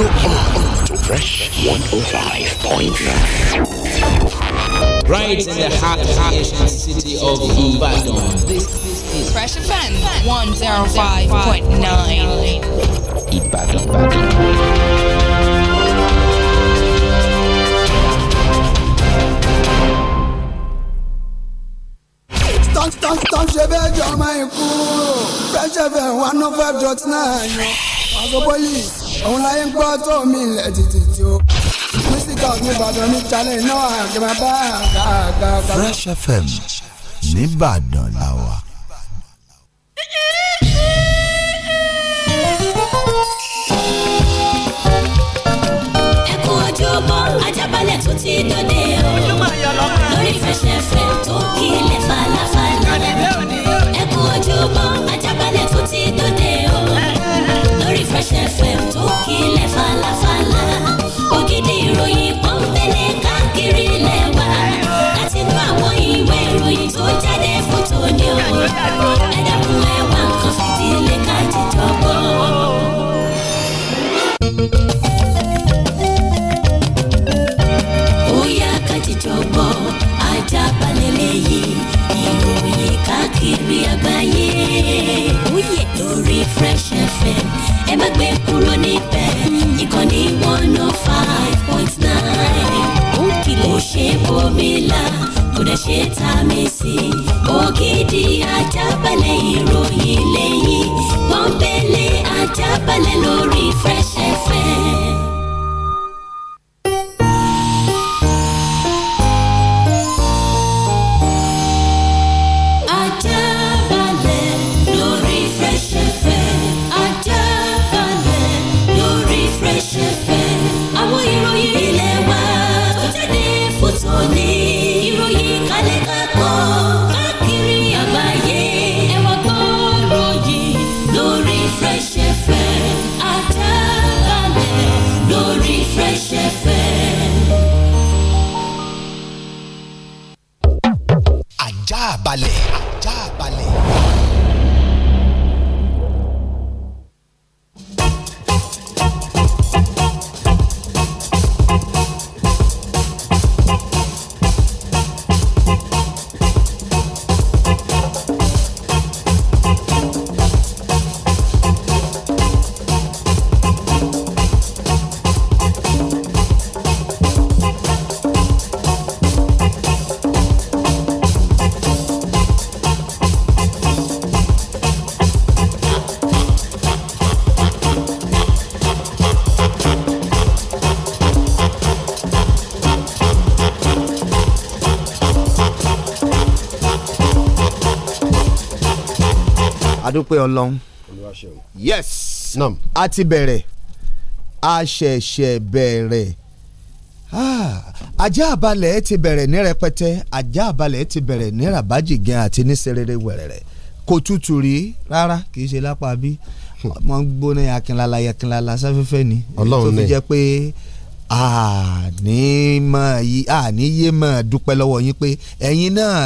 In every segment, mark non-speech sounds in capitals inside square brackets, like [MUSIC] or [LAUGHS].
you on Fresh 105.9. Right in the heart of the city of Ibadan. This is Fresh Offense 105.9. Ibadan. Ibadan. tán ṣe bẹ́ẹ̀ jọ ọmọ ìkú fresh fm one oh five dot nine ọ̀sọ́pọ̀lì òun láyé ń gbọ́ tó mi ilẹ̀ títí tí mísítà Ìbàdàn ní jalè náà àgbà bá àgbà àgbà. Fresh FM nìbàdàn làwà. ẹkún ojúbọ ajábalẹ̀ tó ti dòde o lórí Fresh FM tó kílẹ̀ falafala ẹkún ojúbọ ajábalẹ̀ tó ti dòde. Fresh FM tó kílẹ̀ falafala ògidì ìròyìn kan fẹ́lẹ̀ káàkiri lẹ́wà láti inú àwọn ìwé ìròyìn tó jáde fún tòní o ẹ dẹ́kun ẹ wá nǹkan fìdílé ká jíjọ gbọ́ yẹ. lórí Fresh FM ẹ má gbé kúrò níbẹ̀ ìkànnì one oh five point nine. ó kìlẹ̀ kò ṣe bomi la kò dẹ̀ ṣe a mi sí. ògidì ajábalẹ̀ ìròyìn lẹ́yìn pọ́npẹ́lẹ́ ajábalẹ̀ lórí Fresh FM. adúpẹ́ ọlọ́run yes Nam. a ti bẹ̀rẹ̀ a ṣẹ̀ṣẹ̀ bẹ̀rẹ̀ ah, ajá àbálẹ̀ ti bẹ̀rẹ̀ ní rẹpẹtẹ ajá àbálẹ̀ ti bẹ̀rẹ̀ ní rabaji gan àti ní serere wẹ̀rẹ̀rẹ̀ kò tútù rí rárá kì í ṣe lápá bí mo ń gbóná yakinlala yakinlala sáfẹ́fẹ́ ni tó fi jẹ́ pé àní yé mọ̀ dúpẹ́ lọ́wọ́ yín pé ẹ̀yin náà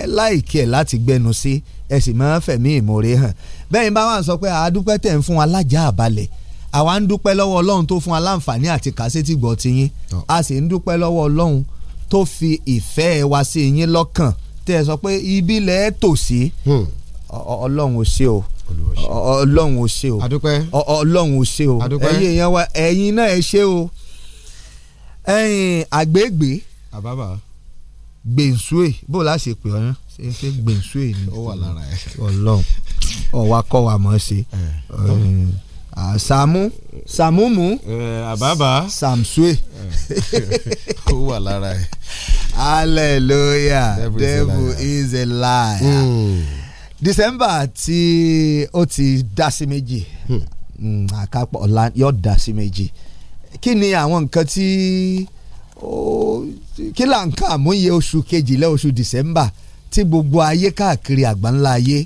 ẹ láìkí ẹ̀ láti gbẹnu sí. Si ẹ sì máa fẹ̀mí ìmoore hàn bẹ́ẹ̀ bá wà ń sọ pé àádúpẹ́ tẹ̀ ń fún wa lájà àbálẹ̀ àwa ń dúpẹ́ lọ́wọ́ ọlọ́run tó fún wa láǹfààní àti kásẹ́tì gbọ́ ti yín a sì ń dúpẹ́ lọ́wọ́ ọlọ́run tó fi ìfẹ́ wa sí yín lọ́kàn tẹ́ ẹ sọ pé ibi lẹ́ẹ̀ tòsí hmm. ọlọ́run ò ṣe o ọlọ́run ò ṣe o adúpẹ́ ọlọ́run ò ṣe o ẹ̀yin èèyàn wa ẹ̀yin náà ẹ ṣe o ẹ̀yin àgbègbè àbábà gbèǹsúè bó la ṣe pè ọ́ ṣe ṣe gbèǹsúè ni ó wà lára ẹ ọlọ́run ọwọ akọwà mọ ṣe sàmú sàmúmú àbábà sàmsúè ó wà lára ẹ. hallelujah devil is a liar. Hmm. december tí o ti dá sí méjì hmm. Hmm, àkápọ̀ ọ̀la yóò dá sí méjì kí ni àwọn nǹkan tí ó. Oh, kí là ń ka àmúyẹ oṣù kejìlá oṣù December tí gbogbo ayé káàkiri àgbáńlá ayé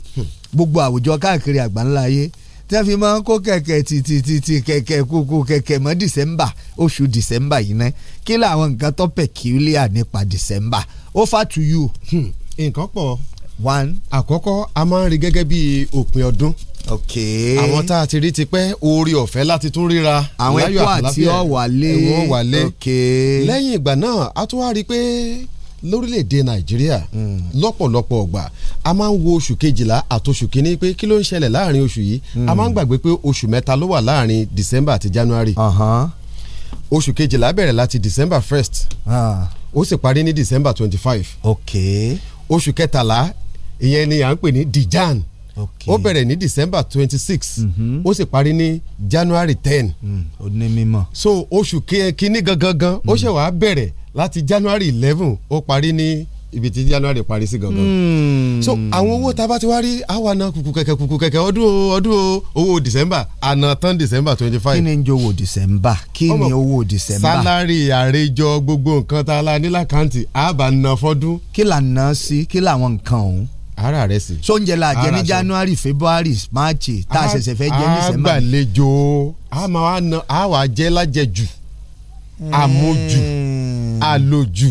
gbogbo àwùjọ káàkiri àgbáńlá ayé tí wọ́n fi máa ń kó kẹ̀kẹ́ tìtìtìtì kẹ̀kẹ́ kúkú kẹ̀kẹ́ mọ́ December oṣù December yìí ná kí làwọn nǹkan tó peculiar nípa December over to you. Hmm, nǹkan pọ̀ one. àkọ́kọ́ a máa ń rí gẹ́gẹ́ bí òpin ọdún. ok àwọn tá a ti rí ti pẹ́ oore ọ̀fẹ́ láti tún ríra. àwọn ẹ̀kọ́ àti ọ̀wálé ẹ̀wọ̀n wálé. ok lẹ́yìn ìgbà náà a tún wá rí i pé lórílẹ̀‐èdè nàìjíríà hmm. lọ́pọ̀lọpọ̀ ọgbà a máa ń wo oṣù kejìlá àtoṣù kínní pé kí ló ń ṣẹlẹ̀ láàrin oṣù yìí a hmm. máa ń gbàgbé pé oṣù mẹ́ta ló wà láàrin december àti january oṣù kejìlá bẹ̀rẹ̀ láti december first ah. ó sì parí ní december twenty five. ok oṣù kẹtàlá ìyẹn ni à ń pè ní dijan ó bẹ̀rẹ̀ ní december twenty six mhm. ó sì parí ní january ten. Hmm, ó ní mímọ́. so oṣù kínní gangan gan ó ṣẹ̀ hmm. wá bẹ̀rẹ̀ láti january eleven ó parí ní ibi tí january parí sí gangan. Hmm. so àwọn owó tá a bá ti wá rí àwa náà kùkù kẹ̀kẹ́ kùkù kẹ̀kẹ́ ọdún ọdún owó december àná tán december twenty five. kí ni ń owó december kí ni owó december. sálárì àrèjọ gbogbo nǹkan tá a la nílàkàntì àbá ná fọdún. kí là ń ná sí kí làwọn nǹkan ọ̀hún ara rẹ sì. sóúnjẹ la jẹ ní january february march tá a ṣẹ̀ṣẹ̀ fẹ́ jẹ ní sẹ́mbà. àgbàlejò a máa na a wà jẹ́ lájẹjù hmm. àmójù àlòjù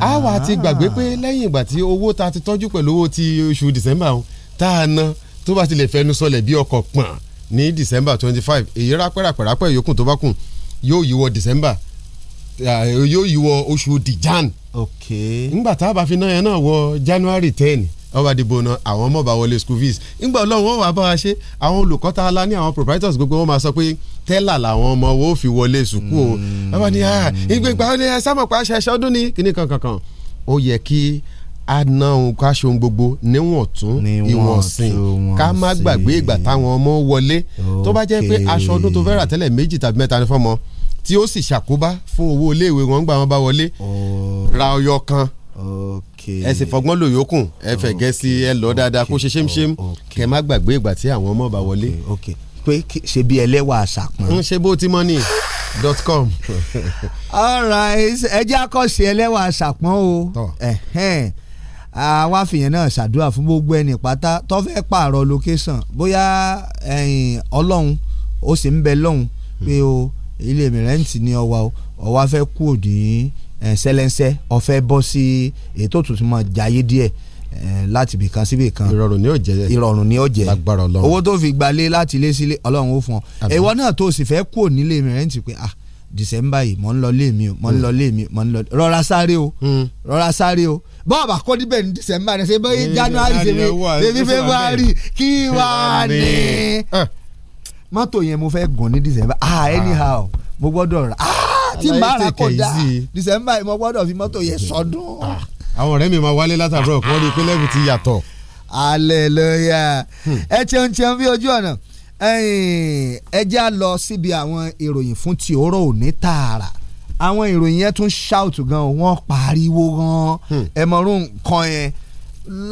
a wà ti ah. gbàgbé pé lẹ́yìn ìgbà tí owó ta ti tọ́jú pẹ̀lú owó ti oṣù december tá a na tó bá tilẹ̀ fẹnu sọlẹ̀ bí ọkọ̀ pọ̀n ní december twenty five èyí rápẹ́ rápẹ́ rápẹ́ yòókù tó bá kù yóò yíwọ december yóò yíwọ oṣù dijan ok. ńgbà tá a bá fi ná yẹn náà wọ january ten ọba dìbò náà àwọn ọmọ bá wọlé school fees ńgbà ọlọ́run wọn wà bá wa ṣe àwọn olùkọ́ tá a la ní àwọn proprietors gbogbo wọn máa sọ pé tẹ́là làwọn ọmọ wo fi wọlé sùkú o ọba ni ìgbégbà ó ní ẹ ah, sámọ̀ pa aṣẹṣẹ ọdún ni kíní kankankan ó yẹ kí a ná ohun ká ṣohun gbogbo níwọ̀n tún ìwọ̀n sìn ká má gbàgbé ìgbà táwọn ọmọ wọlé tó bá jẹ́ pé aṣọ ọdún tó fẹ́ rà tẹ́lẹ̀ méjì tàbí mẹ́ta ni fọ́mọ tí ó sì ṣàkóbá fún owó iléèwé wọn gbà wọn bá wọlé ra ọyọ kan ẹ sì fọgbọ́n lò yókùn ẹ fẹ̀ gẹ́ sí ẹ lọ dáadáa kó ṣe ṣémṣém kẹ má gbàgbé ìgbà tí àwọn ọmọ bá wọlé. pé ṣe bí ẹlẹ́wà àṣà ń ṣe bó ti mọ́ ni dot com. [LAUGHS] alright ẹ àkọ́ṣe ẹlẹ́wà àṣà o àwa fìyẹn náà ṣàdúrà fún gbogbo ẹni pátá tó pààrọ̀ location bóyá ọlọ́run ó sì ń bẹ lọ́hùn hmm. pé o. Mm ilé mi rẹ́ǹtì ní ọwa o ọwa fẹ́ kú òdì sẹ́lẹ́nsẹ́ ọ̀fẹ́ bọ́ sí èyí tó tuntun mọ̀ jayé díẹ̀ láti ibì kan síbì kan ìrọ̀rùn ni ó jẹ́ ìrọ̀rùn ni ó jẹ́ lágbára ọlọ́run owó tó fi gbalé láti ilé sílé ọlọ́run ó fún ọ ìwọ náà tó sì fẹ́ kú òní ilé mi rẹ́ǹtì pé ah december yìí mọ̀ ń lọ léèmí o mọ̀ ń lọ hmm. léèmí mọ̀ ń lọ rọra sáré o hmm. rọra sáré o bọ́ọ̀bà kọ́ níbẹ̀ ní december ṣe bẹ́ẹ̀ january ṣe bẹ́ẹ̀ february kí wàá ní mọ́tò yẹn mo fẹ́ gùn ní december ah, ah. anyhow mo gbọ́dọ̀ rà ah tí màá rà kò dáa december mo gbọ́dọ̀ fi mọ́tò yẹn sọdún. Ah, àwọn ọ̀rẹ́ mi máa wálé látàbúrò kí wọ́n rí i pé lẹ́bù ti yàtọ̀. hallelujah hmm. ẹ cheun cheun bí ojú ọ̀nà ẹ já lọ síbi àwọn ìròyìn fún ti òórọ̀ òní tààrà àwọn ìròyìn yẹn tún shout gan wọ́n pariwo gan hmm. ẹ̀mọ̀rún kan yẹn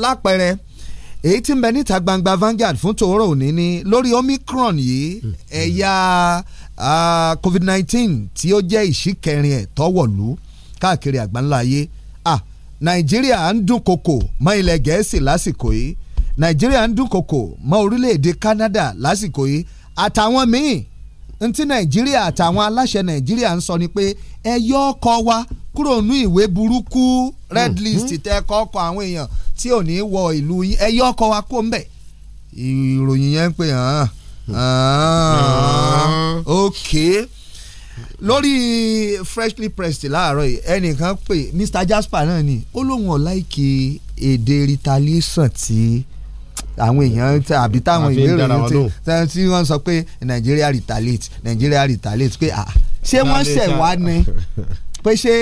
lápẹẹrẹ èyí tí ń bẹ níta gbangba Vanguard fún tòórọ òní ni lórí Omicron yìí hmm. ẹ̀yà COVID-19 tí ó jẹ́ ìṣíkẹrin ẹ̀ tọ́wọ̀lú káàkiri àgbáńlá ayé ah Nàìjíríà ń koko mọ́ ilẹ̀ Gẹ̀ẹ́sì lásìkò yìí Nàìjíríà ń dúnkokò mọ́ orílẹ̀-èdè Canada lásìkò yìí àtàwọn míì ntí nàìjíríà àtàwọn aláṣẹ nàìjíríà ń sọ ni pé ẹ yọ ọkọ wa kúrò nú ìwé burúkú red hmm. list tẹ kọ ọkọ àwọn èèyàn tí ò ní wọ ìlú yín ẹ yọ ọkọ wa kó ń bẹ ìròyìn yẹn ń pè hmm. hàn án ok lórí freshly pressed láàárọ̀ yìí ẹnìkan pè Mr Jasper náà ni ó lóun ò láìkè èdè retaliation tí àwọn èèyàn àbí táwọn ìwé ìròyìn tí wọ́n sọ pé nàìjíríà retaliate nàìjíríà retaliate pé ah, ṣé wọ́n ṣẹ̀ ni ah. pé ṣé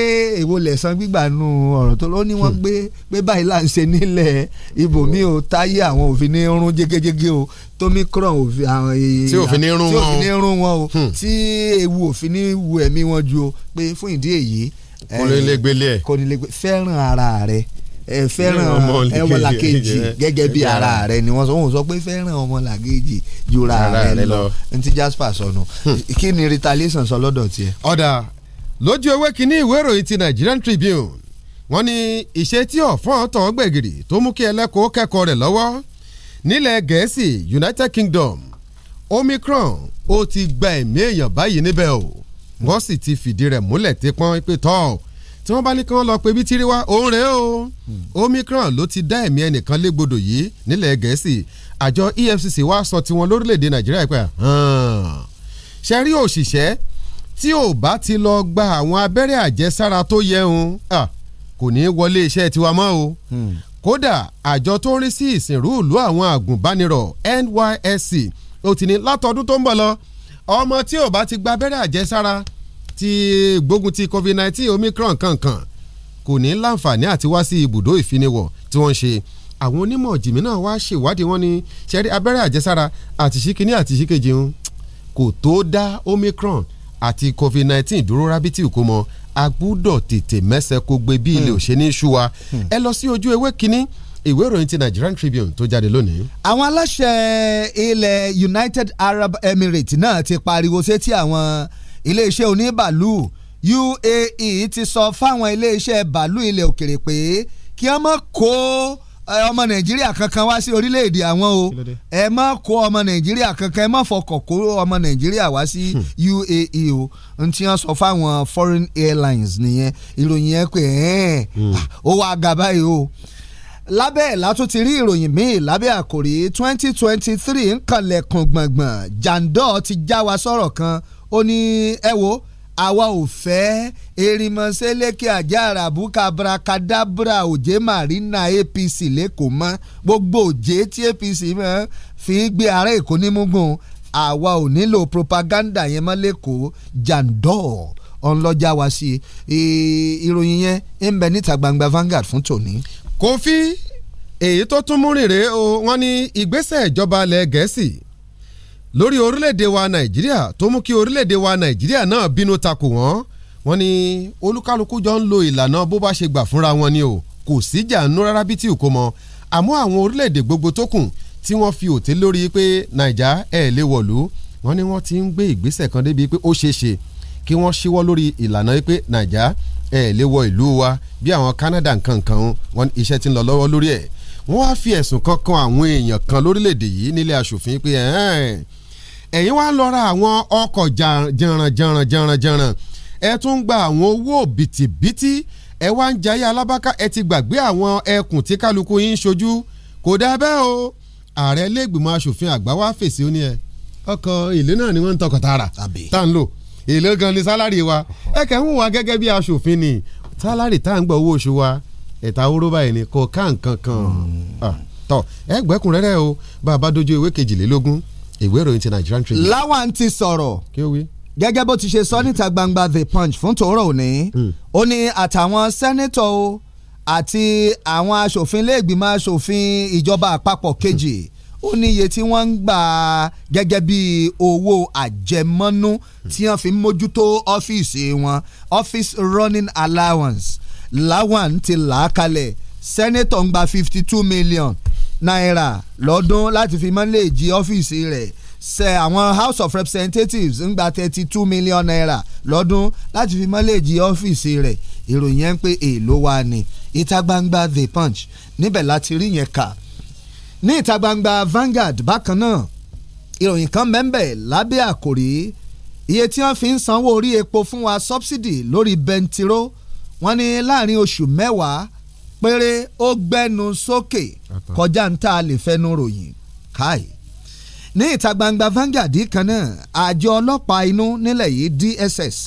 èwo lẹ̀sán gbígbà nu ọ̀rọ̀ tó ló ní wọ́n gbé pé báyìí là ń ṣe nílẹ̀ ibòmí o táyé àwọn òfin ní rún jégéjégé o tomicron tí òfin ní rún wọn o hmm. tí ewu òfin ní wu ẹ̀mí wọn ju o pé fún ìdí èyí kónílégbélé fẹ́ràn ara rẹ̀ ẹ fẹ́ràn ọmọlàkejì gẹ́gẹ́ bí ara rẹ ni wọ́n sọ wọ́n sọ pé fẹ́ràn ọmọlàkejì jura rẹ lọ n Jasper sọnù hmm. kí ni retaliation sọ lọ́dọ̀ tiẹ̀. ọ̀dà lójú ewé kínní ìwé ìròyìn ti Nigerian Tribune wọ́n ní ìṣe tí ọ̀fọ́n tàn gbẹ̀gìrì tó mú kí ẹlẹ́kọ̀ọ́ kẹ́kọ̀ọ́ rẹ̀ lọ́wọ́ nílẹ̀ gẹ̀ẹ́sì United Kingdom Omicron ó ti gba ẹ̀mí èèyàn báyìí níbẹ̀ o hmm. wọ́n sì ti fìdí rẹ̀ múlẹ̀ tí pé tọ́ọ̀ tí wọ́n bá ní kí wọ́n lọ pé bí tírí wá òun rèé o hmm. Omicron ló ti dá ẹ̀mí ẹnìkan légbodò yìí nílẹ̀ Gẹ̀ẹ́sì àjọ EFCC wá sọ tiwọn lórílẹ̀‐èdè Nàìjíríà pé ṣe rí òṣìṣẹ́ tí ò bá ti lọ gba àwọn abẹ́rẹ́ àjẹsára tó yẹ òun kò ní í wọlé iṣẹ́ tiwa mọ́ o hmm. kódà àjọ tó ń rí sí ìsìnrú ìlú àwọn àgùnbánirọ̀ NYSC ó ti ní látọdún tó ń bọ̀ lọ ọmọ tí ò bá ti gba abẹ́rẹ́ àjẹsára ti gbógun ti covid-19 omicron kankan kò ní láǹfààní àti wá sí ibùdó ìfiniwọ̀ tí wọ́n ń ṣe àwọn onímọ̀ jìmí náà wá ṣèwádìí wọn ní ṣẹ́rí abẹ́rẹ́ àjẹsára àti ṣíkíní àti ṣíkejì ń kò tó dá omicron àti covid-19 dúró rábítì kó mọ a gbúdọ̀ tètè mẹ́sẹ̀ kó gbé bí ilé hmm. òṣèlú ṣúwa hmm. ẹ lọ sí ojú ewé kínní ìwé ìròyìn ti Nigerian Tribune tó jáde lónìí. àwọn aláṣẹ ilẹ̀ United Arab Emirates náà ti pariwo sétí àwọn iléeṣẹ́ oníbàálù UAE ti sọ fáwọn iléeṣẹ́ bàálù ilẹ̀ òkèrè pé kí wọ́n mọ̀ kó ọmọ nàìjíríà kankan wá sí orílẹ̀-èdè àwọn o ẹ má kó ọmọ nàìjíríà kankan ẹ má fọkọ̀ kó ọmọ nàìjíríà wá sí hmm. UAE o n tí wọ́n sọ fáwọn foreign airlines nìyẹn ìròyìn yẹn pé hmm. ah, ó wá ga báyìí o lábẹ́ ẹ̀ látún ti rí ìròyìn míì lábẹ́ àkòrí twenty twenty three ńkànlẹ̀kùn gbọ̀ngbọ̀n jandor ti já wa sọ̀rọ̀ kan ó ní ẹ wo àwa ò fẹ́ erimọ̀sẹ́lẹ́kẹ̀ àjà àràbùkà brakadabra òjé marina APC lẹ́kọ̀ọ́ mọ́ gbogbo òjé tí APC mọ́ fi gbé ará èkó nímúgùn àwa ò nílò propaganda yẹn mọ́ lẹ́kọ̀ọ́ jandor ọ̀nlọ́jà wá sí i ìròyìn yẹn ń bẹ níta gbangba Vanguard fún tòní. Kofi èyí tó tún mú rèé o wọ́n ní ìgbésẹ̀ ìjọba ilẹ̀ gẹ̀ẹ́sì lórí orílẹ̀-èdè wa nàìjíríà tó mú kí orílẹ̀-èdè wa nàìjíríà náà bínú takò wọ́n wọ́n ní olúkálukú jọ ń lo ìlànà bó bá ṣe gbà fúnra wọn ni o kò sí jàǹnú rárá bí tí ò kó mọ àmọ́ àwọn orílẹ̀-èdè gbogbo tó kù tí wọ́n fi òté lórí pé nàìjà ẹ̀ lè wọ̀lú wọ́n ní wọ́n ti ń gbé ìgbésẹ̀ kan débi pé ó ṣeé ṣe kí wọ́n ṣíwọ́ lórí ìlànà pé nàìjà ẹ̀ lè wọ ìlú wa bí àwọn Canada nkankan wọn iṣẹ́ ti ń lọ lọ́wọ́ lórí ẹ̀ wọ́n wá fi ẹ̀sùn kan àwọn èèyàn kan lórílẹ̀‐èdè yìí nílé asòfin pé ẹ̀yin wá lọ ra àwọn ọkọ̀ jàǹràn jàǹràn jàǹràn jàǹràn ẹ tún gba àwọn owó bìtìbìtì ẹ wá ń jayé alábàáká ẹ ti gbàgbé àwọn ẹkùn tí kálukú yín ń ṣojú kò dáa bẹ́ẹ̀ o ààrẹ ilé ìgbìmọ̀ asòfin àgbà wá fèsì ó ní ẹ ọkọ̀ ìlú náà ni wọ́n ń tọkọ̀ tààrà tá à ń lò èlé gan ni sálárì wa ẹ kẹ́ ń wà gẹ́gẹ́ bí asòfin ni sálárì tá à ń gbọ́ owó oṣù wa ẹ̀ta oró báyìí ni kò ká nǹkan kan hmm. ah, tọ ẹgbẹ́kùnrẹ́rẹ́ o bá a bá dojú ìwé kejìlélógún ìwé ìròyìn ti Nigerian Tribune. Lawan ti sọ̀rọ̀ gẹ́gẹ́ bó ti ṣe sọ níta gbangba The Punch fún tòórọ́ òní hmm. ó ní àtàwọn sẹ́nẹ́tọ̀ o àti àwọn aṣòfin iléègbìmọ̀ aṣòfin ìjọba àpapọ̀ kejì ó ní iye tí wọ́n ń gbà gẹ́gẹ́ bí owó àjẹmọ́nú tí wọ́n fi mójútó ọ́fíìsì wọn office running allowance Lawan ti là á kalẹ̀ sẹ́nẹ́tọ̀ ń gba fifty two million náírà lọ́dún láti fi mọ́lẹ́ẹ̀jì ọ́fíìsì rẹ̀ ṣe àwọn House of Representatives ń gba thirty two million naira lọ́dún láti fi mọ́lẹ́ẹ̀jì ọ́fíìsì rẹ̀ ìròyìn yẹn ń pé èèló wa ni ìta gbangba The Punch níbẹ̀ láti rí yẹn kà ní ìta gbangba Vanguard bákan náà ìròyìn kan mẹ́ńbẹ̀ lábẹ́ àkòrí iye tí wọ́n fi ń sanwó orí epo fún wa subsidy lórí bẹntiró wọ́n ní láàrin oṣù mẹ́wàá péré ó gbẹ́nu sókè kọjá ń tá a lè fẹnu ròyìn káì ní ìta gbangba Vanguard kan náà àjọ ọlọ́pàá inú nílẹ̀ yìí DSS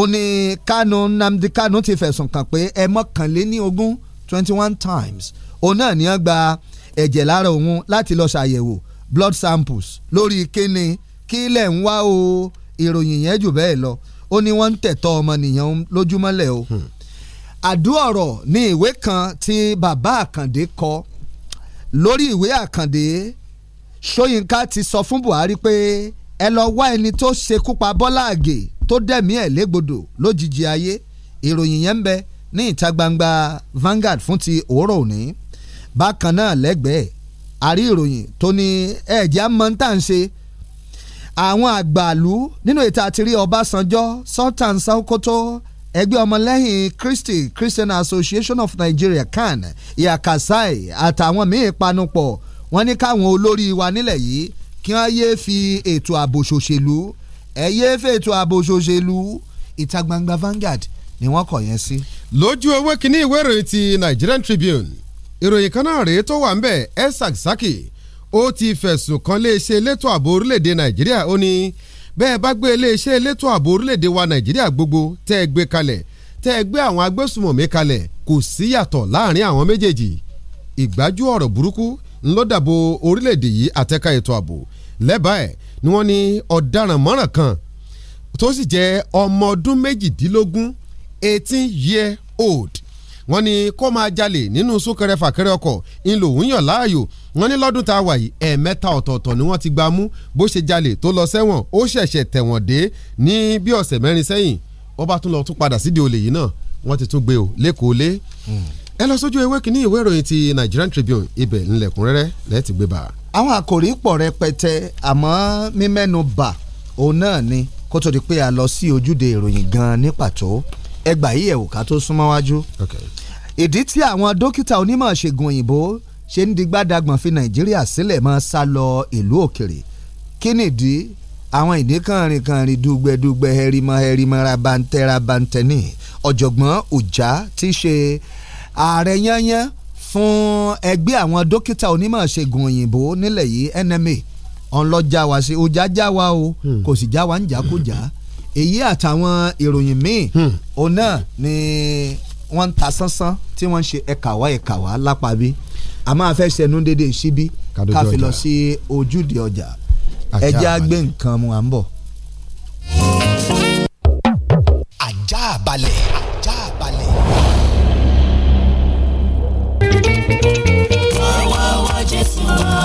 ó ní Kanu Nnamdi Kanu ti fẹ̀sùn kàn pé ẹ mọ́kànléní ogún twenty one times òun náà ní wọ́n gba ẹ̀jẹ̀ lára òun láti lọ ṣàyẹ̀wò blood samples lórí kíni kí lẹ̀ ń wá o ìròyìn yẹn jù bẹ́ẹ̀ lọ ó ní wọ́n ń tẹ̀tọ́ ọmọnìyàn lójúmọ́lẹ̀ o. Hmm àdúọ̀rọ̀ ní ìwé kan tí bàbá àkàndé kọ lórí ìwé àkàndé ṣóyínká ti sọ fún buhari pé ẹ lọ wá ẹni tó ṣekú pa bọ́lá àgè tó dẹ̀mí ẹ̀ légbodò lójijì ayé ìròyìn yẹn ń bẹ ní ìta gbangba Vanguard fún ti òórọ̀ òní bákan náà lẹ́gbẹ̀ẹ́ àrí ìròyìn tó ní ẹ̀já mọ́ńtà àwọn àgbàlú nínú ìta àti rí Ọbásanjọ́ Sultan Sokoto ẹgbẹ́ ọmọlẹ́yìn Christi Christian Association of Nigeria CAN yakasai àtàwọn míín panupọ̀ wọ́n ní káwọn olórí wa nílẹ̀ yìí kí wọ́n yéé fi ètò ààbò ṣòṣèlú ẹ yéé fi ètò ààbò ṣòṣèlú ìta gbangba Vanguard ni wọ́n kọ̀ yẹn sí. lójú ewé kínní ìwé ìròyìn ti Nigerian Tribune ìròyìn kan náà rèé tó wà ń bẹ̀ ẹ́ sàkísàkì ó ti fẹ̀sùn kan léṣe elétò ààbò orílẹ̀-èdè Nàìjíríà ó ní bẹ́ẹ̀ bá gbé iléeṣẹ́ elétò ààbò orílẹ̀-èdè wa nàìjíríà gbogbo tẹ́ ẹ gbé kalẹ̀ tẹ́ ẹ gbé àwọn agbésùmọ̀mí kalẹ̀ kò sí yàtọ̀ láàrin àwọn méjèèjì ìgbájú ọ̀rọ̀ burúkú ńlọ́dàbò orílẹ̀-èdè yìí àtẹ́ka ètò ààbò lẹ́bàá ẹ̀ ni wọ́n ní ọ̀daràn mọ́ràn kan tó sì jẹ́ ọmọ ọdún méjìdínlógún eighteen year old wọ́n ní kó máa jalè nínú súnkẹrẹ fàkẹrẹ ọkọ̀ ń lò yàn láàyò wọ́n ní lọ́dún tá a wà yìí ẹ̀ẹ̀mẹ́ta ọ̀tọ̀ọ̀tọ̀ ni wọ́n ti gbá mú bó ṣe jalè tó lọ sẹ́wọ̀n ó ṣẹ̀ṣẹ̀ tẹ̀wọ̀n dé ní bí ọ̀sẹ̀ mẹ́rin sẹ́yìn wọ́n bá tún lọ tún padà sídìí olè yìí náà wọ́n ti tún gbé o lẹ́kọ̀ọ́ lé ẹ lọ sójú ewé kínní ìwé ìròyìn ti Nigerian Tribune ibẹ̀ ńlẹ̀kúnrẹ́rẹ́ lẹ́ẹ̀tì gbé bá. àwọn àkòrí pọ̀ rẹpẹtẹ àmọ́ mímẹ́nu bà òun náà ni kó tó di pé a lọ sí ojúde ìròyìn gan-an ní pàtó ẹgbà yìí ẹ̀wò ká tó súnmọ́ wájú. ìdí tí àwọn dókítà onímọ̀ ṣègùn òyìnbó ṣe ń digbádàgbọ̀n fi nàìjíríà sílẹ̀ mọ́ sá lọ ìlú òkèrè kí nìdí àwọn ìdí kànrin kànrin dùgbẹ́dùgbẹ́ hẹrimọ́ hẹrimọ́ rabantẹ́ rabantẹ́ ní ọ̀jọ̀gbọ́n ọjà ti ṣe ààrẹ yányán fún ẹgbẹ́ àwọn dókítà onímọ̀ ṣègùn òyìnbó nílẹ̀ yìí NMA ọ̀nlọ́jà wa sí ọjà já wa o hmm. kò sì já wa ń jà kó jà èyí àtàwọn ìròyìn míì hmm. òun náà ni wọ́n ń ta sánsán tí wọ́n ń ṣe ẹ̀kàwá ẹ̀kàwá lápá bí a máa fẹ́ ṣẹnu dédé síbí ká fi lọ sí ojúde ọjà ẹjẹ́ á gbé nǹkan mu à ń bọ̀.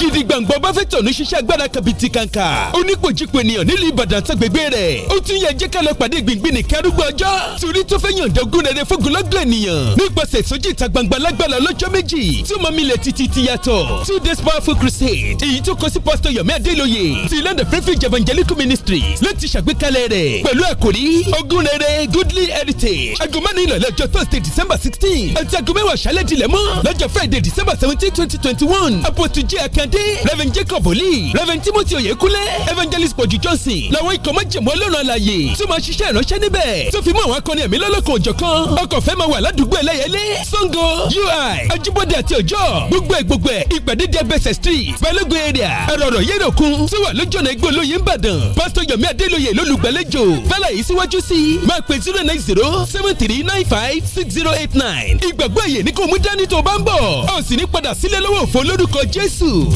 gidi gbàngbọ́n bá fẹ́ tọ̀nù ṣiṣẹ́ agbára kabiti kanka onípojìpò ènìyàn nílùú ìbàdàn àtàgbègbè rẹ̀ ó tún yẹ jẹ́ ká lọ pàdé gbìngbìn nìkan arúgbó ọjọ́ torí tó fẹ́ yàn dọ́gún rere fún gúlọ́gùn ènìyàn nípasẹ̀ ìsọjí ìta gbangba lágbára lọ́jọ́ méjì tí ó máa milẹ̀ títí ti yàtọ̀ two days powerful crusade èyí tó kọ sí pásítọ̀ yomi adéloye ti land of refuge evangelical ministries láti ṣàgbékalẹ̀ rẹ̀ pẹ̀lú àkòrí ogún rere goodly heritage aago mẹ́rin ìrọ̀lẹ́ ọjọ́ thursday december sixteen àti aago mẹ́wàá ṣálẹ̀ dilẹ̀ mọ́ lọ́jọ́ friday december seventeen twenty twenty one àpótí jẹ́ akand dé reverend jacob oli reverend timothy oyekunle evangelist pọ̀jù johnson làwọn ikọ̀ májèmú ọlọ́run àlàyé tó máa ṣiṣẹ́ ìránṣẹ́ níbẹ̀ tó fi mú àwọn akọni ẹ̀mí lọ́lọ́kan òjọ̀kan ọkọ̀ fẹ́ máa wà ládùúgbò ẹlẹ́yẹlé sango ui ajibode àti ọjọ́ gbogbo ẹ̀ gbogbo ẹ̀ ìpàdé dẹ́gbẹ̀sẹ̀ street balógun area ẹ̀rọ̀rọ̀ yẹ́rọ̀kun tó wà lójú ọ̀nà igbó olóyè ńbàdàn pásítọ̀ yomi adélóye lólùgbàlejò fẹ́lẹ̀ yìí síwájú sí máa pè zero nine zero seven three nine five six zero eight nine ìgbàgbọ́ ẹ̀yẹ ní kò mú dání tó bá ń bọ̀ ọ̀sìn ní padà sílẹ̀ lọ́wọ́ òfò lórúkọ jésù.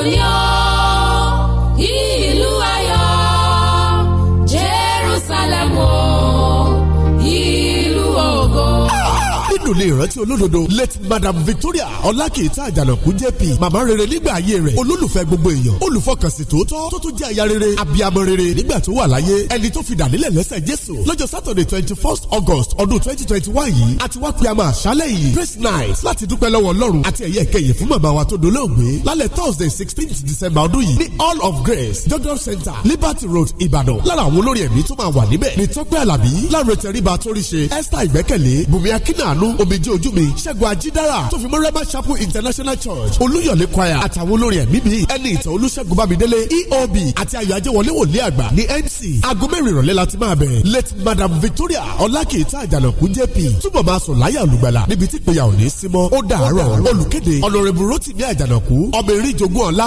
unió. gbádùn lè rántí olódodo late madam victoria ọlákìíta àjànàkú jp màmá rere nígbà ayé rẹ̀ olólùfẹ́ gbogbo èèyàn olùfọkànsìn tòótọ́ tó tún jẹ́ aya rere abiyamọ rere nígbà tó wà láyé ẹni tó fi dànílẹ̀ lẹ́sẹ̀ jésù lọ́jọ́ saturday twenty first august ọdún twenty twenty one yìí àti wá pe àmà àṣálẹ̀ yìí grace night láti dúpẹ́ lọ́wọ́ ọlọ́run àti ẹ̀yẹ kẹyìn fún màmá wa tó dolóògbé lálẹ́ thursday sixteenth december ọdún yìí ní all of grace jọjọ center liberty road ìbàdàn lára àwọn olórí ẹ̀mí tó máa wà níbẹ̀ ní tọ́pẹ́ àlàbí láre tẹríba tó rí ṣe esther omijé ojú mi ṣẹ́gun ajídára tó fi mọ́ rema chapel international church olúyọ̀lé choir àtàwọn olórin ẹ̀mí mi ẹni ìtàn olúṣẹ́gun bámidélé eob àti ayọ̀ ajẹ́wọlé wòlé àgbà ní mc aago mẹ́rin ìrọ̀lẹ́ la ti máa bẹ̀ late madam victoria ọlákìíta àjànàkú jp túbọ̀ máa sọ láyà olùgbàlà níbi tí ìpéyà ò ní í símọ́ rotimi àjànàkú ọmọ ìrìnjogún ọ̀la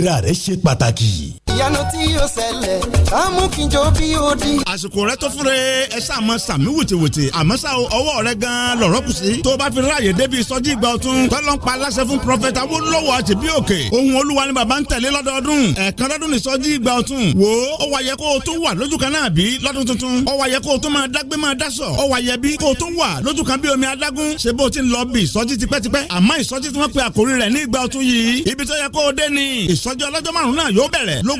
ìlera rẹ ṣe pàtàkì ìyanu tí yóò ṣẹlẹ̀ á mú kí n jó bí ó di. àsìkò rẹ tó fúnre ẹ ṣàmọ sàmí wùtìwùtì àmọ́ ṣá o ọwọ́ rẹ gan-an lọ̀rọ̀ kù sí. tó o bá fi ráàyè débi ìsọjí ìgbà ọ̀tun tọ́lọ́ ń pa aláṣẹ fún prọfẹ̀tà Awólọ́wọ̀ àti bí òkè. ohun olúwa ni bàbá ń tẹ̀lé lọ́dọọdún ẹ̀ẹ̀kan lọ́dún ní ìsọjí ìgbà ọ̀tun. wò ó ó wà yẹ kó o tún wà lójú kan náà bí lọ́dún tuntun. ó wà yẹ kó o tún máa dágbé máa dáṣọ. ó wà yẹ bí kó o tún wà lójú kan bí omi adágún. ṣé bó o ti ń lọ bí ìsọjí tipẹ́tipẹ́. àmọ́ ìsọjí tí wọ́n pe àkórí rẹ̀ ní ìgbà ọ̀tun yìí. ibi tó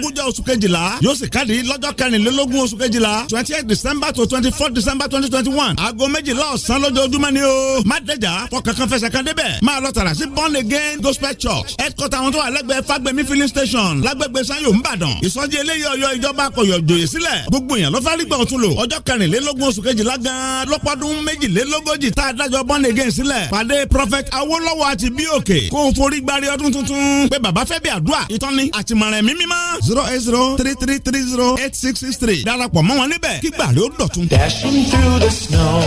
kẹrìnlélógúnjọ́ oṣù kejìlá yóò sì kádìí lọ́jọ́ kẹrìnlélógún oṣù kejìlá twenty eight december to twenty four december twenty twenty one aago méjìlá ọ̀sán lójoojúmọ́ ni o má dẹjà kọkàn kan fẹsẹ̀ kan débẹ̀ máa lọ tààrà sí born again gospel church headquarter àwọn tó wà lẹ́gbẹ̀ẹ́ fagbemi filling station lágbègbè sanyo nìbàdàn ìsọjí eléyìí ọ̀yọ́ ìjọba akọ̀yọ̀ joyè sílẹ̀ gbogbo èèyàn ló fẹ́ rí gbà ọ̀tún lò ọjọ́ kẹrìnlélógún oṣù kejìlá gan lọ́pọ̀dún méjìlélógójì tá a dájọ́ born again sílẹ̀ pàdé prophet awolowo àti bíòkè kó o forí gbárí ọdún tuntun pé bàbá fẹ́ bí àdúrà ìtọ́ni àtìmọ̀ràn ẹ̀mí mímọ́ zero eight zero three three three zero eight six six three darapọ̀ mọ́ wọn níbẹ̀ kí gbàlẹ́ ó dọ̀tun. dashing through the snow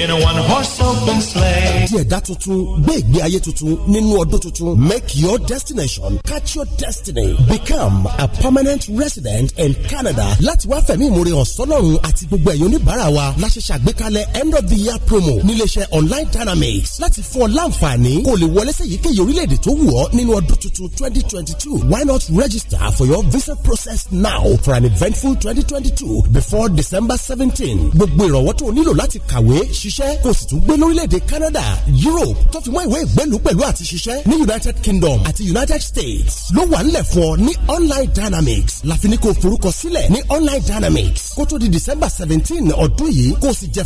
in a one horse open sleigh. di ẹ̀dá tuntun gbé ìgbé ayé tuntun nínú ọdún tuntun make your destination catch your destiny become a permanent resident in Canada láti wá fẹ̀mí ìmúre ọ̀sọ́lọ́run àti gbogbo ẹ̀yọ́ oníbàárà wa la ṣe ṣàgbékalẹ̀ end of the year promo níléeṣẹ́ online dynamics láti fún ọ láǹfààní kó o lè wọlé sí èyíkéyìí orílẹ̀-èdè tó wù ọ́ nínú ọdún tuntun twenty twenty two why not register for your visa process now for an eventful 2022 before December 17. Gbogbo ìrànwọ́ tó o nílò láti kàwé, ṣiṣẹ́, kó o sì tún gbé lórílẹ̀‐èdè Canada, Europe tó fi mọ́ ìwé ìgbẹ́lú pẹ̀lú àti ṣiṣẹ́ ní United Kingdom àti United States ló wà nílẹ̀ fún ọ ní Online Dynamics láfi ní kó o forúkọ sílẹ̀ ní Online Dynamics kó tó di December 17 ọdún yìí kó o sì jẹ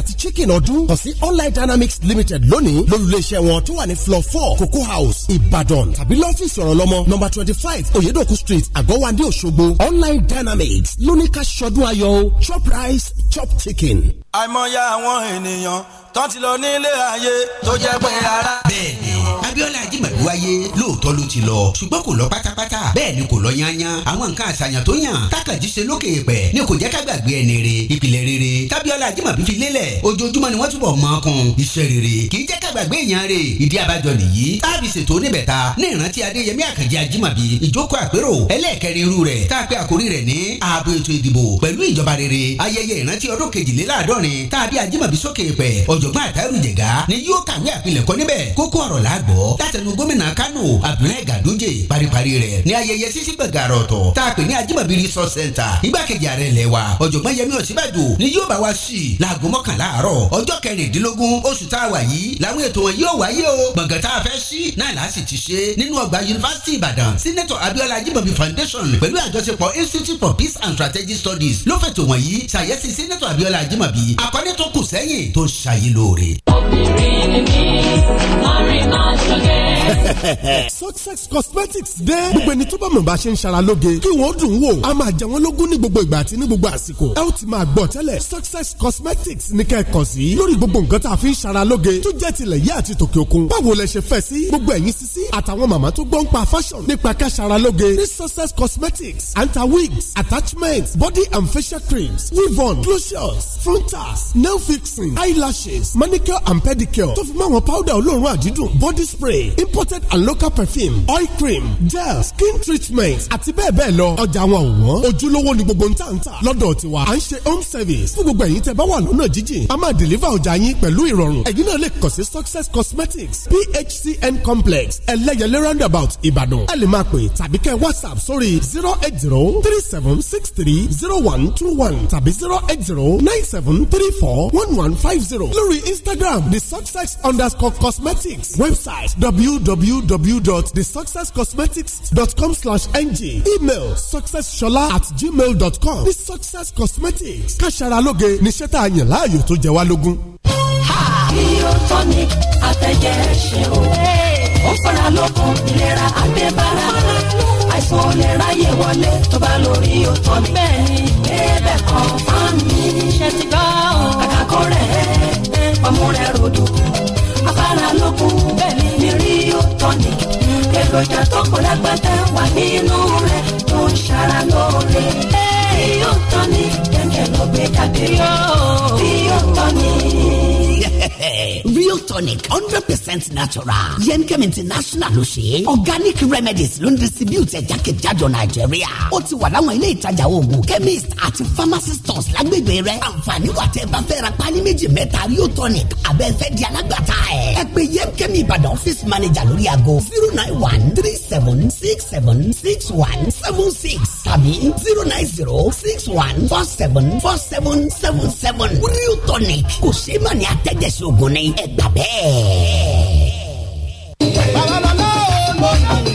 àti chicken ọdún kàn sí Online Dynamics Limited lónìí lólùléeṣẹ́ wọn tó wà ní floor four Cocoa House Ìbàdàn tàbí lọ́fíìsì ọ̀rọ̀ lọ́mọ number 25 five Oyedoku Street àgọ́ àgọ́wádé òṣogbo online dynamics lóníkà ṣọdún ayọ̀ chop rice chop chicken àìmọye àwọn ènìyàn tán ti lọ nílé ayé tó jẹ́ pé ara. bẹ́ẹ̀ni Abíọ́lá Ajímọ̀bí wáyé lóòótọ́ ló ti lọ ṣùgbọ́n kò lọ pátápátá bẹ́ẹ̀ ni kò lọ yányán àwọn nǹkan àṣàyàn tó yàn tákàjíṣe lókè èèpẹ̀ ni kò jẹ́ ká gbàgbé ẹni re ìpìlẹ̀ rere tábíọ́lá Ajímọ̀bí fi lélẹ̀ ojoojúmọ́ ni wọ́n túbọ̀ mọ́ kun iṣẹ́ rere kì í jẹ́ ká gbàgbé èèyàn re ìdí abájọ nìyí táàbì ṣètò oníbẹ̀ta ní ìrántí Adéyẹmí Àkànjí Ajímọ̀bí ìjókòó àpérò ẹlẹ́ẹ̀kẹrin irú rẹ̀ tá pé àkórí rẹ̀ ní ààbò ètò ìdìbò pẹ̀lú ìjọba rere ayẹyẹ ìrántí ọdún kejìléláàdọ́ ọgọ́rin tàbí ajímọ̀bí sókè pẹ̀ ọ̀jọ̀gbọ́n àtàrù jẹ̀gá ni yóò kàwé àpilẹ̀kọ níbẹ̀ kókó ọ̀rọ̀ làgbọ́ látẹnu gómìnà kánò abdulayi gàdúnjẹ paripari rẹ̀ ni ayẹyẹ sisi gbẹ̀gàrà ọ̀tọ̀ tá a pè ní ajímọ̀bí resource center igbákejì ààrẹ ilẹ̀ wa ọ̀jọ̀gbọ́n yẹmí ọ̀sínbàjò ni yóò bá wa sí i láago mọ́kànlá àárọ̀ ọjọ́ kẹrìndínlógún oṣù tá a wà yìí làwọn ètò wọn yóò wáyé o gbọ̀ngàn tá a fẹ́ sí náà láà sì ti institute for peace and strategic studies ló fẹ̀tọ̀ wọ̀nyí ṣàyẹ́sí sínẹ́tọ̀ abiola ajímọ̀bí àkọ́ni tó kù sẹ́yìn tó ṣayé lóore success cosmetics dé. gbogbo ẹni tó bá mọ̀ bá ṣe ń ṣara lóge kí wọ́n dùn wò a máa jẹ wọ́n lógún ní gbogbo ìgbà àti ní gbogbo àsìkò ẹ ó ti máa gbọ́ tẹ́lẹ̀ success cosmetics ní kẹ́ẹ̀kan sí lórí gbogbo nǹkan tá a fi ń ṣara lóge tó jẹ́ tilẹ̀ yé àti tòkè òkun báwo lẹ ṣe fẹ́ sí gbogbo ẹ̀yin sisi àtàwọn màmá tó gbọ́ ń pa fashion nípa ká ṣara lóge ní success cosmetics anti wigs attachments body and facial creams weave on closures frontals nail fixing eyelashes manicure and pedicure tó fi mọ́ àwọn powder olóòórùn àdídùn body spray imported and local perfume oil cream gel skin treatment àti bẹ́ẹ̀ bẹ́ẹ̀ lọ ọjà wọn ò wọ́n ojúlówó ni gbogbo ń tà ń tà lọ́dọ̀ à ń ṣe home service fún gbogbo ẹ̀yin tẹ́ bá wà lọ́nà jíjìn a máa deliver ọjà yín pẹ̀lú ìrọ̀rùn ẹ̀yin náà lè kàn sí success cosmetics phcn complex ẹlẹ́yẹlé roundabout ìbàdàn ẹ lè máa pè tàbí kẹ́ whatsapp sórí zero eight zero three seven six three zero one two one tàbí zero eight zero nine seven three four one one five zero lórí instagram the success underscore cosmetics website www.thesuccesscosmetics.com slash ng email successshola at gmail.com the success cosmetics kàṣàràlóge níṣẹ́ tá a yàn láàyò tó jẹ wá lógún. Rio tonic àtẹ̀jẹ́ o ó fara lókun ìlera àgbẹ̀bára àìsàn ò ráyè wọlé tó bá lo Rio tonic bẹ́ẹ̀ kan fún mi kàkà kó ọmúrẹ́ rodo afárá lókun bẹ́ẹ̀ ni rio tonic èròjà tó kọ lágbàtà wà nínú rẹ̀ tó ń ṣara lóore rio tonic kẹ̀kẹ́ ló gbé jáde rio tonic. [LAUGHS] real tonic hundred percent natural yemkem international ló ṣe organic remedies ló ń distribute ẹ̀ jákèjádò nàìjíríà ó ti wà láwọn ilé ìtajà oògùn chemist àti pharmacy stores lágbègbè rẹ àǹfààní wà tẹ́ bá fẹ́ ra pálí méjì mẹ́ta real tonic abẹ́ fẹ́ di alágbàtà ẹ̀ ẹ pè yemkem ìbàdàn office manager lórí aago zero nine one three seven six seven six one seven six tàbí zero nine zero six one four seven four seven seven seven real tonic kò ṣe é mà ní atẹ́jẹ́ ìṣògùn ni ẹgbà bẹ́ẹ̀. bàbá bàbá ò lọ sí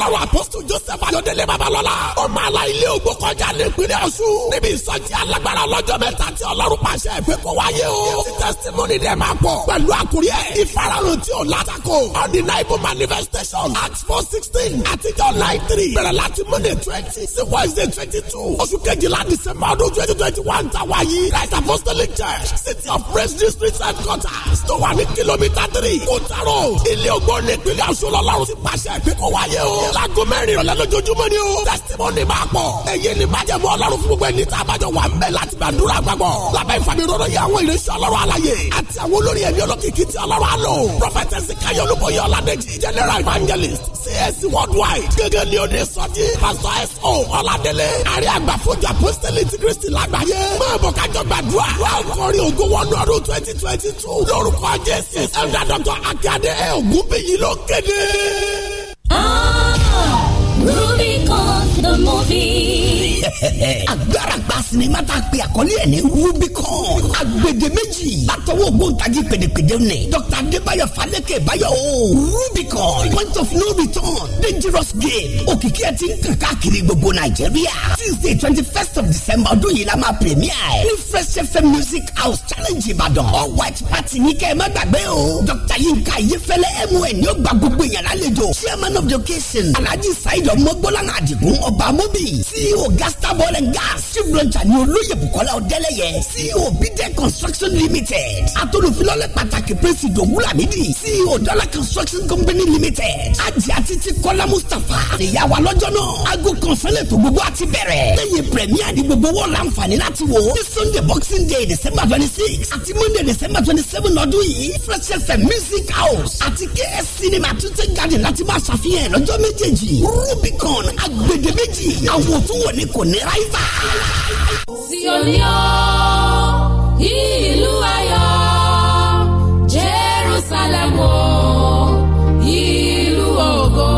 babaláwa apostol joseph ayọ̀délé babalọ́lá ọmọ àlà ilé ògbó kọjá nípínlẹ̀ ọ̀ṣun níbi ìsọjí alágbára ọlọ́jọ́ mẹ́ta tí ọlọ́run pàṣẹ ìpè kó wáyé o ti testimony dẹ̀ máa pọ̀ pẹ̀lú àkúrí ẹ̀ ìfarahàn tí ò látàkó undeniable manifestation at four sixteen àtijọ́ nine three bẹ̀rẹ̀ láti monday twenty sí wednesday twenty two oṣù kejìlá december ọdún twenty twenty one tàwa yìí christ apostolic church city of praise district headquarters tó wà ní kìlómítà three kò tààrọ̀ ilé ògbó nípínlẹ̀ ọ̀ṣun lọ́lọ́run ti pàṣẹ ìpè kó wáyé o láago mẹ́rin ìrọ̀lẹ́ lójoojúmọ́ ni o. testimony máa pọ̀. èyí ni májẹ̀mú ọlọ́run fún gbogbo ẹni tá a bá jọ wà ń bẹ̀ láti gbàdúrà gbàgbọ́. lábẹ́ ìfàmì rọrọ yẹ àwọn ìrẹsì ọlọ́run alaye àti àwọn olórí ẹ̀mí olókìkí ti ọlọ́run alò. prophetess kayo olúbọyọ ọládẹjì general evangelist csc worldwide gẹ́gẹ́ ni òde sọ́jí pastor so ọládélé àrí àgbà fojú apostoli ti kristi lágbàáyé. máa bọ̀ kájọ gbàdúrà. wà á kọrin ògo wọnú ọdún twenty twenty two lórúkọ jésù. elder doctor akíade ògúnbíyì ló kéde. Ah! Rubicon the movie. àgbàràgbà sinimá tá a pè àkọlé ẹ̀ ní rubicon agbèdè méjì látọwọ́ ògbóǹtagì pèdèpèdè nì dr adébáyọ̀ falẹ́kẹ̀ báyọ̀ o rubicon point of no return dangerous game òkìkí ẹ̀ ti ń kàn káàkiri gbogbo nàìjíríà tuesday twenty first of december ọdún yìí la máa premier ní fresh fm music house challenge ìbàdàn all white party ní kẹ́ ẹ má gbàgbé o dr yinka ayéfẹ́lẹ́ mun ni gba gbogbo èèyàn lálejò chairman of the occasion alhaji saheed ọmọgbọ́lá àdìgún ọba mobi ceo gas master ball gas chief ranger ni olóyè bukola ọdẹlẹyẹ ceo bide construction limited atolúfilọ́lẹ̀ pàtàkì pẹ́sìdò wúlàmídì ceo dollar construction company limited ajé àtìtì kọ́lá mustapha ìyàwó alọ́jọ́ náà aago kan sẹ́lẹ̀ tó gbogbo àti bẹ̀rẹ̀ lẹ́yìn premier ni gbogbo wọn láǹfààní láti wò ní sunday boxing day december twenty six àti monday december twenty seven ọdún yìí fresh fm music house àti ks cinema tuntun garden láti máa ṣàfihàn lọ́jọ́ méjèèjì rubicon agbèdémèjì àwọn òtún wọ̀ ní kò kò ní ráìfà. Síónì ìlú ayọ̀ Jerúsálẹ́mù ìlú ògo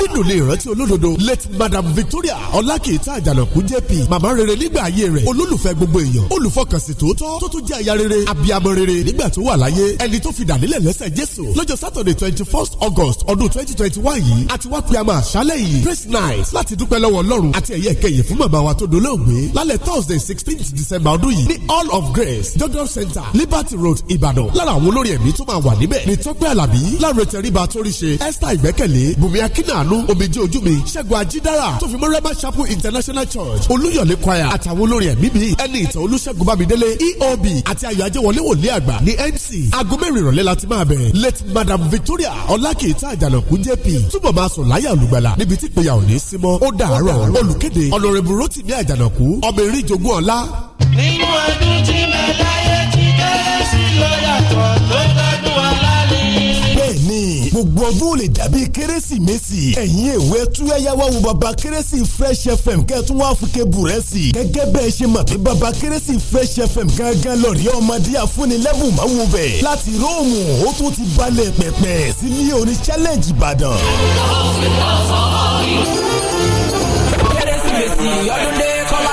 nínú ilé ìrántí olódodo late madam victoria ọlákìíta àjànàkú jp màmá rere nígbà ayé rẹ̀ olólùfẹ́ gbogbo èèyàn olùfọkànsìn tòótọ́ tó tún jẹ́ aya rere abiyamọ rere nígbà tó wà láyé ẹni tó fi dànílẹ̀ lẹ́sẹ̀ jésù lọ́jọ́ saturday twenty first august ọdún twenty twenty one yìí àti wá pé a máa ṣálẹ̀ yìí praise night láti dúpẹ́ lọ́wọ́ ọlọ́run àti ẹ̀yẹ kẹyìn fún màmá wa tó dolóògbé lálẹ́ thursday sixteenth december ọdún yìí ní all of grace jọjọ center liberty road Ibadan. lára àwọn olórí ẹ̀mí tó máa wà níbẹ̀ ní tọ́pẹ́ alábí láre tó ríṣe esther ìgbẹ́kẹ̀lé bùnmi akínà àánú omijì ojú mi ṣẹ́gun ajídára tó fi mọ́ rema chapel international church olúyọ̀lé choir àtàwọn olórin ẹ̀mí mi ẹni ìtàn olúṣẹ́gun bámidélé eob àti ayọ̀ ajẹ́wọlé wòlé àgbà ní mc aago mẹ́rin ìrọ̀lẹ́ la ti máa bẹ̀ late madam victoria ọlákìíta àjànàkú jp túbọ̀ máa sùn láyà olùgbàlà níbi tí ìpéyà ò ní sí mọ́ ó dàárọ̀ olùkéde ọ̀nàrẹ̀bù rotimi àjànàkú ọmọ eré ìjogún ọ̀la. nínú ọdún gbogbo ọdún ò lè dàbí kérésìmesì ẹ̀yin èwe túyáyáwá wo baba kérésì fresh fm kẹ́tún wá fúnkẹ́ búrẹ́sì gẹ́gẹ́ bẹ́ẹ̀ ṣe mọ̀ pé baba kérésì fresh fm gángan lọ́ọ̀rì ọmọdé àfúnilẹ́bùn máa wù bẹ̀ láti róòmù ó tún ti balẹ̀ pẹ̀pẹ̀ sílé oní challenge ìbàdàn. kérésìmesì ọdún dé kọ́lá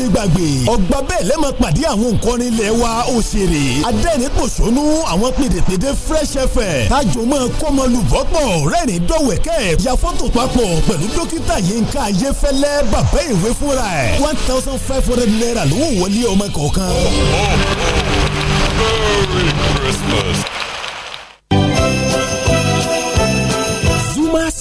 ní gbàgbé ọgbà bẹ́ẹ̀ lẹ́mọ̀ pàdé àwọn nǹkan ilẹ̀ wa òṣèré adẹ́rìnpòṣónú àwọn pèdèpèdè fresh fm tájò máa kọ́mọ dọ́wẹ̀kẹ́ ya papọ̀ pẹ̀lú dókítà yínká ayéfẹ́lẹ́ bàbá ìwé fúnra ẹ̀ one thousand five hundred naira ló wọlé ọmọ kọ̀ọ̀kan. Oh, oh, oh. Merry Christmas.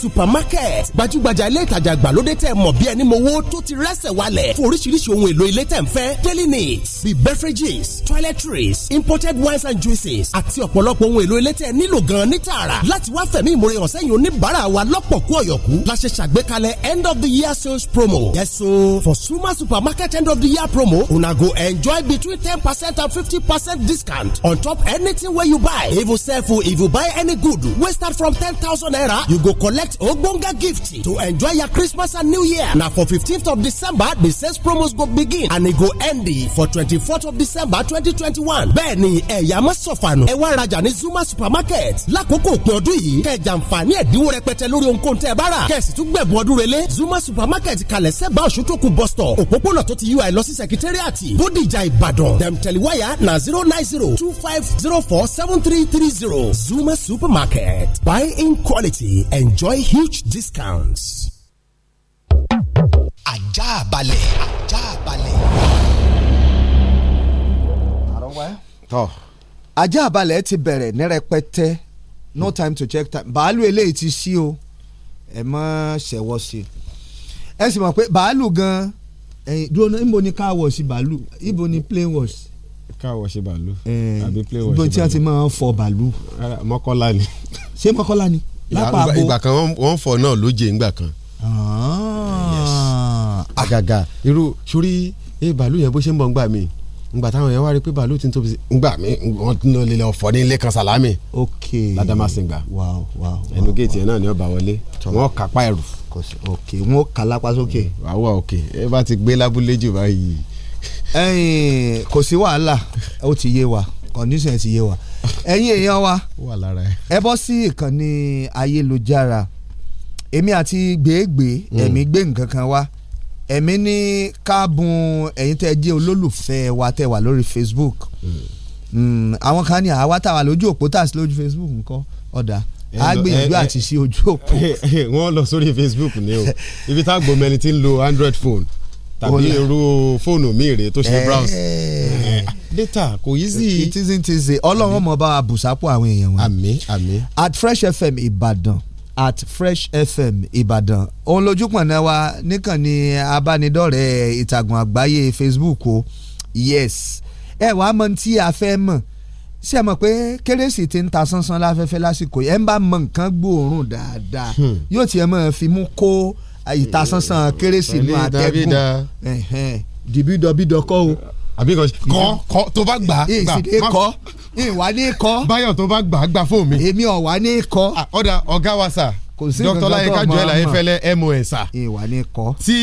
supermarket gbajúgbajà ilé ìtajà gbàlódé tẹ́ mọ̀ bí ẹni mowó tó ti rẹ́sẹ̀ wálẹ̀ fún oríṣiríṣi ohun èlò ilé tẹ́ ń fẹ́ daily needs bíi beverages toiletries imported wines and juices àti ọ̀pọ̀lọpọ̀ ohun èlò ilé tẹ́ nílò gan ní tààrà láti wá fẹ̀mí ìmoore hàn sẹ́yìn oníbàárà wa lọ́pọ̀ kú ọ̀yọ̀kú la ṣe ṣàgbékalẹ̀ end of the year sales promo yes so for Suma supermarket end of the year promo una go enjoy between ten percent and fifty percent discount on top anything wey you buy if you sell food if you buy any good wey start from ten thousand naira you go collect get ogbonge gift to enjoy your christmas and new year Now for 15th of december the sales promos go begin and e go end for 24th of december 2021 Benny, ẹ̀yà má sọ̀fànù ẹ wá rajà ní zuma supermarket lákòókò òpin ọdún yìí kẹjà nfààní ẹ̀dínwó rẹpẹtẹ lórí ohunkóhun tẹ́ ẹ zuma supermarket kalese sẹ́gbà òṣùtòkù bus stop òpópónà tó ti ui lọ sí sẹkítẹ́rìàtì bódìjà ìbàdàn dem teliwaya na zero nine zero two five zero four seven three three zero zuma supermarket buy in quality enjoy enjoy huge discounts. ajá balẹ̀ ajá balẹ̀. tọ́ ajá balẹ̀ ti bẹ̀rẹ̀ ní rẹpẹtẹ no hmm. time to check time bàálù eléyìí ti sí o ẹ mọ ṣẹwọ sí i ẹ sì mọ̀ pé bàálù gan ẹ̀yìn dúró náà ibo ni car wash bàálù ibo ni plane wash. car wash bàálù eh, àbí plane wash bàálù ibo tí a ti máa ń fọ bàálù. mọ́kọ́lá ni. ṣé mọ́kọ́lá ni lápapọ̀ ìgbà kan wọ́n fọ náà lóje ìgbà kan. Ah. àgàgà irú sórí bàálù yẹn bó ṣe ń bọ̀ ń gbà mí ngbà táwọn yẹn wá rí pé bàálù ti ń tóbi sí. ngbà mí wọn ti lọ lélẹ̀ ọ̀fọ̀ ní ilé kan sàlámì. ok ládàmásìngbà ẹnu géètì yẹn náà ni ọba wọlé wọn kápá ẹrù. ok wọn kà lápá sókè. Mm, àwa ok ẹ bá ti gbé lábúlé jù báyìí. kò sí wàhálà ó ti yé wa condition ti yé wa ẹ̀yin èèyàn wa ẹ bọ́ sí ìkànnì ayélujára èmi àti gbèégbè mm. ẹ̀mí gbé nǹkan kan wá ẹ̀mí ní káàbùn ẹ̀yin tẹ́ ẹ jẹ́ olólùfẹ́ wa tẹ́ wà lórí Facebook mm. Mm, àwọn kan ní àwa táwa lójú òpó tá a sí lójú Facebook nǹkan ọ̀dà a gbìyànjú àti sí ojú òpó. [LAUGHS] wọ́n lọ sórí Facebook ni o ibi tá a gbọ́ mẹ́ni tí ń lo Android phone tàbí irú fóònù mi rèé tó ṣe eh. browse eh, data kò easy. it isn't easy ọlọ́run mọ̀ bá a bùsápò àwọn èèyàn wọn. àmín àmín. at fresh fm ìbàdàn at fresh fm ìbàdàn òun lójú pọ̀nà wa níkànnì abánidọ́rẹ̀ẹ́ ìtàgùn àgbáyé facebook o yes ẹ wàá mọ̀ tí a fẹ́ mọ̀ ṣé ẹ mọ̀ pé kérésì ti ń ta sánsán láfẹ́fẹ́ lásìkò yẹn ń bá mọ nǹkan gbòòrùn dáadáa hmm. yóò tiẹ̀ mọ̀ fi mú kó ìtasánsan kérésìnú àtẹ̀gùn dìbídọ́bídọ́ kọ́ o. àbí kọ́ kọ́ tó bá gbà gbà kọ́ ìwà ní kọ́. báyọ̀ tó bá gbà gbà fún mi. èmi ọ̀wà ní kọ́. Ah, ọ̀dà ọ̀gá wa sà dr layika joel ayefẹlẹ mos sà. ìwà ní kọ́. tí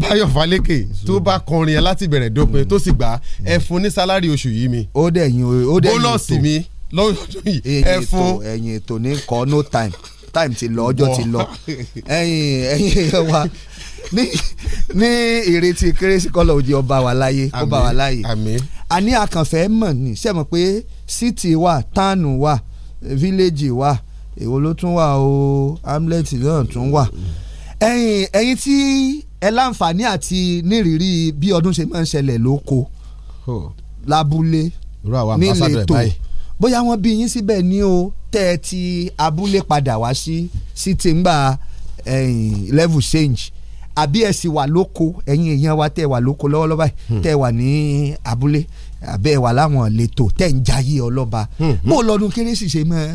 báyọ̀ falẹ́kẹ̀ tó bá kọrin ẹ láti bẹ̀rẹ̀ dópin tó sì gbà ẹ fún ní sálárì oṣù yìí mi. ó dẹ̀ yín o ó dẹ̀ yín o tó bọ́lọ̀sì mi lọ́dún ẹ fún. ẹ̀yìn ètò ní kọ́ no time time ti lọ ọjọ́ ti lọ ẹ̀yin ẹ̀yin èèyàn wa ní ní ìrètí kérésì kọ́lọ̀ òjì ọba wà láyé ọba wà láyé àní àkànfẹ́ mọ̀ ní sẹ́mọ̀ pé city wa, town wa, village wa, èwo ló tún wà o hamlet náà tún wà ẹ̀yin ẹ̀yin tí ẹ láǹfààní àti nírìírí bí ọdún ṣe máa ń ṣẹlẹ̀ lóko lábúlé nílẹ̀ tó bóyá wọ́n bí yín síbẹ̀ ní o tẹ́ ẹ ti abúlé padà wá sí sí ti ń gbà level change àbí ẹ sì wà lóko ẹ̀yin èèyàn wa tẹ́ ẹ wà lóko lọ́wọ́lọ́wọ́ báyìí hmm. tẹ́ ẹ wà ní abúlé àbẹ ẹ wà láwọn ìletò tẹ́ ẹ ń jayé ọlọ́ba hmm, hmm. bó lọ́dún kérésì ṣe mọ́ ẹ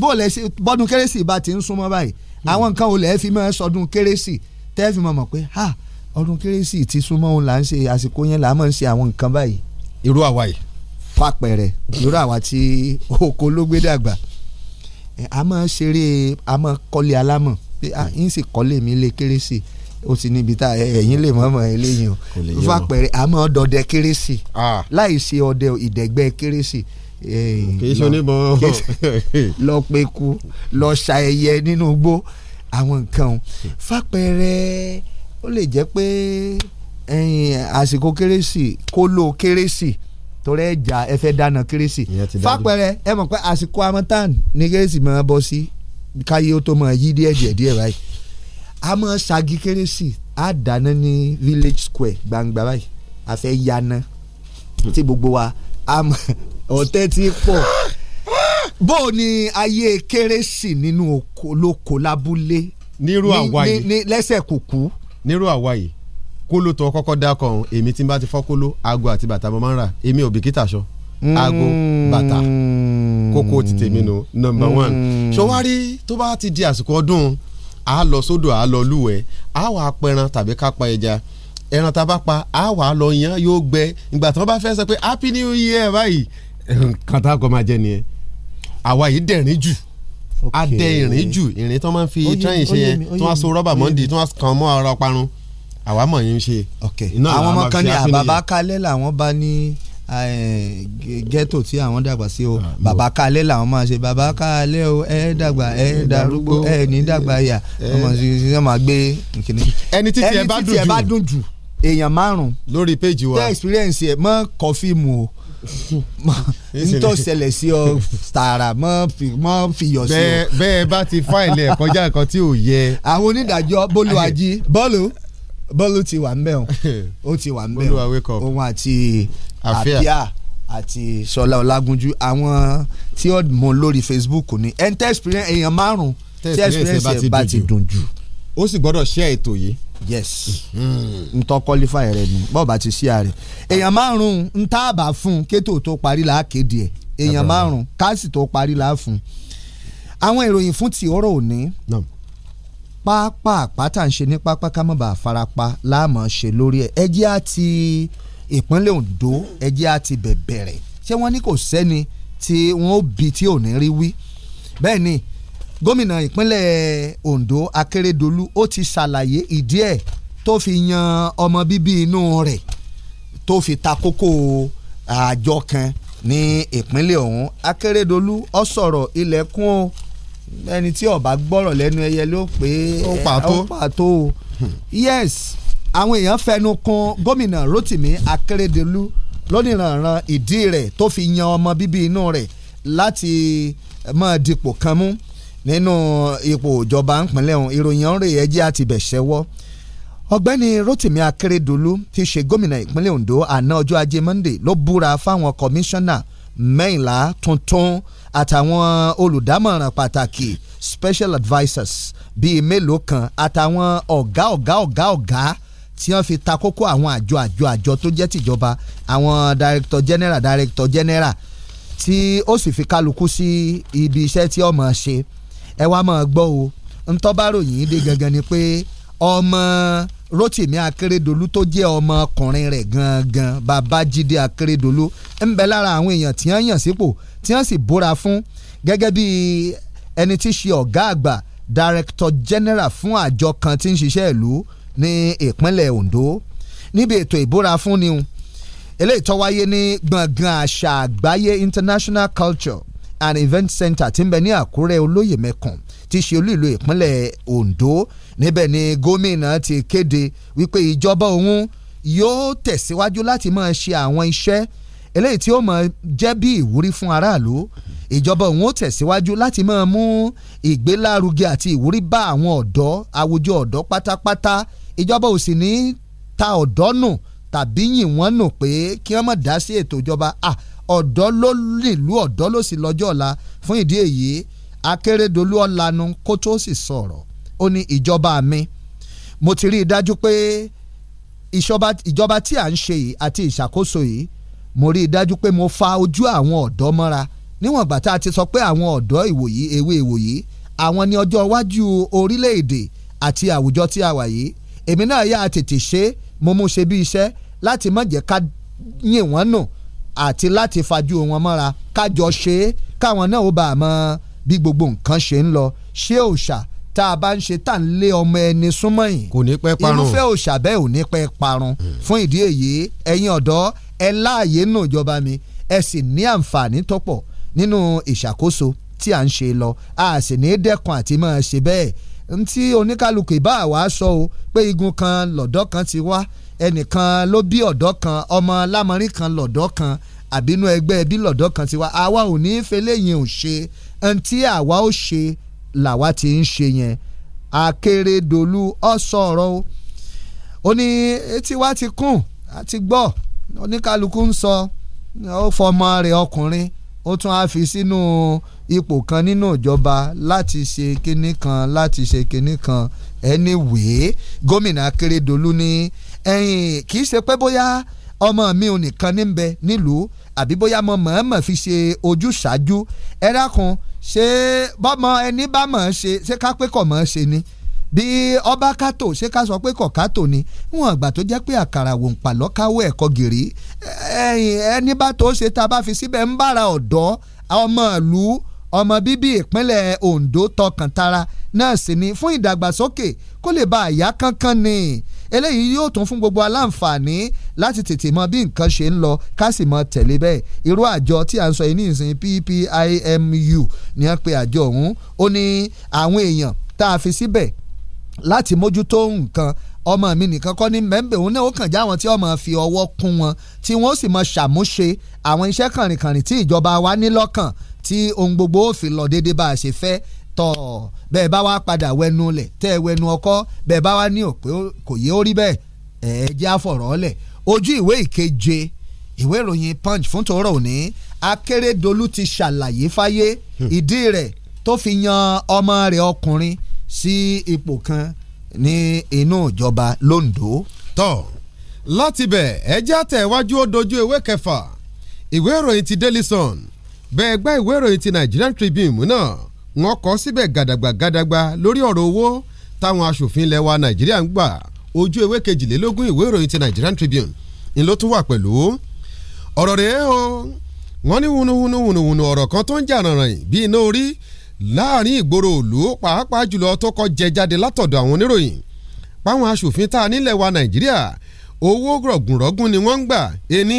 bó lẹ́sẹ̀ bọ́dún kérésì bá ti ń súnmọ́ báyìí àwọn nǹkan olè ẹ fi mọ́ ẹ sọdún kérésì tẹ́ ẹ fi mọ̀ mọ̀ pé ha ọdún kérésì ti súnmọ́ òun là ń ṣe àsìkò yẹn là á mọ̀ ń ṣe àwọn nǹkan báyìí. irú àwa yìí fapẹ̀rẹ̀ lórí àwa tí oko ló gbé dàgbà a máa ṣeré a máa kọ́lé alámọ̀ ah, yín sì kọ́lé mi lé kérésì O ti níbi tá ẹ̀yin lè mọ̀mọ́ eléyìí o fapẹ̀rẹ̀ a máa dọdẹ kérésì ah. láì ṣe ọdẹ ìdẹ̀gbẹ́ kérésì kì í ṣe oníbọn [LAUGHS] lọ pé ku lọ ṣa ẹyẹ nínú igbó àwọn nǹkan fapẹ̀rẹ̀ ó lè jẹ́ pé àsìkò kérésì kóló kérésì torí ẹja ẹ fẹ́ dáná kérésì fapẹ̀rẹ̀ ẹ mọ̀ pé àsìkò harmattan ní kérésì máa bọ́ sí káyé ó tó máa yí díẹ̀ díẹ̀ díẹ̀ báyìí a máa ṣagi kérésì á dáná ní village square gbangba báyìí a fẹ́ yaná tí gbogbo wa ọ̀tẹ̀ ti pọ̀ bó o ní ayé kérésì nínú olóko lábúlé nírú àwa yìí lẹ́sẹ̀ kùkú nírú àwa yìí kóló tó kọ́kọ́ dákọ̀ ọ̀hún èmi tí n bá ti fọ́ kóló aago àti bàtà mo máa ń rà èmi ò bìkítà aṣọ aago bàtà kókó ti tèmi nu number one mm. ṣọwárí tó bá ti di àsìkò ọdún a lọ sódò a lọ lúwẹ̀ẹ́ a wà á pẹran tàbí ká pa ẹja ẹran tá a bá pa a wà á lọ yan yóò gbẹ ìgbà tí wọn bá fẹ́ sọ pé happy new year báyìí [LAUGHS] nǹkan tá a kọ́ máa jẹ nìyẹn àwa yìí dẹ̀rín jù adẹ ìrìn jù ìrìn tí wọn máa ń fi tẹ́yìn ṣe yẹn tí wọn á so mọ́ndì tí wọn kàn mọ́ ara parun àwa mọ̀ yín ṣe. ok àwọn ọmọ kan ní àbàbà làwọn bá ní eh, ghetto tí àwọn dàgbà sí o ah, bàbá làwọn máa ṣe bàbá o ẹ dàgbà ẹ darúgbó ẹ ní dàgbà yà ọmọ ṣiṣẹ́ máa gbé nkíní. ẹni títí ẹ bá dùn jù èèyàn márùn lórí péjì wa tẹ experience ẹ mọ kọfí mu o [LAUGHS] nítò ṣẹlẹ̀ sí ọ tààrà mọ fìyọ̀ sí o. bẹ́ẹ̀ bá ti fáìlì ẹ̀ kọjá nǹkan tí ò yẹ. àwọn onídàájọ́ bólú ají bọ́ọ̀lù bọ́ọ̀lù ti wà ńbẹ̀ o [LAUGHS] ó ti wà ńbẹ̀ o òun àti àfíà àti sọlá ọlágúnjú àwọn tí ó mọ lórí facebook ní ẹntẹ experience èèyàn márùn tí experience ẹ bá ti dùn jù. ó sì gbọ́dọ̀ share ètò yìí. yes hmm. n tọ́ qualify rẹ nu bọ́ọ̀ bá ti share rẹ èèyàn márùn n tá a bá fún kétò tó parí là á kéde ẹ̀ èèyàn márùn káàsì tó parí là á fún. àwọn ìròyìn fún ti òní. No pápá àpáta ń ṣe ní pápá ká mọ̀ bá farapa láàmú ṣe lórí ẹ̀ ẹjẹ́ àti ìpínlẹ̀ Ondo ẹjẹ́ àti bẹ̀bẹ̀rẹ̀ ṣé wọ́n ní kò sẹ́ni tí wọ́n ó bi tí ò ní rí wí bẹ́ẹ̀ ni gómìnà ìpínlẹ̀ Ondo Akérèdọ́lù ó ti ṣàlàyé ìdí ẹ̀ tó fi yan ọmọ bíbí inú rẹ̀ tó fi ta kókó àjọ kan ní ìpínlẹ̀ ọ̀hún Akérèdọ́lù ó sọ̀rọ̀ ilẹ̀kùn o ẹni tí ọba gbọ́rọ̀ lẹ́nu ẹyẹ ló pé ó pàtó yes àwọn èèyàn fẹnu kùn gómìnà Rotimi Akeredolu lónìrànràn ìdí rẹ̀ tó fi yan ọmọ bíbí inú rẹ̀ láti máa dipò kan mú nínú ipò ìjọba ńpínlẹ̀ ọ̀hún ìròyìn ọ̀rẹ́ ẹ jẹ́ àtibẹ̀ ṣẹ́wọ́ ọ̀gbẹ́ni Rotimi Akeredolu ti ṣe gómìnà ìpínlẹ̀ Ondo àná ọjọ́ ajé Monday ló búra fáwọn kọmíṣánná mẹ́yìnlá tuntun àtàwọn olùdámọ̀ràn pàtàkì special advisers bíi mélòó kan àtàwọn ọ̀gá ọ̀gá ọ̀gá ọ̀gá tí wọ́n fi ta kókó àwọn àjọ àjọ àjọ tó jẹ́ tìjọba àwọn director general director general tí ó sì fi kálukú sí ibi iṣẹ́ tí ọmọ ṣe ẹ wá máa gbọ́ o ntọ́bárò yìí dé gangan ni pé ọmọ. Um, Rotimi Akeredolu tó jẹ́ ọmọkùnrin rẹ̀ gangan Babajide Akeredolu ń bẹ lára àwọn èèyàn tí wọ́n yàn sípò tí wọ́n sì búra fún gẹ́gẹ́ bí ẹni tí ṣe ọ̀gá àgbà Director General fún àjọ kan tí ń ṣiṣẹ́ ìlú ní ìpínlẹ̀ Ondo níbi ètò ìbúra fún ni eléyìí tó wáyé ní gbọ̀ngàn àṣà àgbáyé International Culture and Event Center tí ń bẹ ní Àkúrẹ́ Olóyèmẹkùn tí ṣe olú ìlú ìpínlẹ̀ Ondo níbẹ̀ ni gómìnà ti kéde wípé ìjọba òun yóò tẹ̀síwájú láti máa ṣe àwọn iṣẹ́ eléyìí tí ó máa jẹ́ bí ìwúrí fún aráàlú ìjọba òun ó tẹ̀síwájú láti máa mú ìgbélárugẹ àti ìwúrí bá àwọn ọ̀dọ́ àwùjọ ọ̀dọ́ pátápátá ìjọba ò sì ní ta ọ̀dọ́ nù tàbí yìn wọ́n nù pé kí wọ́n má dá sí ètò ìjọba ọ̀dọ́ ló nílùú ọ̀dọ́ ló sì lọ́jọ́ ọ̀la fún ìdí èyí Akérédolú ọ̀lànà kó tó sì sọ̀rọ̀ ó ní ìjọba mi mo ti rí i dájú pé ìjọba tí à ń ṣe yìí àti ìṣàkóso yìí mo rí i dájú pé mo fa ojú àwọn ọ̀dọ́ mọ́ra níwọ̀n ìgbà tá a ti sọ pé àwọn ọ̀dọ́ ìwòyí ewé ìwòyí àwọn ni ọjọ́ iwájú orílẹ̀-èdè àti àwùjọ tí a wà yìí èmi náà yà á tètè ṣe é mo mú ṣe bí iṣẹ́ láti má jẹ́ ká yìn wọ́n nù àti láti fajú wọn mọ́ra kájọ ṣe é káwọn náà ó bàa mọ́ bí gbogbo nǹkan ṣe ń lọ ṣé òòṣà tá a bá ń ṣe tá à ń lé ọmọ ẹni súnmọ́ yìí kò ní pẹ́ parun irúfẹ́ òòṣà bẹ́ẹ̀ ò ní pẹ́ parun hmm. fún ìdí èyí ẹ̀yin ọ̀dọ́ ẹ láàyè nù ìjọba mi ẹ sì ní àǹfààní tọ́pọ̀ nínú ìṣàkóso tí à ń ṣe lọ a sì ní dẹ́kun àti máa ṣe bẹ́ẹ̀ ntí oníkálukú ìbá wa sọ o pé igun kan lọ́dọ̀ kan ti wá ẹnìkan ló bí ọ̀dọ́ kan ọmọ lámọrin kan lọ́dọ̀ kan àbínú ẹgbẹ́ bí lọ́dọ̀ kan ti wá àwa ò ní í fẹlẹ́yìn ò ṣe ntí àwa ó ṣe làwa ti ń ṣe yẹn Akérédolú ó sọ̀rọ̀ o ó ní etí wa ti kùn àti gbọ́ oníkálukú ń sọ ó fọmọ rẹ̀ ọkùnrin ó tún á fi sínú ipò kan nínú ìjọba láti ṣe kinní kan láti ṣe kinní kan anyway gómìnà Akérédolú ní ẹ̀yìn kì í ṣe pé bóyá ọmọ mi ò nìkan níbẹ̀ nílùú àbí bóyá mo mọ̀ọ́mọ̀ fi ṣe ojúṣàájú ẹ̀rákun ṣé bọ́mọ ẹni bá mọ̀ ṣe ṣé ká pé kọ̀ mọ̀ ṣe ni bí ọba kátó ṣé ká sọ pé kọ̀ kátó ni wọn àgbà tó jẹ́ pé àkàrà wò ń pàlọ́ káwọ́ ẹ̀kọ́ gìrì ẹni bá tó ṣe tá a bá fi síbẹ̀ ń bára ọ̀dọ́ ọmọ ìlú ọmọ bíbí ìpínlẹ̀ Ondo tọkàn tara náà sì ni fún ìdàgbàsókè kó lè bá àyà kankan ni eléyìí yóò tún fún gbogbo aláǹfààní láti tètè mọ bí nǹkan ṣe ń lọ ká sì mọ tẹ̀lé bẹ́ẹ̀ irú àjọ tí à ń sọ yìí ní ìsìn PPIMU ni wọ́n pe àjọ ọ̀hún ó ní àwọn èèyàn tá a fi síbẹ̀ láti mójútó nǹkan ọmọ mi nìkan kọ́ ní mẹ́ńbẹ̀ òun náà ó kàn já àwọn tí ọmọ fi ọwọ́ kún wọn tí wọ́n sì mọ ṣàmúṣe àwọn iṣẹ́ kànrìnkànrìn tí ìjọba wa ní lọ́kàn tí ohun gbogbo ó fi lọ déédéé bá a ṣe fẹ́ tọ̀ bẹ́ẹ̀ bá wa padà wẹnu lẹ̀ tẹ́ ẹ wẹnu ọkọ́ bẹ́ẹ̀ bá wa ní òpé kò yé ó rí bẹ́ẹ̀ ẹ̀ẹ́ àfọ̀rọ̀ ọ̀lẹ̀ ojú ìwé ìkeje ìwé ìròyìn punch fún tòórọ́ òní akérèdọ́lù ti ṣàlàyé fáyé hmm. ìdí rẹ̀ tó fi yan ọmọ rẹ̀ ọkùnrin sí ipò kan ní inú ìjọba londo. tọ́ láti bẹ̀ ẹjẹ́ àtẹ̀wájú ó dojú ewé kẹfà ìwé ìròyìn ti daily bẹ́ẹ̀ gbá ìwé ìròyìn ti nigerian tribune náà wọ́n kọ síbẹ̀ gàdàgbà gàdàgbà lórí ọ̀rọ̀ owó táwọn aṣòfin ilẹ̀ nàìjíríà ń gbà ojú ewé kejìlélógún ìwé ìròyìn ti Nigerian Tribune ni ló tún wà pẹ̀lú ọ̀rọ̀ rẹ̀ o wọ́n ní wùnúwùnúwùnúwùnú ọ̀rọ̀ kan tó ń jà rànràn yìí bí iná orí láàrin ìgboro òlu pàápàá jùlọ tó kọ jẹ jáde látọ̀dọ̀ àwọn oníròyìn páwọn aṣòfin tá a nílẹ̀ wa Nàìjíríà owó rọ̀gùnrọ̀gùn ni wọ́n ń gbà ení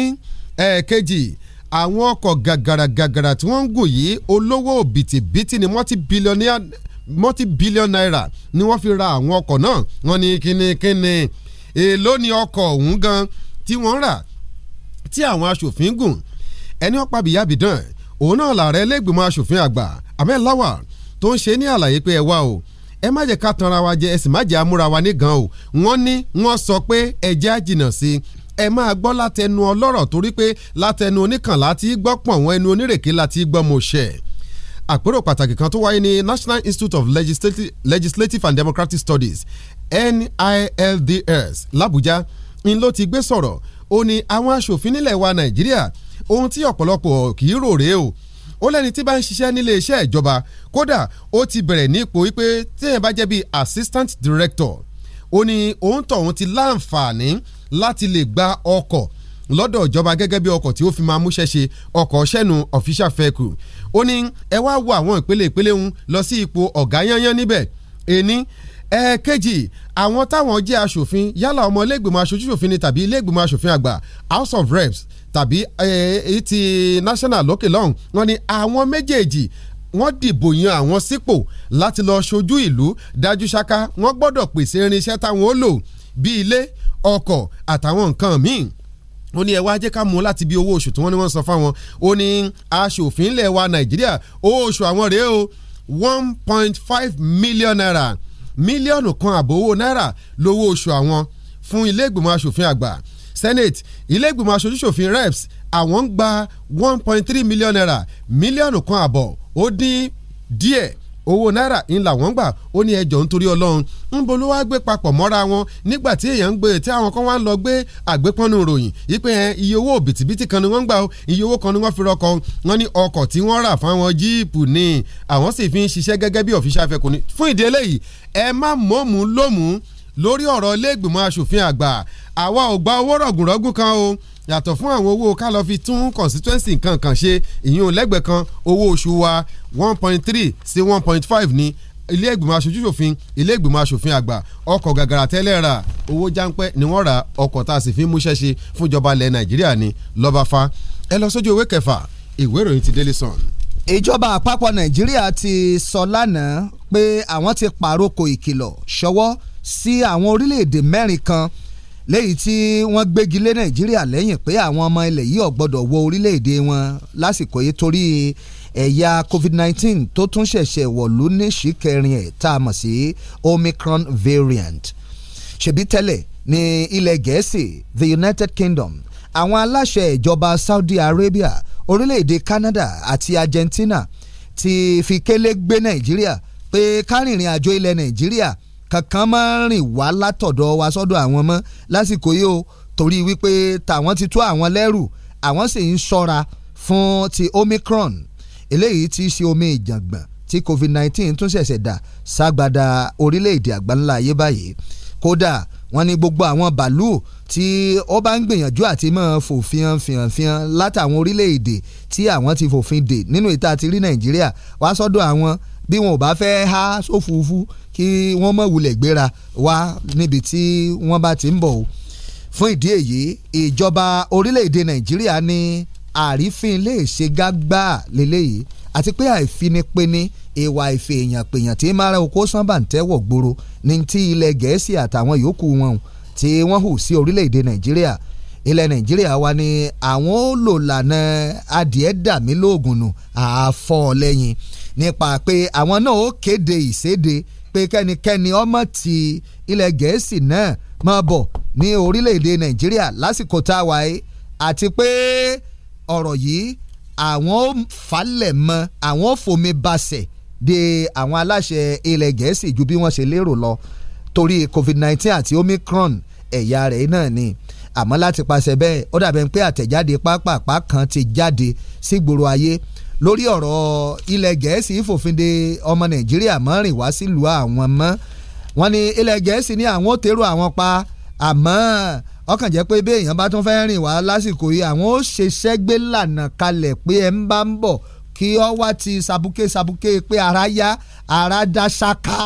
ẹ̀ẹ̀kejì àwọn ọkọ̀ gàgàràgàgàrà tí wọ́n ń gùn yìí olówó bìtìbìtì ni multi billionaire multi billion naira ni wọ́n fi ra àwọn ọkọ̀ náà wọ́n ní kínníkínní èèló ni ọkọ̀ ọ̀hún gan tí wọ́n rà tí àwọn aṣòfin gùn ẹni ọ̀pá bìyà bìdàn òun náà làárẹ̀ ẹlẹ́gbẹ̀mọ aṣòfin àgbà Ahmed Lawal tó ń ṣe ní àlàyé pé ẹ wá o ẹ má jẹ́ ká tanra wa jẹ ẹ sì má jẹ́ amúra wa nígan o wọ́n ní wọ́n sọ pé ẹjẹ́ àjìnà sí ẹ máa gbọ́ látẹnu ọlọ́rọ̀ torí pé látẹnu oníkànlá tí gbọ́ pọ̀n wọn ẹnu onírèké láti gbọ́ mo ṣẹ̀ àpérò pàtàkì kan tó wáyé ní National Institute of Legislative, Legislative and Democratic Studies NILDS làbújá ń ló ti gbé sọ̀rọ̀ ó ní àwọn aṣòfin nílẹ̀ wa Nàìjíríà ohun tí ọ̀pọ̀lọpọ̀ kì í rò rèé o ó lẹ́ni tí bá ń ṣiṣẹ́ nílé iṣẹ́ ìjọba kódà ó ti bẹ̀rẹ̀ ní ipò wípé téèyàn bá jẹ́ bíi assistant director ó ní òun tọ̀hún ti láǹfààní láti lè gba ọkọ̀ lọ́dọ̀ ìjọba gẹ́gẹ́ bí ọkọ̀ tí ó fi máa múṣẹ́ ṣe ọkọ̀ ṣẹ́nu official vehicle ó ní ẹ wá wo àwọn ìpele ìpele ń lọ sí ipò ọ̀gá yányán níbẹ̀ èní ẹ̀ẹ̀kejì àwọn táwọn jẹ́ aṣòfin yálà ọmọ iléègbìmọ̀ aṣojúṣòfin ni tàbí iléègbìmọ̀ aṣòfin àgbà house of reps tàbí èyí ti national lókè lọ́hùn wọn ni àwọn méjèèjì wọ́n dìbò yan àwọn sípò láti lọ ṣojú ìlú dájú ṣáká wọ́n gbọ́dọ̀ pèsè irinṣẹ́ táwọn ó lò bíi ilé ọkọ̀ àtàwọn nǹkan míì ó ní ẹ wá jẹ́ ká mú láti bí owó oṣù tí wọ́n ní wọ́n san fáwọn ó ní aṣòfin ilẹ̀ wa nàìjíríà oṣù àwọn rèé o one point five million naira mílíọ̀nù kan àbówó náírà lówó oṣù àwọn fún ilé ìgbìmọ̀ aṣòfin àgbà senate ilé ìgbìmọ̀ aṣojúṣòfin reps àwọn ń gba one point three million naira mílíọ̀nù kan àbọ̀ ó dín díẹ̀ owó náírà ń là wọ́n gbà ó ní ẹjọ́ nítorí ọlọ́run ń bo ló wá gbé papọ̀ mọ́ra wọn nígbà tí èèyàn ń gbé tí àwọn kan wá ń lọ gbé àgbépọ́nù ròyìn yípe ẹ iye owó bìtìbìtì kan ni wọ́n ń gbà ó iye owó kan ni wọ́n fi rọkọ wọn ní ọkọ̀ tí wọ́n rà fáwọn jíìpù ni àwọn sì fi ń ṣiṣẹ́ gẹ́gẹ́ bí ọ̀fíṣà afẹ́kùn fún ìdí eléyìí ẹ má mọ̀ọ́mù lómùú lórí ọ̀rọ̀ ilé àwa ò gba owó rọ̀gùnrọ̀gùn kan o yàtọ̀ fún àwọn owó ká lọ fi tún constituency nǹkan kan ṣe ìyún lẹ́gbẹ̀ẹ́ kan owó oṣù wa one point three sí one point five ni ilé ìgbìmọ̀ aṣojú ṣòfin ilé ìgbìmọ̀ aṣòfin àgbà ọkọ̀ gàgàrà tẹ́lẹ̀ rà owó jáńpẹ́ ni wọ́n ra ọkọ̀ tá a sì fi múṣẹ́ ṣe fúnjọba ilẹ̀ nàìjíríà ni lọ́ba fa ẹ lọ sójú ìwé kẹfà ìwé ìròyìn ti Daily Sun. ìjọba àpapọ̀ nàìjíríà ti sọ lánàá pé àwọn ti pàrokò ìkìlọ̀ ṣọwọ́ sí àwọn orílẹ̀-èdè mẹ́rin kan léyìí tí wọ́n gbégi lé nàìjíríà lẹ́yìn pé àwọn ọmọ ilẹ̀ yìí ò gbọ́dọ̀ wọ orílẹ̀-èdè wọn lásìkò yìí torí ẹ̀yà covid-19 tó tún ṣẹ̀ṣẹ̀ wọ̀lú ní ṣìkẹrin ẹ̀ tá a mọ̀ sí omicron variant ṣebí tẹ́lẹ̀ ní ilẹ̀ gẹ̀ẹ́sì the united kingdom àwọn aláṣẹ ìjọba saudi arabia orílẹ̀-èdè canada àti argentina ti fi kélé gbé nàìjíríà pé kárìnrìn àjò ilẹ̀ nàìjíríà kankan máa ń rìn wá látọ̀dọ̀ wa sọ́dọ̀ àwọn mọ́ lásìkò yìí o torí wípé tàwọn ti tú àwọn lẹ́rù àwọn sì ń ṣọ́ra fún ti Omicron eléyìí ti ṣe omi ìjàngbọ̀n tí covid nineteen tún ṣẹ̀ṣẹ̀ dà ságbádá orílẹ̀-èdè àgbáńlá ayé báyìí kódà wọ́n ní gbogbo àwọn bàálù tí ó bá ń gbìyànjú àti máa fò fihàn fihàn fihàn látàwọn orílẹ̀-èdè tí àwọn ti fòfin dè nínú ìta ti rí Nàìjíríà wá sọ́dọ̀ àwọn bí wọn ò bá fẹ́ há sófúfú kí wọ́n mọ̀ wulẹ̀ gbéra wá níbi tí wọ́n bá ti ń bọ̀ o fún ìdí èyí ìjọba orílẹ̀-èdè nàìjíríà ní àrífín lè ṣe gágbá lélẹ́yìí àti pé àìfinipinni ìwà ìfèèyànpèèyàn tí mara oko sanbàǹtẹ́wọ̀ gbòòrò ní ti ilẹ̀ gẹ̀ẹ́sì àtàwọn yòókù wọn tí wọ́n hù sí orílẹ̀-èdè nàìjíríà ilẹ̀ nàìjíríà wa ni àwọn ó lò lànà adìẹ dàmí lóògùn nù àfọ̀ lẹ́yìn nípa pé àwọn náà ó kéde ìséde pé kẹ́nikẹ́ni ọmọ ti ilẹ̀ gẹ̀ẹ́sì náà máa bọ̀ ní orílẹ̀-èdè nàìjíríà lásìkò tá a wà yìí àti pé ọ̀rọ̀ yìí àwọn ó falẹ̀ mọ́ àwọn ó fomi basẹ̀ de àwọn aláṣẹ ilẹ̀ gẹ̀ẹ́sì ju bí wọ́n ṣe lérò lọ torí covid-19 àti omicron ẹ̀yà rẹ̀ náà ni àmọ́ láti paṣẹ bẹ́ẹ̀ ó dàbẹ̀ pé àtẹ̀jáde pápápá kan ti jáde sígboro ayé si lórí ọ̀rọ̀ ilẹ̀ gẹ̀ẹ́sì fòfin de ọmọ nàìjíríà mọ́ rìn wá sílùú àwọn mọ́ wọ́n ni ilẹ̀ gẹ̀ẹ́sì ní àwọn ó tèrò àwọn pa àmọ́ ọkàn jẹ́ pé béèyàn bá tún fẹ́ rìn wá lásìkò yìí àwọn ó ṣeṣẹ́ gbé lànà kalẹ̀ pé ẹ ń bá ń bọ̀ kí ọ wá ti sabuké sabuké pé ara yá ara dá ṣáká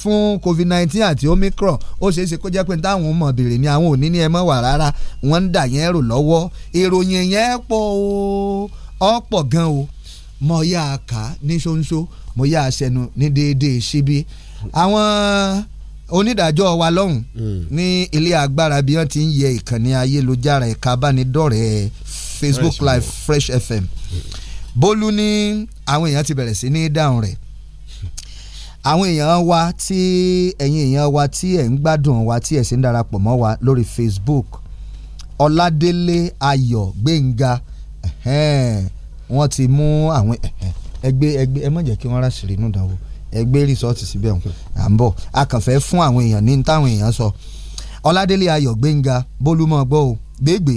fún covid nineteen àti omicron ó ṣeé ṣe kó jẹ́ pé táwọn ọmọ bèrè ni àwọn ò ní ní ẹ mọ̀ wà rárá wọ́n ń dà yẹn rò lọ́wọ́ ìròyìn yẹn pọ̀ o ọ̀pọ̀ gan o mo yá a kà ní ṣóńṣó mo yá a ṣẹnu ní déédéé síbí àwọn onídàájọ́ wa lọ́hùn hmm. ní ilé agbára bí wọ́n ti ń yẹ ìkànnì ayélujára ẹ̀ka abánidọ́rẹ̀ẹ́ Facebook Live Fresh FM bólú ní àwọn èèyàn ti bẹ̀rẹ̀ sí ní dáhùn rẹ̀ àwọn èèyàn wa tí ẹ̀yin èèyàn wa tí ẹ̀ ń gbádùn wa tí ẹ̀ sì ń darapọ̀ mọ́ wa lórí Facebook Ọládélé Ayọ̀ Gbénga ẹ̀hẹ́n wọ́n ti mú àwọn ẹgbẹ́ ẹgbẹ́ ẹ má jẹ́ kí wọ́n ráṣìírí nù dánwò ẹgbẹ́ rìsọ́ọ̀tì síbẹ̀ ọ̀hún à ń bọ̀ a kàn fẹ́ fún àwọn èèyàn ní táwọn èèyàn sọ ọládélé ayọ̀ gbẹ́ngà bólúmọ̀ gbọ́ o gbégbé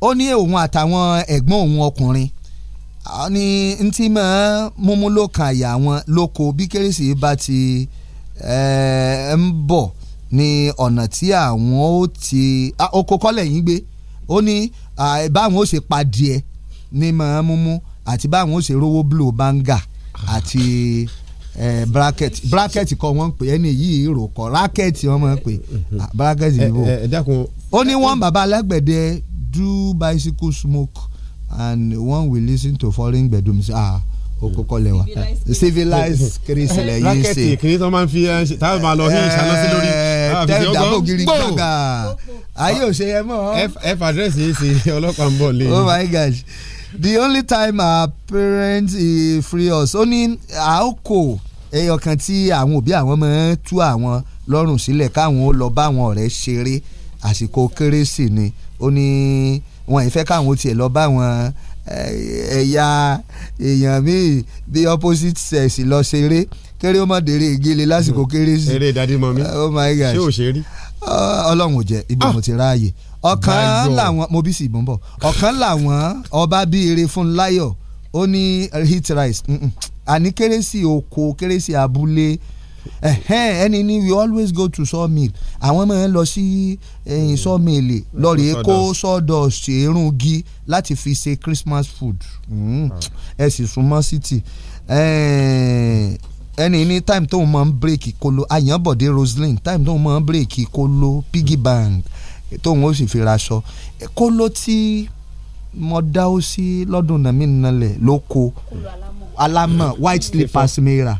ó ní òun àtàwọn ẹ̀gbọ́n òun ọkùnrin ní ntí mọ̀ múmú ló kan àyà àwọn lóko bí kérésì bá ti eh, ń bọ̀ ní ọ̀nà tí àwọn ó ti okòkọ́lẹ̀ yín gbé ó ní báwọn ó ṣe pa díẹ̀ ní máa múmú àti báwọn ó ṣe rówó blow banga àti eh, bracket bracket kọ wọ́n pè ẹni yìí rò kọ racket wọ́n máa pè ah, bracket níbo ó ní wọ́n bàbá alágbẹ̀dẹ do bicycle smoke and one will listen to foreign gbẹdùn ah okoko lẹwa civilized kiri sílẹ̀ yìí ṣe rákẹ́tì kiri tó máa ń eh, ah, dàbò gírí gbàgà ayé òṣèyẹ mọ́. f address yìí ṣe ọlọ́pàá ń bọ̀ lé. oh my gosh the only time our parents eh, free us ó ní àókò ẹyọ kan tí àwọn òbí àwọn máa ń tú àwọn lọ́rùn sílẹ̀ káwọn ó lọ bá àwọn ọ̀rẹ́ ṣeré àsìkò kérésì ni ó ní wọn ìfẹ́ káwọn tiẹ̀ lọ bá àwọn eh, ẹ̀yà èèyàn míì bí opposite sex lọ ṣeré kéré ó mọ̀ dèrè ìgele lásìkò hmm. kérésì. eré ìdádìmọ̀ mi oh ṣé ò ṣe rí. ọlọ́run ò jẹ́ ibi ah! mo ti ráàyè ọ̀kan làwọn mo bí sì bọ̀ ń bọ̀ ọ̀kan làwọn ọba bíi fún láyọ̀ ó ní heat rice àní kérésì oko kérésì abúlé ẹni ní we always go to sawmill àwọn máa ń lọ sí eh, mm. sawmill lọ́ọ̀rì kó sawdust erungi láti fi ṣe christmas food mm. ah. ẹ sì súnmọ́ city ẹni ní time tóun máa ń bírèkì kolo àyànbọ̀dé roseline time tóun máa ń bírèkì kolo piggy bank. Mm -hmm tóun ó sì fi raṣọ kóló tí mo dá ó sí lọ́dún náà mi nalẹ̀ lóko alámọ̀ white slippers mi rà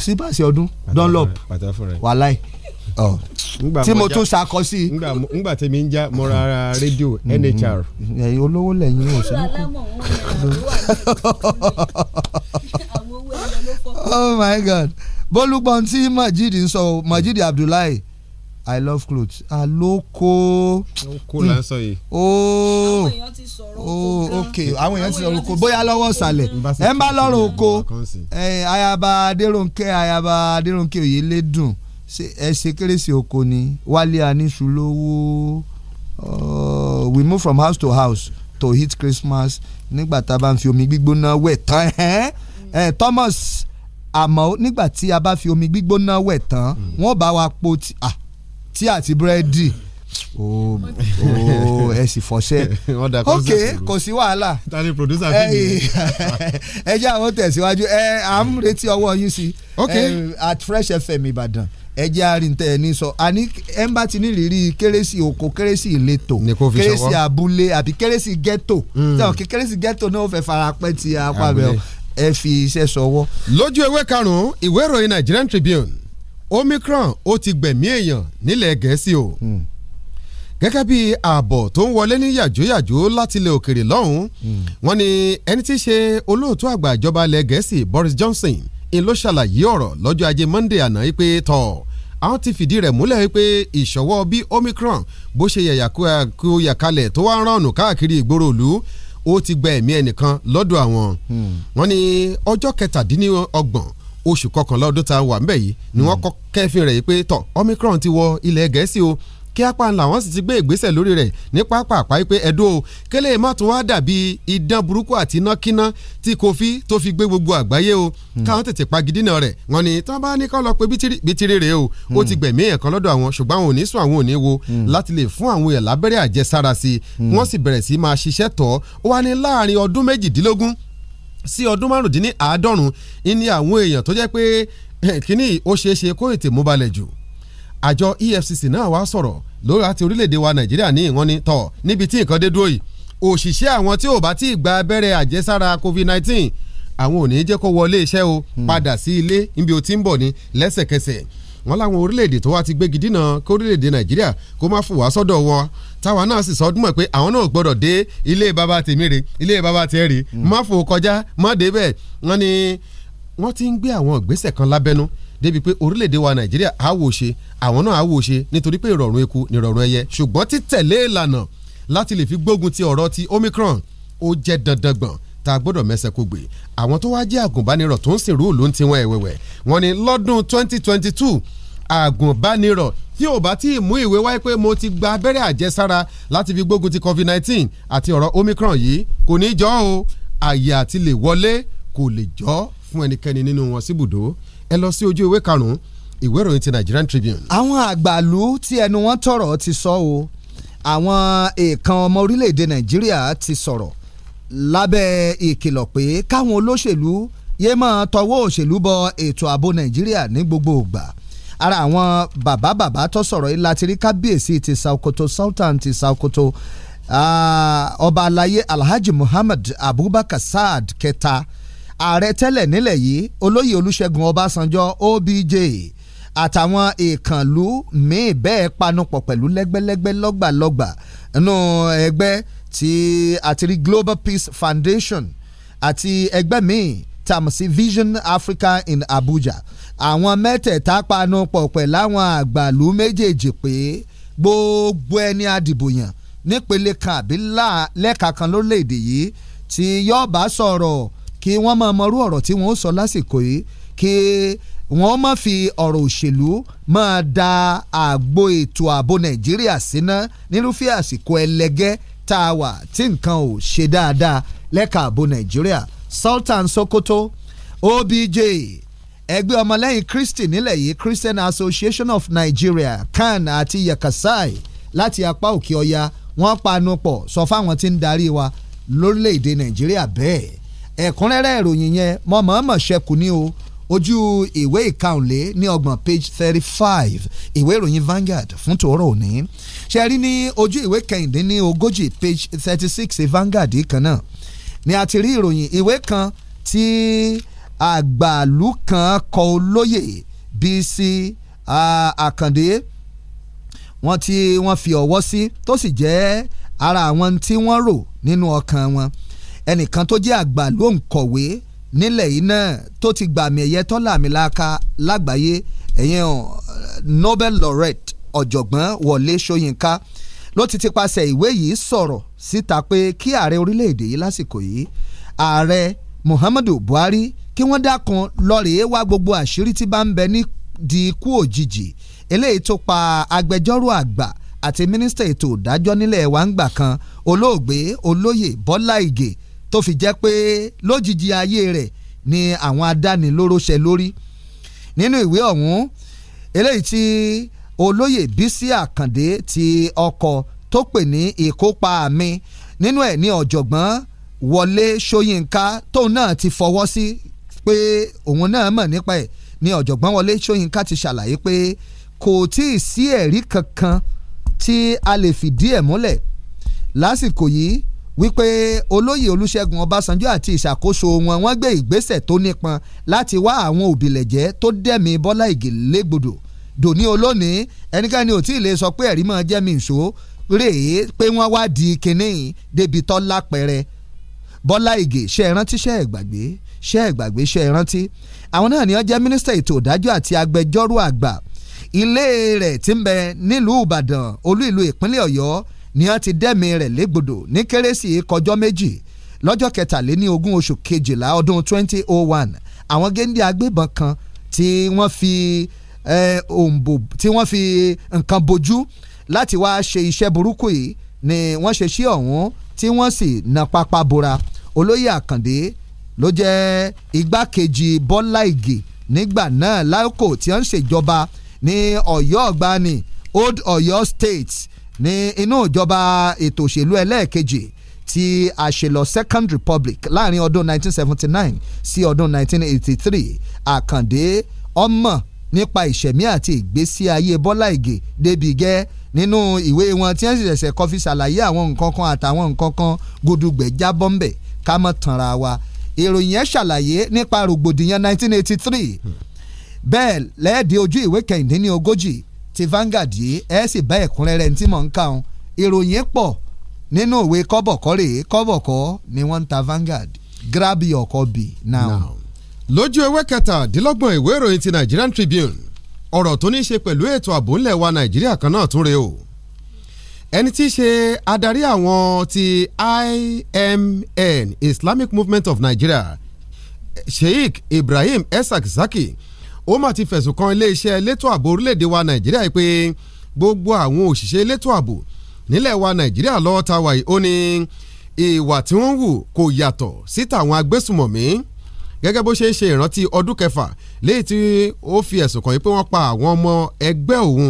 sípàsì ọdún dunlop wàláì tí mo tún ṣakọ sí. ngbà tèmi ń já mo ra rédíò mm-hmm. nhr. Mm-hmm. ẹ̀yin olówó lẹ́yìn o sínú kù. oh my god bólúgbọ́n tí majid ń sọ majid abdullahi i love clothes aloko. oko la ń sọ yìí. ooo ooo ok àwọn èèyàn ti sọ̀rọ̀ oko bóyá lọ́wọ́ ìsàlẹ̀ ẹ̀ ń bá lọ́rùn oko ayaba adérónkè ayaba adérónkè oyèlédùn ẹ ṣe kérésì oko ni wálé aníṣulówó uh, we move from house to house to hit christmas nígbà tá a bá ń fi omi gbígbóná wẹ̀ tán [LAUGHS] mm. eh, thomas àmọ́ nígbà tí a bá fi omi gbígbóná wẹ̀ tán mm. wọ́n bá wa po ti. Ah, tí àti búrẹ́dì o o ẹ sì fọṣẹ [LAUGHS] ok kò sí wàhálà ẹ jẹ́ àwọn tẹ̀síwájú ẹ à ń retí ọwọ́ yín sí at fresh fm ìbàdàn ẹ jẹ́ àríntẹ́ ẹni sọ àní ẹ̀ńbà ti ní ìrírí kérésì oko kérésì ìletò kérésì abúlé àbí kérésì ghetto mm. kérésì ghetto náà ó fẹ́ fara pẹ́ ti apá bẹ́ẹ̀ ẹ fi iṣẹ́ sọwọ́. lójú ewé karùn-ún ìwé ìròyìn Nigerian Tribune Omicron ó ti gbẹ̀mí èèyàn nílẹ̀ gẹ̀ẹ́sì o hmm. gẹ́gẹ́ bí ààbọ̀ tó ń wọlé ní yàjóyàjó láti ilẹ̀ òkèrè lọ́hùn-ún hmm. wọ́n ní ẹni tí í ṣe olóòtú àgbà ìjọba ilẹ̀ gẹ̀ẹ́sì Boris Johnson ń ló ṣàlàyé ọ̀rọ̀ lọ́jọ́ ajé Monday àná yìí pé tọ̀ àwọn ti fìdí rẹ̀ múlẹ̀ wípé ìṣọwọ́ bí Omicron bó ṣe yàyàkúyà kalẹ̀ tó wá ń ránù káàkiri ìgboro ìlú ó ti gba ẹ̀mí ẹnìkan lọ́dọ̀ àwọn. Hmm. wọ́n ní ọjọ́ kẹtàdínlọ́gbọ̀n oṣù kọkànlá ọdún tá a wà ńbẹ̀ yìí ni wọ́n kọ́ kẹ́fìn rẹ̀ yìí pé tọ̀ omicron ti wọ ilẹ̀ gẹ̀ẹ́sì o kí apá ńlá wọn sì ti gbé ìgbésẹ̀ lórí rẹ̀ ní pápápá pé ẹ̀dọ́ o kélé má tún wá dàbí idán burúkú àti iná kíná tí kofi tó fi gbé gbogbo àgbáyé o káwọn tètè pagidínà rẹ̀ wọ́n ní tí wọ́n bá ní kọ́ lọ pé bítírì rèé o ó ti gbẹ̀mí èèyàn kan lọ́dọ̀ àwọn ṣùgbọ́n àwọn ò ní sùn àwọn ò ní wo láti lè fún àwọn èèyàn lábẹ́rẹ́ àjẹsára sí i wọ́n sì bẹ̀rẹ̀ sí máa ṣiṣẹ́ tọ̀ ó wá ní láàrin ọdún méjìdínlógún sí ọdún márùndínláàádọ́rùn-ún ní àwọn èèyàn tó jẹ́ pé eh, kínní ó ṣeé ṣe kó ètè mú balẹ̀ jù àjọ EFCC náà wá sọ̀rọ̀ lórí àti orílẹ̀-èdè wa Nàìjíríà ní ìwọ́n ni tọ̀ níbi tí nǹkan dé dúró yìí òṣìṣẹ́ àwọn tí ò bá tí ì gba abẹ́rẹ́ àjẹsára COVID-19 àwọn ò ní jẹ́ kó wọlé iṣẹ́ o hmm. padà sí ilé níbi ó ti ń bọ̀ ní lẹ́sẹ̀kẹsẹ̀ wọ́n láwọn orílẹ̀-èdè tó wá ti gbégi dínà kó orílẹ̀-èdè nàìjíríà kó má fòwá sọ́dọ̀ wọn táwa náà sì sọdún mọ̀ pé àwọn náà gbọ́dọ̀ dé ilé bàbá tèmi rè ilé bàbá tiẹ̀ rè hmm. má fò kọjá má débẹ̀ wọ́n ní wọ́n ti ń gbé àwọn ìgbésẹ̀ kan lábẹ́nú débi pé orílẹ̀-èdè wa nàìjíríà á wò ṣe àwọn náà á wò ṣe nítorí pé ìrọ̀rùn eku ni ìrọ̀rùn ẹyẹ ṣùgbọ́n títẹ̀lé ìlànà láti lè fi gbógun ti ọ̀rọ̀ ti omicron ó jẹ́ dandan gbọ̀n tá a gbọ́dọ̀ mẹ́sẹ̀ kó gbé àwọn tó wá jẹ́ àgùnbánirọ̀ tó ń sìn rúùlù ń tiwọn ẹ̀wẹ̀wẹ̀ wọ́n ní lọ́dún 2022 àgùnbánirọ̀ tí ò bá tí ì mú ìwé wáyé pé mo ti gba abẹ́rẹ́ àjẹsára láti fi gbógun ti covid-19 àti ọ̀rọ̀ omicron yìí kò ní jọ o àyè àti lè wọlé kò lè jọ fún ẹnikẹ́ni nínú wọn síbùdó ẹ lọ sí ojú ìwé karùn-ún ìwé ìròyìn ti Nigerian Tribune. àwọn àgbàlú tí ẹnu wọn tọrọ ti sọ o àwọn èèkàn ọmọ orílẹ̀-èdè Nàìjíríà ti sọ̀rọ̀ lábẹ́ ìkìlọ̀ pé káwọn olóṣèlú yéé máa tọwọ́ òṣèlú bọ ètò ààbò Nàìjíríà ní gbogbo ògbà ara àwọn bàbá bàbá tó sọ̀rọ̀ yìí láti rí kábíyèsí ti Sàòkòtò Sultan ti Sàòkòtò ọba uh, Alhaji Muhammad Abubakar Saad kẹta ààrẹ tẹ́lẹ̀ nílẹ̀ yìí olóyè Olúṣẹ́gun Ọbásanjọ́ OBJ àtàwọn ìkànlú míì bẹ́ẹ̀ panupọ̀ pẹ̀lú lẹ́gbẹ́lẹ́gbẹ́ lọ́gbàlọ́gbà nínú ẹgbẹ́ ti àtìrí Global Peace Foundation àti ẹgbẹ́ míì tàmù Vision Africa in Abuja àwọn mẹ́tẹ̀ẹ̀ta panu pọ̀ pẹ̀lú àwọn àgbàlú méjèèjì pé gbogbo ẹni adìbòyàn nípele kan àbí lẹ́ka kan lórílẹ̀‐èdè yìí tí yóò bá sọ̀rọ̀ kí wọ́n máa mọrú ọ̀rọ̀ tí wọ́n sọ lásìkò yìí kí wọ́n má fi ọ̀rọ̀ òṣèlú máa da àgbo ètò ààbò Nàìjíríà síná nírúfẹ́ àsìkò ẹlẹgẹ́ tá a wà tí nǹkan ò ṣe dáadáa lẹ́ka ààbò Nàìjíríà Sultan Sokoto OBJ ẹgbẹ́ ọmọlẹ́yìn Kristi nílẹ̀ yìí Christian Association of Nigeria CAN àti Yakasai láti apá òkè ọya wọ́n panu pọ̀ sọ fáwọn tí ń darí wa lórílẹ̀‐èdè Nàìjíríà bẹ́ẹ̀ ẹ̀kúnrẹ́rẹ́ ìròyìn yẹn mọ mọ̀ọ́mọ̀ ṣẹkù ní o ojú ìwé ìkàùnlé ní ọgbọ̀n page thirty five ìwé ìròyìn Vanguard fún tòórọ́ òní ṣe rí ní ojú ìwé kẹ̀hìndínlẹ́ni ogójì page thirty six Vanguard kan náà ni a ti rí ìròyìn ìwé kan tí. Ti àgbàlú kan kọ olóyè bc àkàndé wọ́n tí wọ́n fi ọwọ́ sí tó sì jẹ́ ara àwọn tí wọ́n rò nínú ọkàn wọn ẹnìkan tó jẹ́ àgbàlú òǹkọ̀wé nílẹ̀ yìí náà tó ti gbàmì ẹ̀yẹ tọ́lá mi láka lágbàáyé ẹ̀yẹn uh, Nobel laureate ọ̀jọ̀gbọ́n Wọlé Ṣóyínká ló ti ti paṣẹ ìwé yìí sọ̀rọ̀ síta pé kí ààrẹ orílẹ̀-èdè yìí lásìkò yìí ààrẹ Muhammadu Buhari kí wọ́n dákun lọ́ọ̀rẹ́ wá gbogbo àṣírí tí bá ń bẹ ní di ikú òjijì eléyìí tó pa agbẹjọ́rò àgbà àti mínísítà ètò ìdájọ́ nílẹ̀ wa ń gbà kan olóògbé olóyè Bọ́lá Ìgè tó fi jẹ́ pé lójijì ayé rẹ̀ ni àwọn adánilóró ṣe lórí nínú ìwé ọ̀hún eléyìí tí olóyè Bísí Àkàndé ti ọkọ̀ tó pè ní ìkópa mi nínú ẹ̀ ní ọ̀jọ̀gbọ́n Wọlé Ṣóyínká tóun náà ti fọwọ́ sí pé òun náà mọ̀ nípa ẹ̀ ni ọ̀jọ̀gbọ́n Wọlé Ṣóyínká ti ṣàlàyé pé kò tí ì sí ẹ̀rí kankan tí a lè fìdí ẹ̀ múlẹ̀ lásìkò yìí wípé olóyè Olúṣẹ́gun Ọbásanjọ́ àti ìṣàkóso wọn wọ́n gbé ìgbésẹ̀ tó nípọn láti wá àwọn òbílẹ̀jẹ́ tó dẹ̀mí Bọ́lá Ìgè légbodò dòní olónìí ẹnikẹ́ni ò tí ì lè sọ pé ẹ̀rí máa jẹ́ mi ìṣó rèé pé wọ́n wá di kinní débi tọ́ lápẹ̀rẹ̀ Bọ́lá Ìgè ṣe é rántí ṣe gbàgbé ṣẹ́ ẹ̀gbàgbé ṣẹ́ ìrántí àwọn náà ni wọ́n jẹ́ mínísítà ètò ìdájọ́ àti agbẹjọ́rò àgbà ilé rẹ̀ ti ń bẹ nílùú ìbàdàn olú ìlú ìpínlẹ̀ ọ̀yọ́ ni wọ́n ti dẹ́mi rẹ̀ légbodò ní kérésì kọjọ́ méjì lọ́jọ́ kẹtàléní ogún oṣù kejìlá ọdún 2001 àwọn géńdé agbébọn kan tí wọ́n fi òǹbò tí wọ́n fi nǹkan bojú láti wáá ṣe iṣẹ́ burúkú yìí ni wọ́n ṣe sí ọ̀hún tí wọ́n sì na pápá bora olóyè àkàndé ló jẹ́ igbákejì Bọ́lá Ìgè nígbà náà lákò tí wọ́n ń ṣèjọba ní Ọ̀yọ́ ọ̀gbani Old Ọ̀yọ́ State ní inú ìjọba ètò òṣèlú ẹlẹ́ẹ̀kejì ti àṣelọ Second Republic láàrin ọdún 1979 sí ọdún 1983 Àkàndé ọmọ nípa ìṣẹ̀mí àti ìgbésí ayé Bọ́lá Ìgè débi gẹ́ nínú ìwé wọn tí wọ́n sì ṣẹ̀ṣẹ̀ kọ́ fi ṣàlàyé àwọn nǹkan kan àtàwọn nǹkan kan gudugbẹ̀ jábọ́ ká mọ̀ tanra wa ìròyìn yẹn ṣàlàyé nípa rògbòdìyàn 1983 bẹ́ẹ̀ lẹ́ẹ̀dẹ́ ojú ìwé kẹ̀hìndínlẹ́ ogójì ti Vanguard yìí ẹ̀ sì bá ẹ̀kúnrẹ́rẹ́ tí mò ń kà ọ́n ìròyìn pọ̀ nínú òwe kọ́bọ̀kọ́ rèé kọ́bọ̀kọ́ ni wọ́n ń ta Vanguard grab your copy now. now. lójú ewé kẹtàdínlọ́gbọ̀n ìwé ìròyìn ti Nigerian Tribune ọ̀rọ̀ tó ní í ṣe pẹ̀lú ètò ààbò ńlẹ̀ wa Nàìjíríà kan náà tún rèé o ẹni tí í ṣe adarí àwọn ti IMN Islamic Movement of Nigeria Sheikh Ibrahim Esak Zaki ó mà ti fẹ̀sùn kan iléeṣẹ́ elétò ààbò orílẹ̀‐èdè wa Nàìjíríà pé gbogbo àwọn òṣìṣẹ́ elétò ààbò nílẹ̀ wa Nàìjíríà lọ́wọ́ ta wàyí ó ní ìwà tí wọ́n wù kò yàtọ̀ sí tàwọn agbésùmọ̀mí gẹ́gẹ́ bó ṣe ń ṣe ìrántí ọdún kẹfà léyìí tí ó fi ẹ̀sùn kàn yìí pé wọ́n pa àwọn ọmọ ẹgbẹ́ òun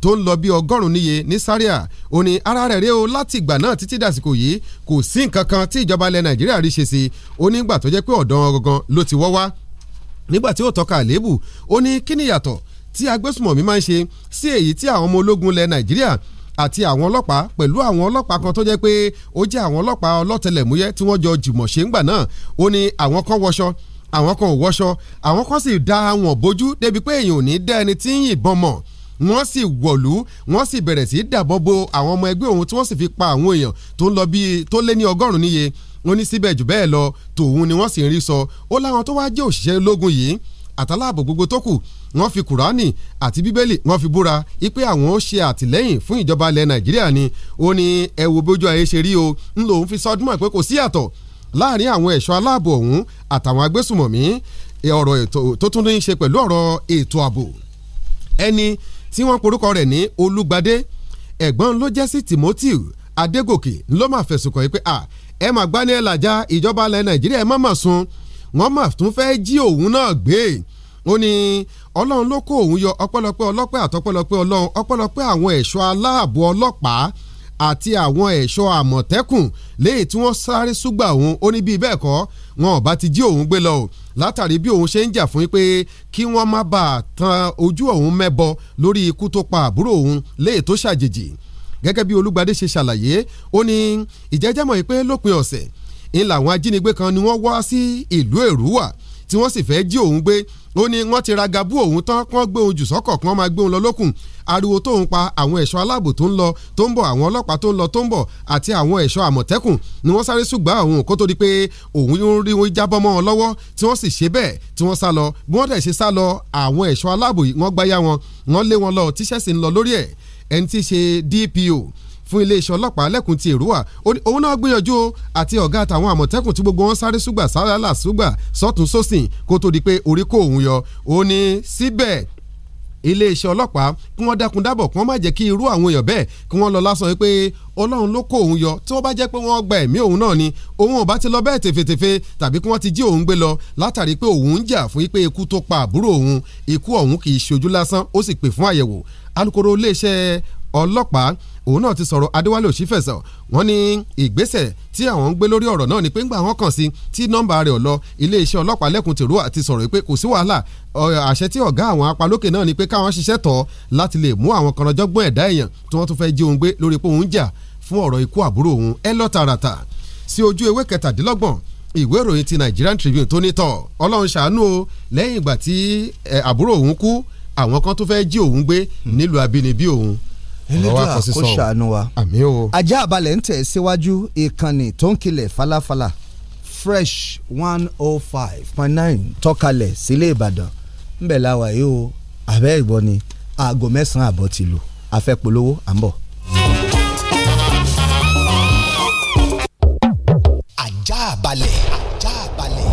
tó ń lọ bí ọgọ́rùn-ún níye ní Zaria ó ní ara rẹ̀ rẹ́ o láti ìgbà náà títí dàsìkò yìí kò sí nǹkan kan tí ìjọba ilẹ̀ Nàìjíríà rí ṣe sí i ó ní ìgbà tó jẹ́ pé ọ̀dàn gangan ló ti wọ́ wá nígbà tí ó tọ́ka àléébù ó ní kí ni yàtọ̀ tí agbésùmọ̀mí máa ń ṣe sí èyí tí àwọn ọmọ ológun ilẹ̀ Nàìjíríà àti àwọn ọlọ́pàá pẹ̀lú àwọn ọlọ́pàá kan tó jẹ́ pé ó jẹ́ àwọn ọlọ́pàá ọlọ́tẹlẹ̀múyẹ́ tí wọ́n jọ jùmọ̀ ṣe ń gbà náà ó ní àwọn kan wọṣọ àwọn kan ò wọṣọ àwọn kan sì da àwọn bójú débi pé èèyàn ò ní dá ẹni tí ń yìnbọn mọ̀ wọ́n sì wọ̀lú wọ́n sì bẹ̀rẹ̀ sí dàbọ̀ bo àwọn ọmọ ẹgbẹ́ òun tí wọ́n sì fi pa àwọn èèyàn tó ń lọ bíi tó lé ní ọgọ́rùn-ún níye wọ́n ní síbẹ̀ jù bẹ́ẹ̀ lọ tòun ni wọ́n sì ń rí sọ ó láwọn tó wáá jẹ́ òṣìṣẹ́ ológun yìí àtàláàbò gbogbo tó kù wọ́n fi kùránì àti bíbélì wọ́n fi búra ipe àwọn ó ṣe àtìlẹ́yìn fún ìjọba ilẹ̀ nàìjíríà ni ó ní ẹ wo bójú ayé ṣe rí o ń lòun fi sọdúnmọ̀ pé kò sí àtọ̀ láàrin àwọn ẹ̀ṣọ́ aláàbò ọ̀hún àtàwọn agbésùmọ̀mí ọ̀rọ̀ tó tún ní í ṣe pẹ̀lú ọ̀rọ̀ ètò ààbò ẹni tí wọ́n porúkọ rẹ̀ ní Olúgbadé ẹ̀gbọ́n ló jẹ́ sí Timothy Adégòkè ló máa fẹ̀sùn kàn yí pé ẹ mà gbá ní ẹlàjà ìjọba ilẹ̀ Nàìjíríà ẹ má mà sun wọ́n mà tún fẹ́ jí òun náà gbé ó ní Ọlọ́run ló kó òun yọ ọpẹ́lọpẹ́ ọlọ́pẹ́ àtọpẹ́lọpẹ́ Ọlọ́run ọpẹ́lọpẹ́ àwọn ẹ̀ṣọ́ aláàbò ọlọ́pàá àti àwọn ẹ̀ṣọ́ àmọ̀tẹ́kùn léyìí tí wọ́n sáré súgbà òun ó ní bíi bẹ́ẹ̀ kọ́ wọn ò bá ti jí òun gbé lọ o látàrí bí òun ṣe ń jà fún yín pé kí wọ́n má bàa tan ojú òun mẹ́bọ lórí ikú tó pa àbúrò òun léyìí tó ṣàjèjì gẹ́gẹ́ bí Olúgbadé ṣe ṣàlàyé ó ní ìjẹ́jẹ́ mọ̀ pé lópin ọ̀sẹ̀ ń làwọn ajínigbé kan ni wọ́n wá sí ìlú Èrúwà e tí wọ́n sì fẹ́ jí òun gbé ó ní wọ́n ti ra gabu òun tán kí wọ́n gbé òun jù sọ́kọ̀ kí wọ́n máa gbé òun lọ lókun ariwo tóun pa àwọn ẹ̀ṣọ́ aláàbò tó ń lọ tó ń bọ̀ àwọn ọlọ́pàá tó ń lọ tó ń bọ̀ àti àwọn ẹ̀ṣọ́ àmọ̀tẹ́kùn ni wọ́n sáré ṣùgbọ́n àwọn kó tó di pé òun rí wọn jábọ́ mọ́ wọn lọ́wọ́ tí wọ́n sì ṣe bẹ́ẹ̀ tí wọ́n sá lọ bí wọ́n dẹ̀ ṣe sá lọ àwọn ẹ̀ṣọ́ aláàbò wọ́n gbáyà wọn wọ́n lé wọn lọ tíṣẹ́ ń lọ lórí ẹ̀ ẹni tí í ṣe DPO fún iléeṣẹ́ ọlọ́pàá lẹ́kùn ti èrúwà òun náà gbìyànjú àti ọ̀gá àtàwọn àmọ̀tẹ́kùn tí gbogbo wọn sáré súgbà sálálà súgbà sọ́tún sósìn kó tó di pé orí kó òun yọ òun ni síbẹ̀ iléeṣẹ́ ọlọ́pàá kí wọ́n dákun dábọ̀ kí wọ́n má jẹ́ kí irú àwọn èèyàn bẹ́ẹ̀ kí wọ́n lọ lásán pé ọlọ́run ló kó òun yọ tí wọ́n bá jẹ́ pé wọ́n gba ẹ̀mí òun náà ni òun ò bá ti lọ bẹ́ẹ̀ tefetefe tàbí kí wọ́n ti jí òun gbé lọ látàrí pé òun ń jà fún pé ikú tó pa àbúrò òun ikú ọ̀hún kì í ṣojú lásán ó sì pè fún àyẹ̀wò alukoro iléeṣẹ́ ọlọ́pàá òun náà ti sọ̀rọ̀ adéwálé òṣìfẹ̀sọ wọ́n ní ìgbésẹ̀ tí àwọn ń gbé lórí ọ̀rọ̀ náà ni pé ńgbà wọn kàn sí tí nọ́mbà rẹ̀ ọ̀ lọ iléeṣẹ́ ọlọ́pàá lẹ́kùn tèrò àti sọ̀rọ̀ pé kò sí wàhálà àṣẹ tí ọ̀gá àwọn apalókè náà ni pé káwọn ṣiṣẹ́ tọ̀ láti lè mú àwọn kanrọjọ́gbọ́n ẹ̀dá èèyàn tí wọ́n tún fẹ́ jí òun gbé lórí pé òun jà fún ọ̀rọ̀ ikú àbúrò òun ẹ lọ tààràtà sí ojú ewé kẹtàdínlọ́gbọ̀n ìwé ìròyìn ti Nigerian Tribune tó ní tọ̀ ọlọ́run ṣàánú o lẹ́yìn ìgbà tí àbúrò òun kú àwọn kan tó fẹ́ jí òun gbé nílùú abínibí òun Elédùà kó ṣàánú wa àmín o. ajá balẹ̀ ń tẹ̀ síwájú ìkànnì tó ń kilẹ̀ falafala fresh one oh five point nine tọ́kalẹ̀ sílé Ìbàdàn ńbẹ̀ la yìí o abẹ́ ìbọn ni aago mẹ́sàn-án àbọ̀ ti lù afẹ́ à ń bọ̀. ajá balẹ̀ ajá balẹ̀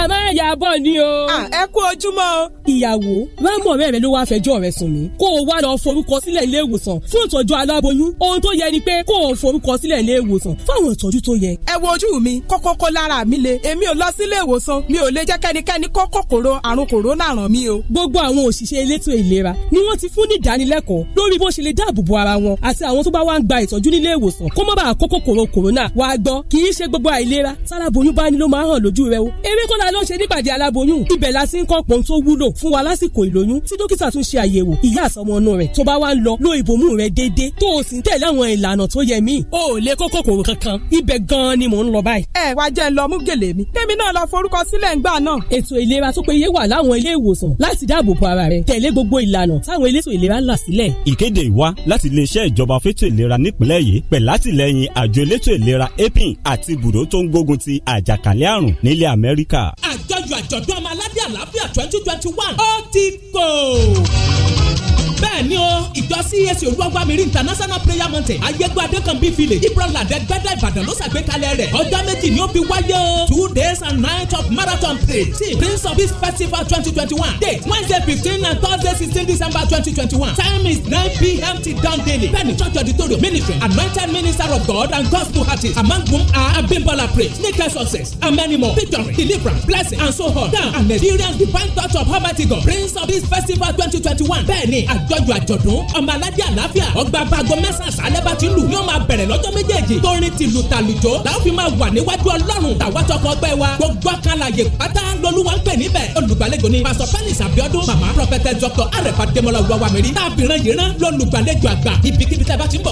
a máa yà bọ̀ ni o. ẹ kú ojúmọ́. ìyàwó rámọ̀ rẹ̀ rẹ̀ ló wáá fẹjọ́ rẹ̀ sùn mí kó o wá lọ forúkọ sílẹ̀ ilé ìwòsàn fún ìtọ́jú aláboyún ohun tó yẹ ni pé kó o forúkọ sílẹ̀ ilé ìwòsàn fún àwọn ìtọ́jú tó yẹ. ẹ wo ojú mi kọ́kọ́ kó lára mi le èmi ò lọ sí ilé ìwòsàn mi ò lè jẹ́ kẹ́nikẹ́ni kó kòkòrò àrùn kòrónà ràn mí o. gbogbo àwọn òṣìṣẹ́ elétò ìlera ni wọ́n ti fún ní ìdánilẹ́kọ̀ọ́ lórí bó ṣe lè dáàbòbo ara wọn àti àwọn tó bá wá ń gba ìtọ́jú nílé ìwòsàn kó má bàa kó kòkòrò kòrónà wàá gbọ́ kì í o eré kọ́lá ta ló ń ṣe nípàdé aláboyún ibẹ̀ la sì ń kọ́ pọ́n tó wúlò fún wa lásìkò ìlóyún tí dókítà tún ṣe àyẹ̀wò ìyá àsọmọnú rẹ̀ tó bá wá ń lọ lo ìbomú rẹ̀ déédé tó o sì ń tẹ̀lé àwọn ìlànà tó yẹ mí. o ò lè kó kòkòrò kankan ibẹ̀ gan-an ni mò ń lọ báyìí. ẹ wá jẹ́ ń lọ mú gèlè mi kémi náà lọ forúkọ sílẹ̀ ńgbà náà. ètò ìlera tó péye wà láwọn ilé ìwòsàn láti dáàbò bo ara rẹ tẹ̀lé gbogbo ìlànà táwọn elétò ìlera ń là sílẹ̀. ìkéde ìwá láti iléeṣẹ́ ìjọba fétò ìlera nípìnlẹ̀ yìí pẹ̀ látìlẹ́yìn àjọ elétò ìlera apin àti ibùdó tó ń gbógun ti àjàkálẹ̀ àrùn nílẹ̀ Amẹ́ríkà àjọyọ̀ àjọ̀dún ọmọ aládé àlàáfíà twenty twenty one ó ti kò bẹ́ẹ̀ ni o ìjọ CAC olúwagbàmírí international prayer mountain ayégbé adékànbí village ibrahim gbẹ́dẹ́ ìbàdàn ló ṣàgbékalẹ̀ rẹ̀ ọjọ́ méjì ni ó fi wáyé o two days and night of marathon parade ti prince of peace festival twenty twenty one date wednesday fifteen and thursday sixteen december twenty twenty one time is nine pm till dawn daily bẹ́ẹ̀ni church auditorium ministry anointed minister of god and gospel artist among whom are abimbola praise naked success and many more victory deliverance blessing and so on down and experience divine touch of almighty god prince of peace festival twenty twenty one bẹ́ẹ̀ni àgbẹ̀ àjọjù àjọ̀dún ọmọ aládé àlàáfíà ọgbà bàgọ́ mẹ́sàn-án sálẹ́ bá ti lù ni ó máa bẹ̀rẹ̀ lọ́jọ́ méjèèjì torin tìlù tàlùjọ làwọn máa wà níwájú ọlọ́run tàwátọ́kọ ọgbẹ́ wa gbogbo akalaye pátá lolúwa ń pè níbẹ̀ olùgbàlejò ni pásọ fẹ́lísì àbíọ́dún màmá prọfẹtẹ dr arefa demola wàwà mẹ́rin táàbìrán yìí rán lolùgbàlejò àgbà ibikíbi tẹ́ bá ti ń bọ̀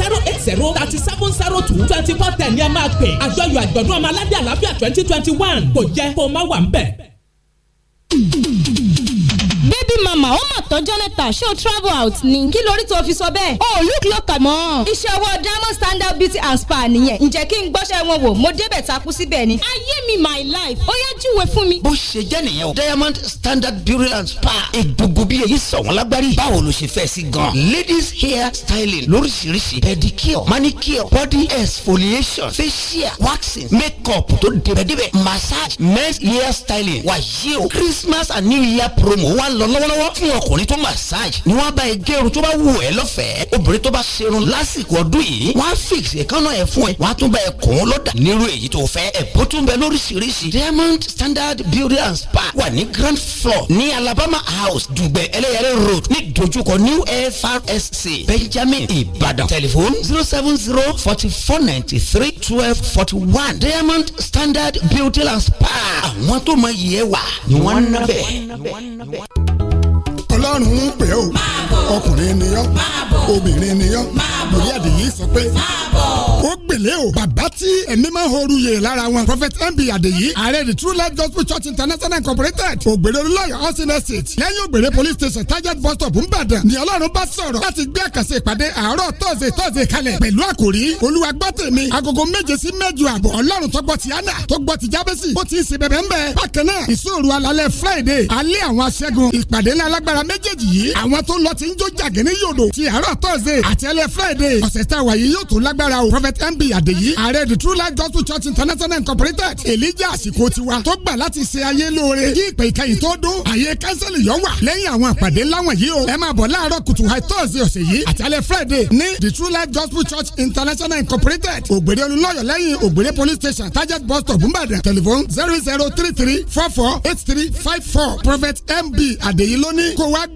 zero eight zero thirty seven zero two twenty four ten ni ẹ máa pè àjọyọ̀ àjọ̀dún ọmọ twenty twenty one kò jẹ́ kó Mou moun moun moun moun baby mama ó mà tán jonathan ṣé o travel out ni kí lórí tó fi sọ bẹ́ẹ̀ o oh, look local mọ́. iṣẹ́ ọwọ́ diamond standard beauty and spa nìyẹn ǹjẹ́ kí n gbọ́ṣẹ́ wọn wò mo débẹ̀ takú síbẹ̀ ni. ayé mi my life ó yá júwe fún mi. bó ṣe jẹ́ nìyẹn o diamond standard beauty and spa egbogbo bí èyí sọ̀wọ́n lágbárí báwo ló ṣe fẹ́ sí gan. ladies hair styling lóríṣiríṣi pedicure manicure body exfoliation facial waxing makeup tó débẹ̀débẹ̀ massage men's hair styling wàyí o christmas and new year promo wà lọ́lọ́ lọ́wọ́lọ́wọ́ fún ọkùnrin tó massage ni wọ́n bá ẹ gẹrun tó bá wù ẹ́ lọ́fẹ̀ẹ́ obìnrin tó bá ṣerun lásìkò ọdún yìí wọ́n á fix èékánná ẹ̀ fún ẹ wọ́n á tún bá ẹ kùn ún lọ́dà nírú èyí tó fẹ́ ẹ̀bùn tún bẹ lóríṣiríṣi diamond standard beauty and spa wà ní grand floor ní alabama house dùgbẹ̀ ẹlẹ́yẹrẹ road ní dojúkọ new frsc benjamin ibadan telephone zero seven zero forty four ninety three twelve forty one diamond standard beauty and spa àwọn tó mọ iye wà ni wọ́n ń nábẹ̀ ọlọ́run ń pè ó ọkùnrin ni ọ́ obìnrin ni ọ́ lórí àdìyí sọ pé ó gbèlè o bàbá tí ẹ̀mí máa ń horu yè lára wọn prophet mb àdèyí ààrẹ the true life gospel church international incorporated ògbèrè olùlọ́yọ̀ housing estate lẹ́yìn ògbèrè police station target bus stop ńbàdàn ni ọlọ́run bá sọ̀rọ̀ láti gbé àkàsẹ̀ ìpàdé àárọ̀ tọ́sẹ̀ tọ́sẹ̀ kalẹ̀ pẹ̀lú àkòrí olúwa gbọ́ tèmi agogo méje sí mẹ́jọ àbọ̀ ọlọ́run tó gbọ́ ti anna tó gbọ́ ti jábẹ́sì ó ti ń ṣe bẹ̀bẹ̀ ńbẹ̀ bákan náà ìṣòro alalẹ́ friday alẹ́ àwọn aṣẹ́gun ìpàdé ńlá alágbára méj méjèèjì yìí àwọn tó lọ ti ń jó jàgínní yòdò ti àárọ̀ tọ́sídẹ̀ àti ẹlẹ́ friday ọ̀sẹ̀ tá a wà yìí yóò tó lágbára o prophet mb adeyi ààrẹ the true life gospel church international incorporated elijah àsìkò tiwa tó gbà láti ṣe ayé lóore kí ìpè ìkẹyìn tó dó àyè kánsẹ́lì yọ wà lẹ́yìn àwọn àpàdé láwọn yìí o ẹ máa bọ̀ láàárọ̀ kùtù high thursday ọ̀sẹ̀ yìí àti alẹ́ friday ní the true life gospel church international incorporated ògbèrè olùlọ́yọ̀ lẹ́yìn ògbèrè police station target bus stop nìbàdàn telephone zero zero three three four four eight three five four prophet mb adeyi lóní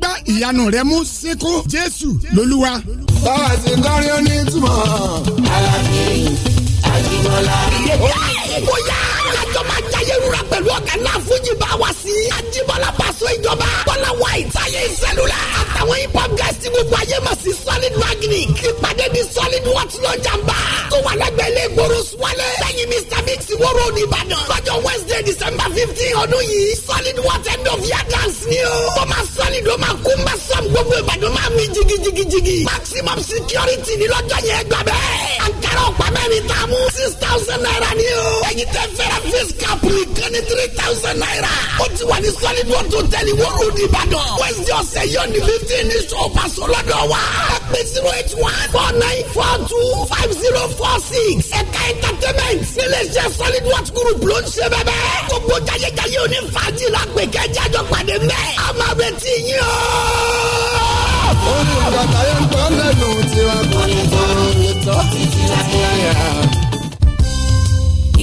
gbá ìyanu rẹ mú síkú jésù lolúwa. báwa ti kọrin ó ní túmọ̀ alábí àjùmọ̀lá. ó yá alájọ máa jayé rúra pẹ̀lú ọ̀gá náà fújì bá wa sí. àjùmọ̀lá pàṣẹ ìjọba. Bọ́lá White ayé ìsẹ́lúlẹ̀. Àtàwọn hip hop guys ti gbogbo ayé mọ̀ sí solid magnic. Ìpàdé di solid watch lọ jàmbá. Tó wà lẹ́gbẹ̀ẹ́ ilé ìgboro Suwale. Lẹ́yìn Mr Mix wóró ní Ìbàdàn. Lọ́jọ́ Wednesday December fifteen ọdún yìí. Solid watch end of year dance ni o. Bọ́mà solid ó máa kú máa sọ̀m gbogbo Ìbàdàn máa mi jigijigijigi. Maximum security ni lọ́jọ́ yẹn gbà bẹ́ẹ̀. Àǹkárá ọ̀pá mẹ́rin tá a mú six thousand naira ni o. Ẹyin tẹ fẹ́ràn face cap nìkan ní three thousand naira. Ó ti wà ní solid watch hotel tẹ́lẹ̀ wóró ní Ìbàdàn. Wẹ́sì ọ̀sẹ̀ yóò ní fifteen ní sọ́ọ̀pàṣọ lọ́dọ̀ wa. Ẹ pè zero eight one four nine four two five zero four six. Ẹ̀ka entertainment níléeṣẹ́ solid watch group ló ń ṣe bẹ́ẹ̀. Gbogbo jayéjayé oní fàájì la pè kẹ́jẹ́ àjọ pàdé mẹ́. A máa retí yín o. Olùkọ́ta yẹn ń tọ́ lẹ́nu tiwa kò ní tọ́ ní tọ́ títí láyà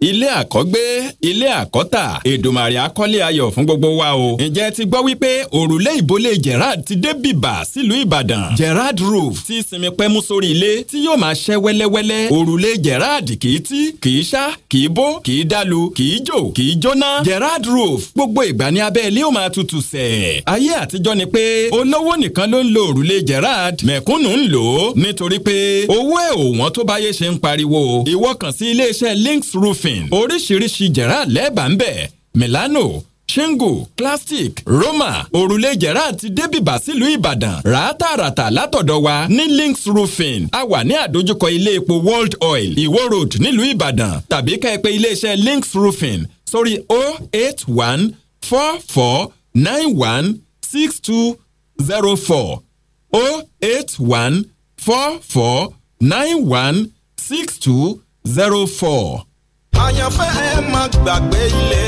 ilé àkọ́gbé ilé àkọ́tà Èdùmàrè akọ́lé ayọ̀ fún gbogbo wa o. ǹjẹ́ ti gbọ́ wípé òrùlé ìbólé Gerard ti dé bìbà sílùú Ìbàdàn Gerard roof ti sinmi pẹ́mú sórí ilé tí yóò máa ṣẹ́ wẹ́lẹ́wẹ́lẹ́ òrùlé Gerard kì í tí kì í ṣá kì í bó kì dalu kì jò kì jóná Gerard roof gbogbo ìgbà ní abẹ́ ilé ó máa tutù sẹ̀. ayé àtijọ́ ni pé olówó nìkan ló ń lo òrùlé Gerard mẹ̀kúnnù ń lò ó nítorí pé owó ẹ̀ òwọ́n tó báyé ṣe roofing oríṣiríṣi jẹ̀rá lẹ́ẹ̀bà ń bẹ̀ Milano shingle plastic roma òrùlé jẹ̀rá àti débìbà sílùú ìbàdàn ràátàràtà látọ̀dọ̀ wa ní links roofing a wà ní àdójúkọ ilé epo world oil iwo road nílùú ìbàdàn tàbí ká ẹ pè iléeṣẹ́ links roofing sórí oh zero four àyànfẹ́ ẹ má gbàgbé ilé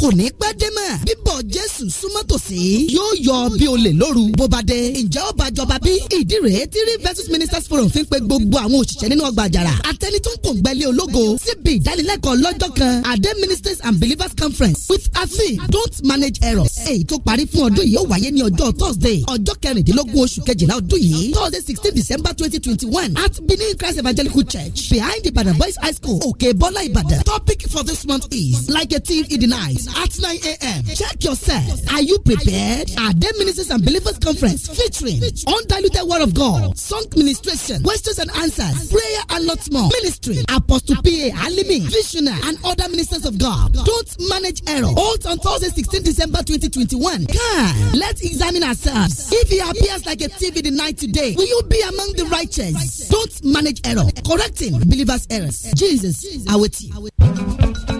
kò ní pẹ́ dé mọ́ bíbọ̀ jésù súnmọ́ tòsí yóò yọ bí o lè lóru bó ba dé ǹjẹ́ ó jọba bí ìdí rèé tí versus ministers forum fi ń pe gbogbo àwọn òṣìṣẹ́ nínú ọgbà àjàrà àtẹni tó ń kò gbẹ́lé ológo síbi ìdánilẹ́kọ̀ọ́ lọ́jọ́ kan adé ministers and believers conference with afi don't manage errors èyí tó parí fún ọdún yìí ó wáyé ní ọjọ́ thursday ọjọ́ kẹrìndínlógún oṣù kejìlá ọdún yìí thursday sixteen december twenty twenty one at benin christ evangelical church behind ibadan boys high school òkè bọ́lá ìbàdàn topic for this month is like a thief in the night at 9 a.m. Check yourself. Are you prepared? Are there ministers and believers conference featuring undiluted word of God, song ministration, questions and answers, prayer and lots more. Ministry, Apostle P.A. Alimi, Visioner and other ministers of God. Don't manage error. Hold on Thursday 16 December 2021. Come, let's examine ourselves. If he appears like a TV in the night today, will you be among the righteous? Don't manage error. Correcting believers' errors. Jesus, I with you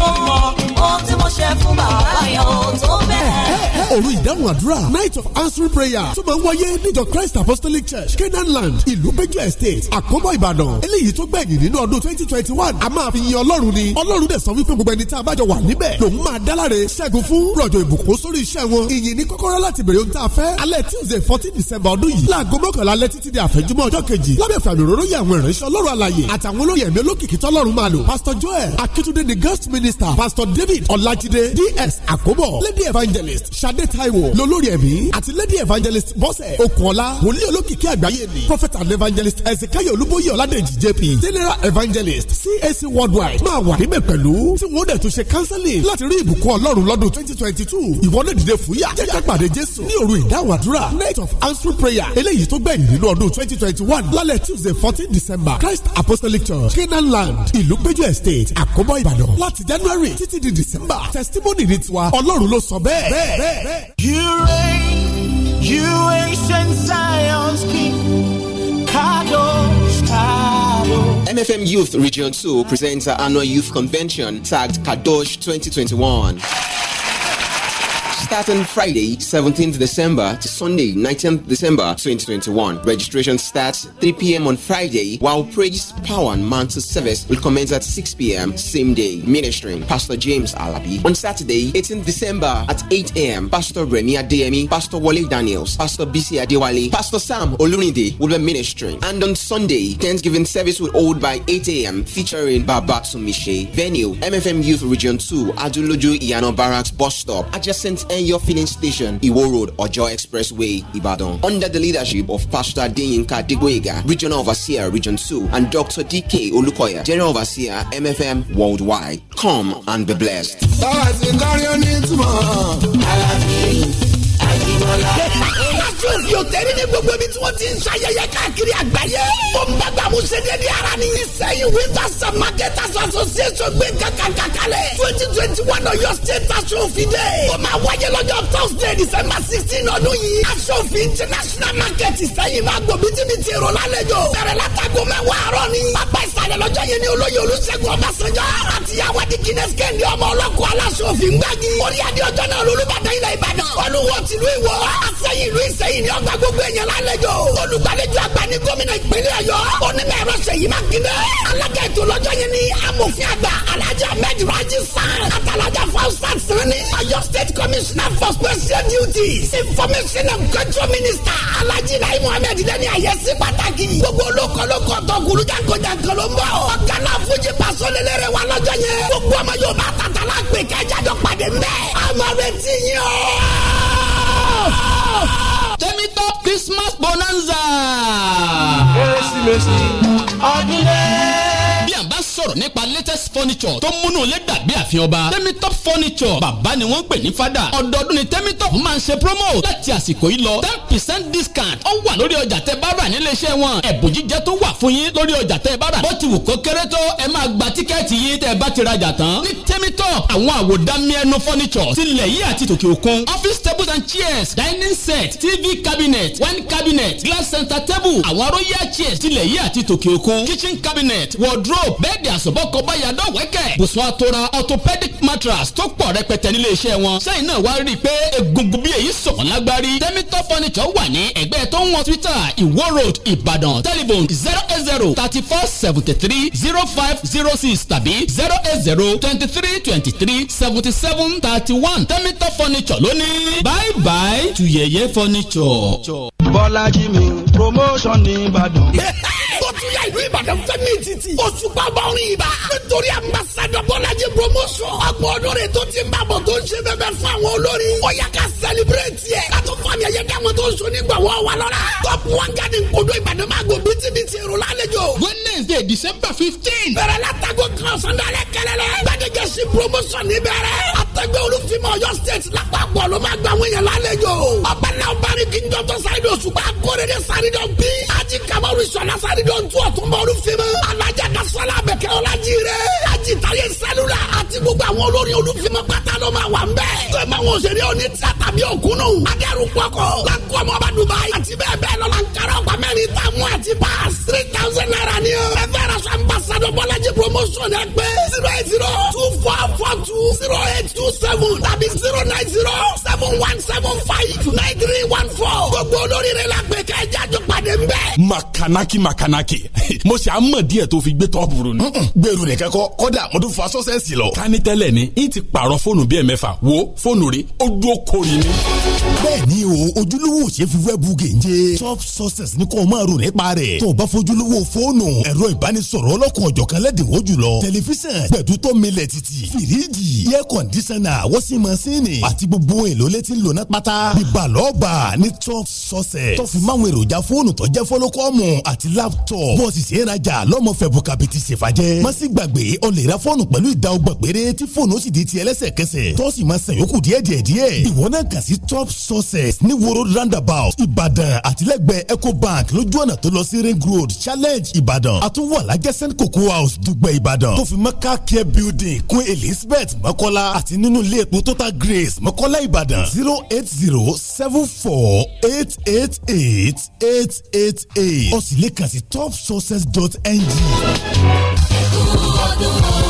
mo mọ̀ ohun tí mo òru ìdáhùn àdúrà night of answering prayer tó máa ń wáyé níjọ Christ Apostolic Church Canaan land ìlú Bẹ́jú estate àkóbọ̀ Ìbàdàn eléyìí tó gbẹ̀yìn nínú ọdún twenty twenty one a máa fi yin Ọlọ́run ni Ọlọ́run dẹ̀ sọ wípé gbogbo ẹni tá a bá jọ wà níbẹ̀ lòun máa dáláre ṣẹ́gun fún rọ̀jò ìbùkún sórí iṣẹ́ wọn ìyìn ní kọ́kọ́rọ́ láti bèrè ohun tá a fẹ́ alẹ́ Tuesday fourteen December ọdún yìí láago mọ́kànlá alẹ́ títí di àfẹ́júmọ́ ọjọ́ kejì lábẹ́ fàmì òróró yẹ àwọn ìránṣẹ́ Ọlọ́run àlàyé àtàwọn olóyè ẹ̀mí olókìkí tọ́lọ́run máa lò Pastor Joel Akitunde the guest minister Pastor David Ọlájídé DS àkóbọ̀ lady evangelist Ṣadé taiwo lolórí ẹ̀mí àti lady evangelist bọ́sẹ̀ okunola wòlíì olókìkí àgbáyé ni prophet and evangelist ezekiel olúbóyè ọ̀làdèjì jp general evangelist cac worldwide máa wà níbẹ̀ pẹ̀lú tí wọ́n dẹ̀ tún ṣe counseling láti rí ìbùkún ọlọ́run lọ́dún twenty twenty two ìwọ náà dìde fúyà jẹ́ ká pàdé jésù ní òru ìdáhùn night of answer prayer eléyìí tó gbẹ̀yìn nínú ọdún twenty twenty one lálẹ́ tuesday fourteen december christ apostolic church Kenan land ìlú péjú estate àkóbọ̀ ìbàdàn láti january títí di december testimony ní tiwa ọlọ́run ló sọ bẹ́ẹ̀ bẹ́ẹ̀ bẹ́ẹ̀ Hey. You reign, you ancient Zion's king, Kadosh, Kadosh. MFM Youth Region 2 presents our annual youth convention tagged Kadosh 2021 starting Friday, 17th December to Sunday, 19th December 2021. Registration starts 3 p.m. on Friday, while praise, power, and mantle service will commence at 6 p.m. same day. Ministering Pastor James Alabi. On Saturday, 18th December at 8 a.m., Pastor Remy Adeyemi, Pastor Wale Daniels, Pastor BC Adewale, Pastor Sam Olunide will be ministering. And on Sunday, Thanksgiving service will hold by 8 a.m. featuring Baba Sumishe. Venue, MFM Youth Region 2, Adulodu Iano Barracks Bus Stop, adjacent Senior Filling Station, Iwo Road, Ojo Expressway, Ibadan. Under the leadership of Pastor Dinyinka Digwega, Regional Overseer, Region 2, and Dr. DK Olukoya, General Overseer, MFM Worldwide. Come and be blessed. Àyìnbọ̀lá. Ọ̀làjú òfin òtẹ́rì ní gbogbo ibi tí wọ́n ti ń ṣayẹyẹ káàkiri àgbáyé. Ó ń bàgbà mú ṣẹ́dẹ́dẹ́ ara ní Ìsẹ́yìn Winters and Marketers Association gbé kàkàkà kalẹ̀. twenty twenty one Ọ̀yọ́ State aṣọ òfin dẹ̀. Ó máa wáyé lọ́jọ́ Thursday December sixteen ọdún yìí. Aṣọ òfin International Market Ìsẹ́yìn máa gbòbí tíbi ti rò lálejò. Bẹ̀rẹ̀ látago mẹ́wàá àárọ̀ ni. Pápá ìsàlẹ̀ lọ́jọ́ yẹn ni olóyè Olúṣẹ́gun Ọbásanjọ́ àtìyàwó Adé Guinness Kẹ́ndé ọmọ ọlọ́kùn aláṣọ òfin gbági tìlú ìwọ. àṣẹyìn ìlú ìṣẹyìn ni ọgbà gbogbo èèyàn lálejò. olùgbàlejò àgbà ní gómìnà ìpínlẹ̀ ọ̀yọ́. onímọ̀ ẹ̀rọ ṣèyí mákindé. alága ètò lọ́jọ́ yẹn ni amòfin àgbà alhaji ahmed raji san. àtàlájà faustin sanni. ọ̀yọ́ state commissioner for special duties. information and culture minister alhaji lai muhammed lẹ́ni àyẹ̀sí pàtàkì. gbogbo olókòlókò tó jankojanko ló ń bọ̀. ọ̀gá fújì pàṣọ lélẹ́rẹ̀ wa lọ́jọ́ yẹn. gbogbo ọmọ yóò bá tàtàlá pè kẹjá dọ̀ pàdé mẹ́. àmọ́ bẹ ti yín o. Temitop Christmas Bonanza. Kérésìmesì ọdún dé. Bí a bá sọ̀rọ̀ nípa latest furniture tó múnú lédè dàbí àfin ọba temitop furniture bàbá ni wọ́n ń pè ní fada ọdọọdún ni top máa ń ṣe promo láti àsìkò yìí lọ ten percent discount ó wà lórí ọjà tẹ bá rà nílé iṣẹ́ wọn ẹ̀bùn jíjẹ tó wà fún yín lórí ọjà tẹ bá rà bó ti wù kó kéré tó ẹ máa gba tíkẹ́ẹ̀tì yìí tẹ bá ti rajà tán ní temitop àwọn àwòdámiẹ́nu furniture tilẹ̀ yìí àti tòkè òkun office tables and chairs dining set tv cabinet wine cabinet glass center table àwọn royal chairs tilẹ̀ yìí àti tòkè òkun kitchen cabinet wardrobe bẹ́ẹ̀dì àsọ̀bọ̀kọ báyà dọ̀wẹ́kẹ̀ bùsùn àtòrà orthopedic mattress tó pọ̀ rẹpẹtẹ nílé iṣẹ́ wọn sẹ́yìn náà wá rí i pé egungun bí èyí sọ̀kan lágbárí tẹ́mítọ́ furniture wà ní ẹ̀gbẹ́ tó ń wọ hospital ìwó road ìbàdàn telephone zero eight zero thirty four seventy three zero five zero six tàbí zero eight zero twenty three twenty three seventy seven thirty one tẹ́mítọ́ furniture lónìí bye bye tuyẹ̀yẹ́ furniture. bọ́lájí Jimmy promotion ní ìbàdàn. [LAUGHS] tún yà ìlú ìbàdàn fẹ́mi títì. oṣù pàbọ̀ orin ibà. nítorí ambassadọ bọ́lájí promotion. ọgbọ̀n ọdún rẹ̀ tó ti ń bàbọ̀ tó ń ṣe bẹ́ẹ̀ fún àwọn olórí. ó yà ká celebrate yẹ. ká tó fàmì ẹ̀yẹ dáwọn tó ń so nígbà wọ́ wa lọ́la. top one garden kodo ìbàdàn máa gbọ́ bítíbitì èrò lálejò. wednesday december fifteen. bẹ̀rẹ̀ látago kan sandalẹ kẹlẹ lẹ legacy promotion níbẹ̀rẹ̀. àtẹgbẹ́ olùfimọ̀ ọ̀yọ́ state lápapọ̀ ló máa gba àwọn èèyàn lálejò. ọba náà bari kí n jọ tó sáyidọ̀ ṣùgbọ́n akóredé sáyidọ̀ bí. ají kamaru sọ̀nà sáyidọ̀ tó ọ̀túnba olùfimọ̀. alájà kasọ́lá abẹ́kẹ́ ọlájì rẹ̀. ají tayé sẹ́lúlà àti gbogbo àwọn olórin olùfimọ̀ pátá ló máa wà ń bẹ̀. tó máa wọn òṣèré òní tí a tàbí òkúnnù. adẹ́rù pọkọ lakọ́mọ two four four two zero eight two seven tàbí zero nine zero seven one seven five nine three one four. gbogbo olórí rẹ̀ la pè ká ẹja jọ pàdé ń bẹ̀. makanaki makanaki [LAUGHS] mo ṣe àmọ̀ díẹ̀ tó fi gbé tọ́pùrù ni. gbèrú nìkan kọ́ kọ́dà mo tún fa sọ́sẹ́sì lọ. ká ní tẹ́lẹ̀ ni n ti pààrọ̀ fóònù bíi ẹ̀mẹ́fà wo fóònù rí ó dúró kori ni. bẹ́ẹ̀ni o ojúlówó ṣe fi wẹ́ẹ̀bù gèje top success ní kò máa rò nípa rẹ̀ tó o bá fojúlówó fóònù ẹ̀rọ ìbánisọ̀rọ̀ ọlọ́kùnrin ọ̀jọ̀kan lẹ́dínwó jùlọ tẹlifíṣàn gbẹ̀dútọ́ milẹ̀ títì fìríjì air conditioner washing machine àti gbogbo èlò létí lónà pátá ìbàlọ́ọ̀bà ní top success tó fi máwọn èròjà fóònù tó jẹ́ fọ́lọ́kọ́ọ̀mù àti laptop bọ́ọ̀sì ṣe é rajà lọ́mọ fẹ́ bùkàbìtì ṣèfàjẹ́ má sì gbàgbé o lè ra fóònù pẹ̀lú ìdá ọgbà péré tí fóònù sì di ti lẹ́sẹ̀kẹsẹ̀ tó sì máa san yòókù díẹ̀díẹ̀ díẹ̀ ìwọ náà kàn sí top success ní woro roundabout ìbàdàn àtìlẹ́gbẹ̀ẹ́ ecobank lójú ọ̀nà tó lọ sí ring road challenge ìbàdàn àtúwọ̀ alájẹsẹ́ńd cocoa house dùgbẹ̀ ìbàdàn tó fi mọ́ car care building clinic kún elizabeth mọ́kọ́lá àti nínú ilé epo total grace mọ́kọ́lá ìbàdàn zero eight zero seven four eight eight eight eight eight eight ó sì lè kàn sí topsources.ng. ẹ̀kú ọdún wa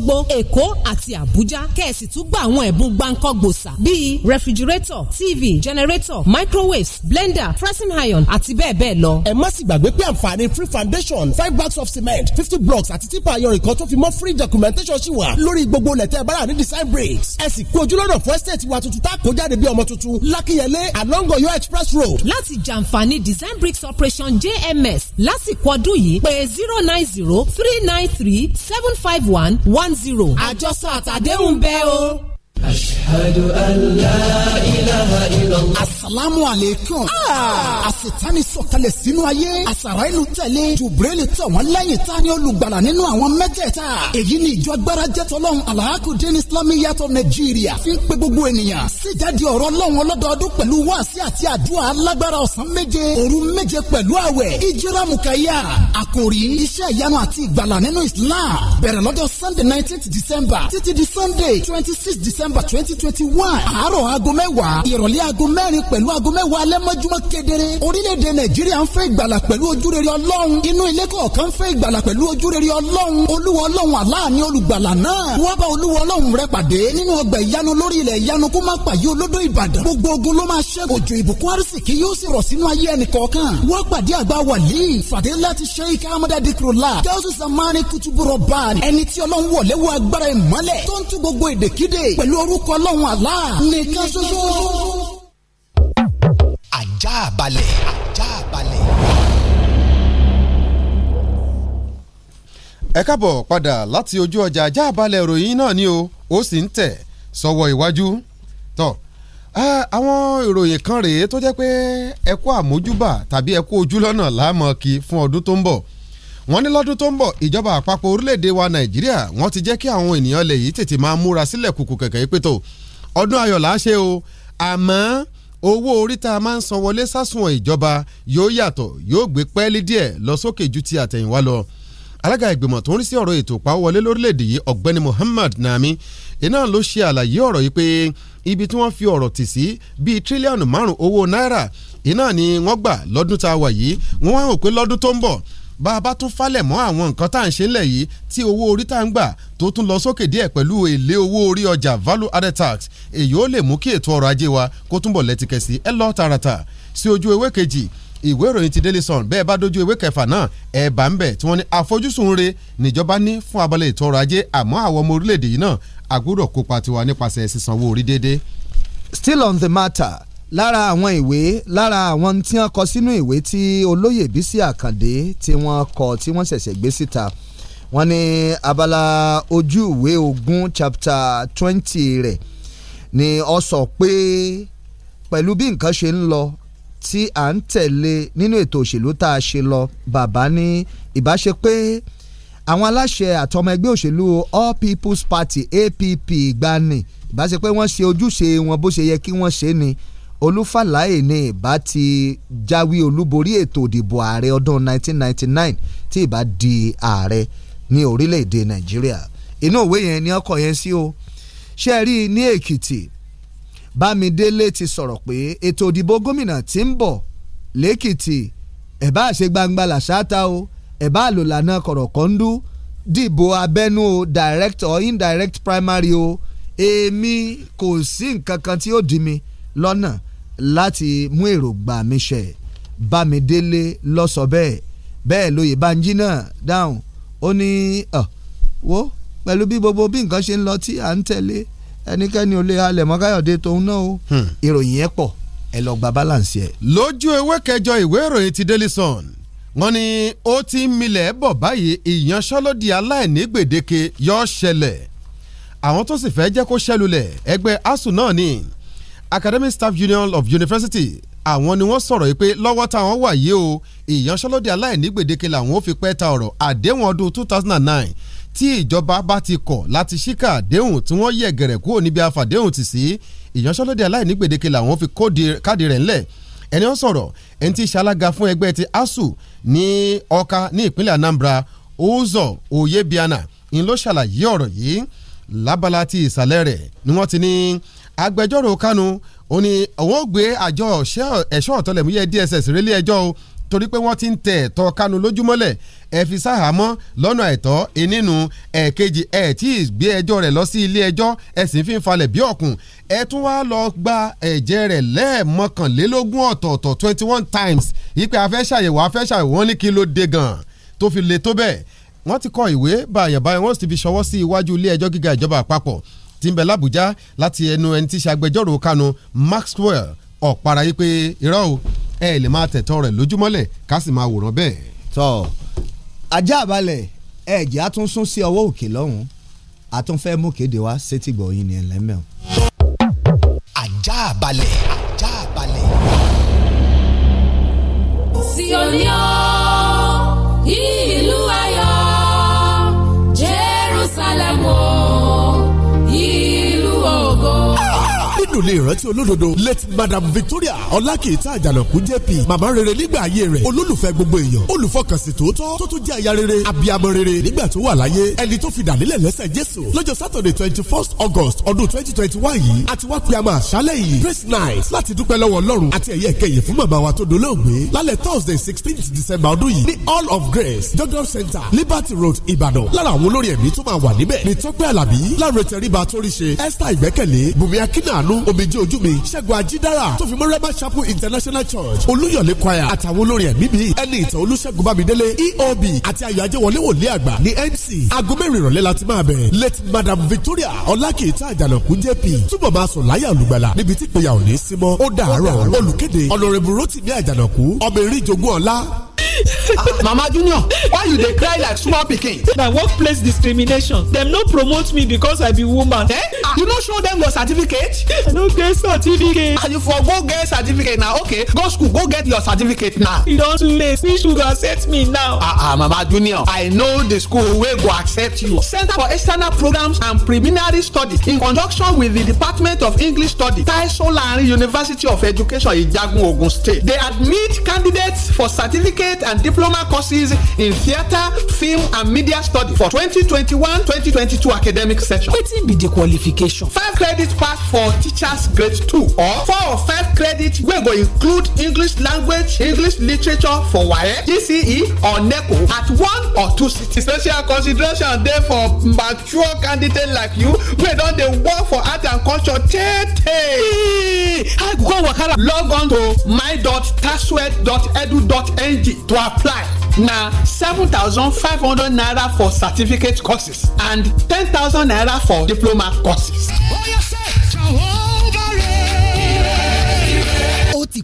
Òṣogbo Èkó àti Àbújá kẹ̀sì tún gba àwọn ẹ̀bùn gbàǹkọ́gbòsà bíi rẹfrigirétọ̀ TV jẹnẹrétọ̀ microwaves blender pressing iron àti bẹ́ẹ̀ bẹ́ẹ̀ lọ. ẹ má sì gbàgbé pé àǹfààní free foundation five bags of cement fifty blocks àti tipa ayọ̀rìn kan tó fi mọ́ free documentation sí wa lórí gbogbo lẹ̀tẹ̀ bára ní design bricks ẹ sì kó ojúlọ́nà fún estate wa tuntun tá a kó jáde bí ọmọ tuntun lákìyẹlé along Ọ̀yọ́ express road. láti jàǹfààní design bricks operation jms lásìkò ọdún yìí pé zero nine zero three nine three seven five one one one zero àjọsọ àtàdéhùn bẹ́ẹ̀ o. Ashhadu an la ilaha illallah. Asalaamu aleykum. Ah, àṣetáni sọ̀kalẹ̀ sínú ayé. Àṣàrà ìlú tẹ̀lé. Jùbírẹ́lì tẹ̀ wọ́n lẹ́yìn ta ní olùgbàlà nínú àwọn mẹ́tẹ̀ẹ̀ta. Èyí ni ìjọ agbára jẹ́tọ̀lọ́hún Alahakudin Islamiyatọ̀ Nàìjíríà fi ń pe gbogbo ènìyàn. Síjáde ọ̀rọ̀ ọlọ́run ọlọ́dọọdún pẹ̀lú wáàsí àti àdúrà alágbára ọ̀sán méje. Òru méje pẹ̀lú àwẹ̀. Ìjírá Mùkàyà. Àkòrí iṣẹ́ ìyanu àti ìgbàlà nínú Islam. Bẹ̀rẹ̀ Sunday nineteenth December títí di Sunday twenty December december twenty twenty one àárọ̀ aago mẹ́wàá ìrọ̀lẹ́ aago mẹ́rin pẹ̀lú aago mẹ́wàá alẹ́ mọ́júmọ́ kedere orílẹ̀-èdè nàìjíríà ń fẹ́ ìgbàlà pẹ̀lú ojúrere ọlọ́run inú ilé kọ̀ọ̀kan ń fẹ́ ìgbàlà pẹ̀lú ojúrere ọlọ́run olúwa ọlọ́run aláàánú olùgbàlà náà wọ́n bá olúwa ọlọ́run rẹ pàdé nínú ọgbà ìyanu lórí ilẹ̀ ìyanu kó má pàyé olódó ìbàdàn gbogbo ogun ló máa ṣẹ́gun òjò dikrola jésù samani kutuburo ban ẹni tí ọlọ́run wọ̀lẹ́wọ̀ agbára ìmọ́lẹ̀ tó ń orúkọ lọ́hùn àlá nìkan ṣoṣo. ajá balẹ̀ ajá ẹ káàbọ̀ padà láti ojú ọjà ajá balẹ̀ ìròyìn náà ni o ó sì ń tẹ̀ sọ́wọ́ iwájú tọ́ àwọn ìròyìn kan rèé tó jẹ́ pé ẹ kú àmójúbà tàbí ẹ kú ojúlọ́nà láàmọ́ kí fún ọdún tó ń bọ̀ wọ́n ní lọ́dún tó ń bọ̀ ìjọba àpapọ̀ orílẹ̀-èdè wa nàìjíríà wọ́n ti jẹ́ kí àwọn ènìyàn lè yìí tètè máa múra sílẹ̀ kùkù kẹ̀kẹ́ pé tó ọdún ayọ̀ là á ṣe o àmọ́ owó orí tá a máa ń san wọlé sásùnwọ̀n ìjọba yóò yàtọ̀ yóò gbé pẹ́ẹ́lí díẹ̀ lọ sókè ju ti àtẹ̀yìnwá lọ alága ìgbìmọ̀ tó ń rí sí ọ̀rọ̀ ètò ìpawọlé lórílẹ̀‐èdè yìí ọ̀gbẹ́ni Muhammad Nami iná ló ṣe àlàyé ọ̀rọ̀ yìí pé ibi tí wọ́n fi ọ̀rọ̀ tì sí bíi tírílíọ̀nù márùn-ún owó náírà iná ni wọ́n gbà lọ́dún tá a wà yìí wọ́n wá hàn pé lọ́dún tó ń bọ̀ bá a bá tún falẹ̀ mọ́ àwọn nǹkan tá à ń ṣe lẹ̀ yìí tí owó orí tá à ń gbà tó tún lọ sókè díẹ̀ pẹ̀lú èlé owó orí ọjà value added tax èyí ó lè mú kí ètò ọrọ̀ ajé wa kó túnbọ̀ lẹ́tìkẹ̀ sí ẹ lọ tààràtà sí ojú ewé kejì ìwé ìròyìn ti Daily Sun bẹ́ẹ̀ bá dojú ewé kẹfà náà ẹ̀ bá ń bẹ̀ tí wọ́n ní àfojúsùn re níjọba ní fún abalẹ̀ ètò ọrọ̀ ajé àmọ́ àwọn ọmọ orílẹ̀-èdè yìí náà a kópa tiwa nípasẹ̀ sísanwó orí déédéé. Still on the matter lára àwọn ìwé lára àwọn tí wọ́n kọ sínú ìwé tí olóyè Bísí Àkàndé tí wọ́n kọ tí wọ́n ṣẹ̀ṣẹ̀ gbé síta wọ́n ní abala ojú ìwé ogun chapter twenty rẹ̀ ni ó sọ pé pẹ̀lú bí nǹkan ṣe ń lọ tí à ń tẹ̀lé nínú ètò òṣèlú tá a ṣe lọ bàbá ní ìbáṣe pé àwọn aláṣẹ àtọmọ ẹgbẹ́ òṣèlú All People's Party APP gbani ìbáṣe pé wọ́n ṣe ojúṣe wọn bó ṣe yẹ kí wọ́n ṣe ni olúfàlàyé ní ìbá ti jáwé olúborí ètò ìdìbò ààrẹ ọdún 1999 tí ìbá di ààrẹ ní orílẹ̀-èdè nàìjíríà inú òwe yẹn ni ọkọ̀ yẹn sí o ṣe rí i ní èkìtì bámidélé ti sọ̀rọ̀ pé ètò ìdìbò gómìnà tí ń bọ̀ lẹ́kìtì ẹ̀ bá ṣe gbangba làṣáta o ẹ̀ bá lò lànà kọ̀rọ̀kọ́ndú dìbò abẹ́nú o direct or indirect primary o èmi kò sí nǹkan kan tí ó dì mí lọ́nà láti mú èròǹgbà mi ṣẹ Bámidélé ló sọ bẹ́ẹ̀ bẹ́ẹ̀ lóye Bánjí náà dáhùn ó ní wo pẹ̀lú bí gbogbo bí nǹkan ṣe ń lọ tí à ń tẹ̀lé ẹnikẹ́ni ò lè mọ́ Káyọ̀dé tòun náà o hmm. ìròyìn yẹn pọ̀ ẹ lọ gba balance yẹ. lójú ewé kẹjọ ìwé ìròyìn ti Daily Sun wọ́n ní ó ti ń milẹ̀ bọ̀ báyìí ìyanṣẹ́lódì aláìní gbèdéke yó ṣẹlẹ̀ àwọn tó sì fẹ́ jẹ́ kó ṣẹlulẹ̀ ẹgbẹ́ ASUU náà ni. Hmm academic staff union of university àwọn ni wọ́n sọ̀rọ̀ yìí pé lọ́wọ́ táwọn wà yìí o ìyanṣẹ́lódì aláìní gbèdéke làwọn ò fi pẹ́ ta ọ̀rọ̀ àdéhùn ọdún two thousand and nine tí ìjọba bá ti kọ̀ láti ṣíkà àdéhùn tí wọ́n yẹ̀ gẹ̀rẹ̀ kúrò níbi àfàdéhùn tì sí ìyanṣẹ́lódì aláìní gbèdéke làwọn fi káàdì rẹ̀ ńlẹ̀ ẹni ó sọ̀rọ̀ ẹni tí ṣalága fún ẹgbẹ́ ti asu ní Ọ̀ka ní ìpínlẹ̀ Anambra Uzo Oyebiana ń ló ṣàlàyé ọ̀rọ̀ yìí lábala ti ìsàlẹ̀ rẹ̀ ni wọ́n ti ní agbẹjọ́rò kanu ó ní òun ó gbé àjọ ẹ̀ṣọ́ ọ̀tọ́lẹ̀múyẹ́ DSS rélé ẹjọ́ o torí pé wọ́n ti ń tẹ̀ ẹ̀tọ́ kanu lójúmọ́lẹ̀ ẹ fi sáhàámọ́ lọ́nà ẹ̀tọ́ ìnínú ẹ̀ẹ̀kejì ẹ̀ tí ì gbé ẹjọ́ rẹ̀ lọ sí ilé ẹjọ́ ẹ sì fi falẹ̀ bí ọ̀kùn ẹ tún wá lọ gba ẹ̀jẹ̀ rẹ̀ lẹ́ẹ̀mọkànlélógún ọ̀tọ̀ọ̀tọ̀ twenty one times yípe afẹ́ ṣàyẹ̀wò afẹ́ ṣàyẹ̀wò wọn ní kí ló dé gan tó fi le tó bẹ́ẹ̀ wọ́n ti kọ ìwé báyàbáyà wọ́n sì ti fi ṣọwọ́ sí iwájú ilé ẹjọ́ gíga ìjọba àpapọ̀ tí ń bẹ lábújá láti ẹnu ẹni tí í ṣe agbẹjọ́rò kanu Maxwell ọ̀pára yìí pé irọ́ o ẹ lè máa tẹ̀tọ́ rẹ̀ lójúmọ́lẹ̀ ká sì máa wòran bẹ́ẹ̀. tọ́ ajá àbálẹ̀ ẹ̀jẹ̀ á tún sún sí ọwọ́ òkè lọ́hùn-ún a tún fẹ́ mú kéde wá sétìgbọ̀ yìí ni ẹlẹ́mẹ̀ọ́. ajá àbálẹ̀ ajá àbálẹ̀. sí oní gbádùn lè rántí olódodo late madam victoria ọlákìíta àjànàkú jp màmá rere nígbà ayé rẹ̀ olólùfẹ́ gbogbo èèyàn olùfọkànsìn tòótọ́ tó tún jẹ́ aya rere abiyamọ rere nígbà tó wà láyé ẹni tó fi dànílẹ̀ lẹ́sẹ̀ jésù lọ́jọ́ saturday twenty first august ọdún twenty twenty one yìí àti wá pe àmà àṣálẹ̀ yìí grace night láti dúpẹ́ lọ́wọ́ ọlọ́run àti ẹ̀yẹ kẹyìn fún màmá wa tó dolóògbé lálẹ́ thursday sixteenth december ọdún yìí ní all of grace jọjọ center liberty road ìbàdàn lára àwọn olórí ẹ̀mí tó máa wà níbẹ̀ ní tọ́pẹ́ àlàbí láre tẹríba tó rí ṣe esther ìgbẹ́kẹ̀lé balógun òbíjì ojú mi ṣẹ́gun ajídára tó fi mọ́ rẹ́bà chapel international church olúyọ̀lé choir àtàwọn olórin ẹ̀mí bíi ẹni ìtàn olúṣẹ́gun bámidélé eob àti ayọ̀ ajẹ́wọlé wòlé àgbà ní mc aago mẹ́rin ìrọ̀lẹ́ la ti máa bẹ̀rẹ̀ late madam victoria ọlákìíta àjànàkú jp túbọ̀ máa sùn láyà olùgbàlà níbi tí ìpèyà ò ní sí mọ́ ó dàárọ̀ olùkéde rotimi àjànàkú ọmọ eré ìjogún ọ̀la [LAUGHS] mama junior why you dey cry like small pikin na workplace discrimination dem no promote me because i be woman eh ah, you no show dem your certificate [LAUGHS] i don't get certificate as you for go get certificate now. okay go school go get your certificate now e don too late which should accept me now ah ah mama junior i know the school wey go accept you center for external programs and preliminary studies in conjunction with the department of english studies taisolari university of education ijagun ogun state They admit candidates for certificate and diploma courses in theater, film and media studies for 2021-2022 academic session. wetin be the qualification? five credits pass for teaching teacher's grade Two or four or five credits wey go include English language, English literature for WAEC, GCE or NECO at one or two cities. Special consideration dey for mature candidates like you wey don dey work for art and culture tey I go wakala log on to my.tasweb.edu.ng to apply. na seven thousand five hundred naira for certificate courses and ten thousand naira for diploma courses. Oh, yes,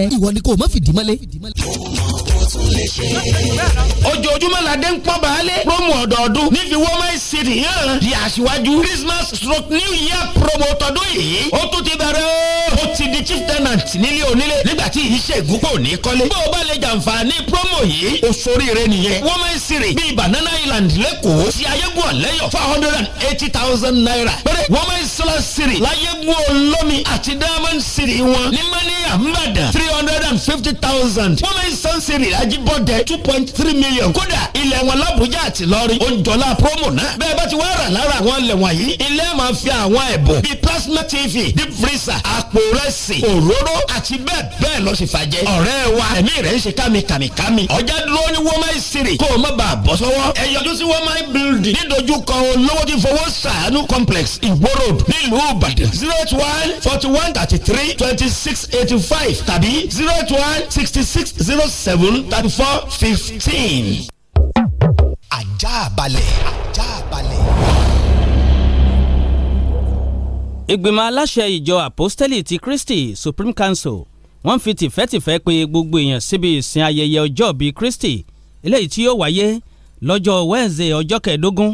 ẹ ìwọ ni kò má fìdí mọ́lé ojoojúmọ́ la dé ń pọ́n baálé promo ọ̀dọ́ọdún ní fi wọ́n máa ń ṣe nìyẹn di àṣìwájú christmas stroke new year promo tọdún yìí ó tún ti bẹ̀rẹ̀ ó ti di chief tenant nílé onílé nígbà tí iṣẹ́ ìgúnpọ̀ ní kọ́lé bó o bá lè jàǹfààní promo yìí o soríire nìyẹn wọ́n máa ń ṣeré bíi banana island lẹ́kọ̀ọ́ ti ayégun ọ̀lẹ́yọ̀ four hundred and eighty thousand naira péré wọ́n máa ń sọ́lá ṣeré láyégun olómi àti diamond city wọn ní mẹ́ni àmúbàdàn three three hundred and fifty thousand women sanctuary ajibọdẹ two point three million kódà ilẹ̀ wọn làbújá àti lọ́rí òǹjọ́lá promo náà bẹ́ẹ̀ bá ti wá rà lára àwọn ilẹ̀ wọ̀nyí ilé máa fi àwọn ẹ̀bùn bíi plasma tv deep freezer àpò rẹsì òróró àti bẹ́ẹ̀ bẹ́ẹ̀ lọ sí fàjẹ́ ọ̀rẹ́ wa ẹ̀mí rẹ̀ ń ṣe kàmìkàmìkàmì ọjà dúró ní women city kó o má bàa bọ́ sọ́wọ́ ẹ yọjú sí women building nídojúkọ olówó ti fowó sàánú complex ìgbó road nílùú ìbàdàn zero eight one forty one thirty three twenty six eighty five tàbí zero eight one sixty six zero seven thirty four fifteen. ajá balẹ̀ ajá balẹ̀. ìgbìmọ̀ aláṣẹ ìjọ àpọ́stẹ́lì ti Kristi Supreme Council wọ́n fi tìfẹ́tìfẹ́ pè gbogbo èèyàn síbi ìsìn ayẹyẹ ọjọ́ bíi Kristi eléyìí tí yóò wáyé lọ́jọ́ Wednesday ọjọ́ kẹẹ̀ẹ́dógún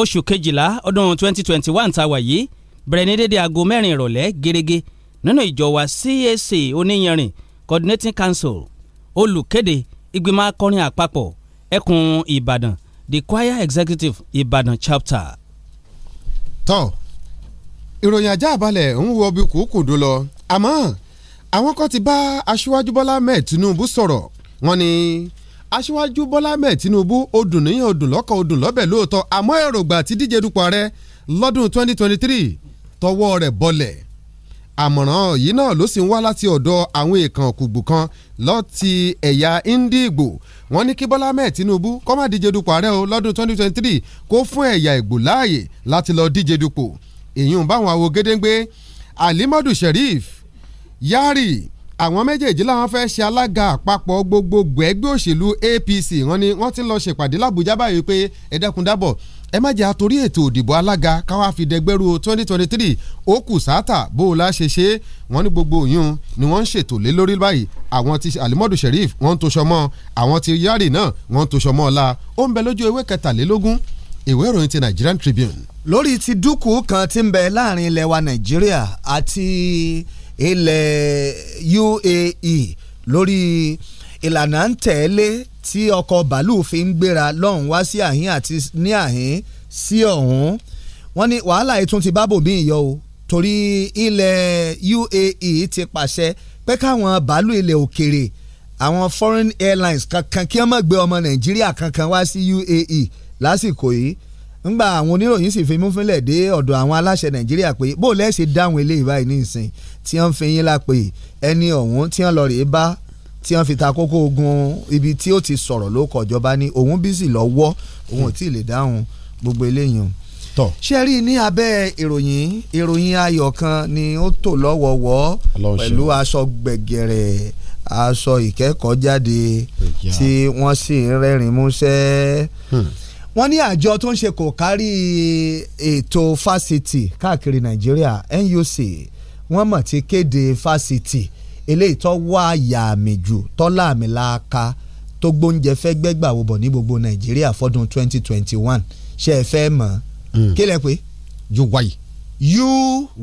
oṣù kejìlá ọdún twenty tá a wà yìí bẹ̀rẹ̀ ní dédé aago mẹ́rin ìrọ̀lẹ́ gẹ́gẹ́ nínú ìjọ wa CAC oníyanrìn coordinating council olùkéde ìgbìmọ̀ akọrin àpapọ̀ ẹkùn ìbàdàn the choir executive ìbàdàn chapter. tọ́ ìròyìn ajá àbálẹ̀ ń wọ bí kùkùdù lọ àmọ́ àwọn kan ti bá aṣíwájú bọ́lá ahmed tinubu sọ̀rọ̀ wọ́n ní aṣíwájú bọ́lá ahmed tinubu ó dùn níyàn ó dùn lọ́kàn lọ́bẹ̀ lóòótọ́ àmọ́ èròǹgbà ti díje dupò ààrẹ lọ́dún 2023 tọwọ́ rẹ̀ bọlẹ̀ àmọ̀ràn yìí náà ló sì ń wá láti ọ̀dọ̀ àwọn èèkàn kùgbù kan lọ́ti ẹ̀yà Ìndígbò wọ́n ní kí Bọ́lá Ahmed Tinubu kó má díje dupò ààrẹ o lọ́dún 2023 kó fún ẹ̀yà Ìgbò láàyè láti lọ díje dupò èyí ń báwọn àwo gédéńgbé Alimadu Sheriff Yari àwọn méjèèjì làwọn fẹ́ ṣe alága àpapọ̀ gbogbogbò ẹgbẹ́ òṣèlú APC wọ́n ní wọ́n ti lọ ṣèpàdé làbújá báyìí pé ẹ̀dẹ́kun dábọ̀ ẹ má jẹ́ àtòrí ètò òdìbò alága káwá fi dẹgbẹ́rú 2023 ó kù sáátà bó o la ṣe ṣe é wọ́n ní gbogbo òyìn ni wọ́n ń ṣètò lé lórí báyìí àwọn ti Alimodu Sheriff wọ́n ń toṣọ mọ́ àwọn ti Yari náà wọ́n ń toṣọ mọ́ ọ̀la ó ń bẹ lójú ewé kẹtàlélógún ìwé ìròyìn ti Nigerian Tribune. lórí ti dúkù kan tí ń bẹ láàrin ilẹ̀ wa Nàìjíríà àti ilẹ̀ UAE lórí ìlànà ń tẹ̀lé tí ọkọ̀ bàálù fi ń gbéra lọ́hùn wá sí àhín àti ní àhín sí ọ̀hún wọ́n ní wàhálà ìtún ti bá bòmí ìyọ o torí ilẹ̀ UAE ti pàṣẹ pé káwọn bàálù ilẹ̀ òkèrè àwọn foreign airlines kankan kí wọ́n má gbé ọmọ Nàìjíríà kankan wá sí UAE lásìkò yìí ńgbà àwọn oníròyìn sì fi mú fúnlẹ̀ dé ọ̀dọ̀ àwọn aláṣẹ Nàìjíríà pé bó lẹ́sẹ̀ dáhùn eléyìí báyìí ní ìsìn tí wọ́n fi yín lápè ẹni ọ̀hún tí wọ́n lọ rèé bá tí wọ́n fi ta kókó ogun ibi tí ó ti sọ̀rọ̀ ló kọ̀ ní òun bísí lọ́wọ́ òun ò tí ì lè dáhùn gbogbo eléyìí o tọ. sẹ́rí ní abẹ́ ìròyìn ìròyìn ayọ̀ kan ni ó tò lọ́wọ́wọ́ pẹ̀lú aṣọ gbẹ̀gẹ̀rẹ̀ aṣọ ìkẹ́kọ̀ọ́jáde tí wọ́n sì ń rẹ́rìn músẹ́. Hmm. wọ́n ní àjọ tó ń ṣe kò kárí ètò fásitì káàkiri nàìjíríà NUC wọ́n mọ̀ ti kéde fásitì eléyìí tó wá àyà àmì jù tọ́lá àmì la ka tó gbóúnjẹ fẹ́ gbẹ́gbà wo bọ̀ ní gbogbo nàìjíríà fọ́dún twenty twenty one ṣe é fẹ́ mọ̀ mm. kí lẹ pé. you why. you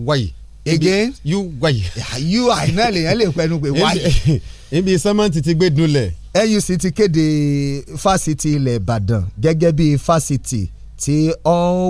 why. again. you why. you àìná lèyàn lè pẹnu pé why. ibi sẹ́mọ́ǹtì ti gbé dunlẹ̀. NUC ti kéde fásitì ilẹ̀ Ìbàdàn gẹ́gẹ́ bí fásitì tí ó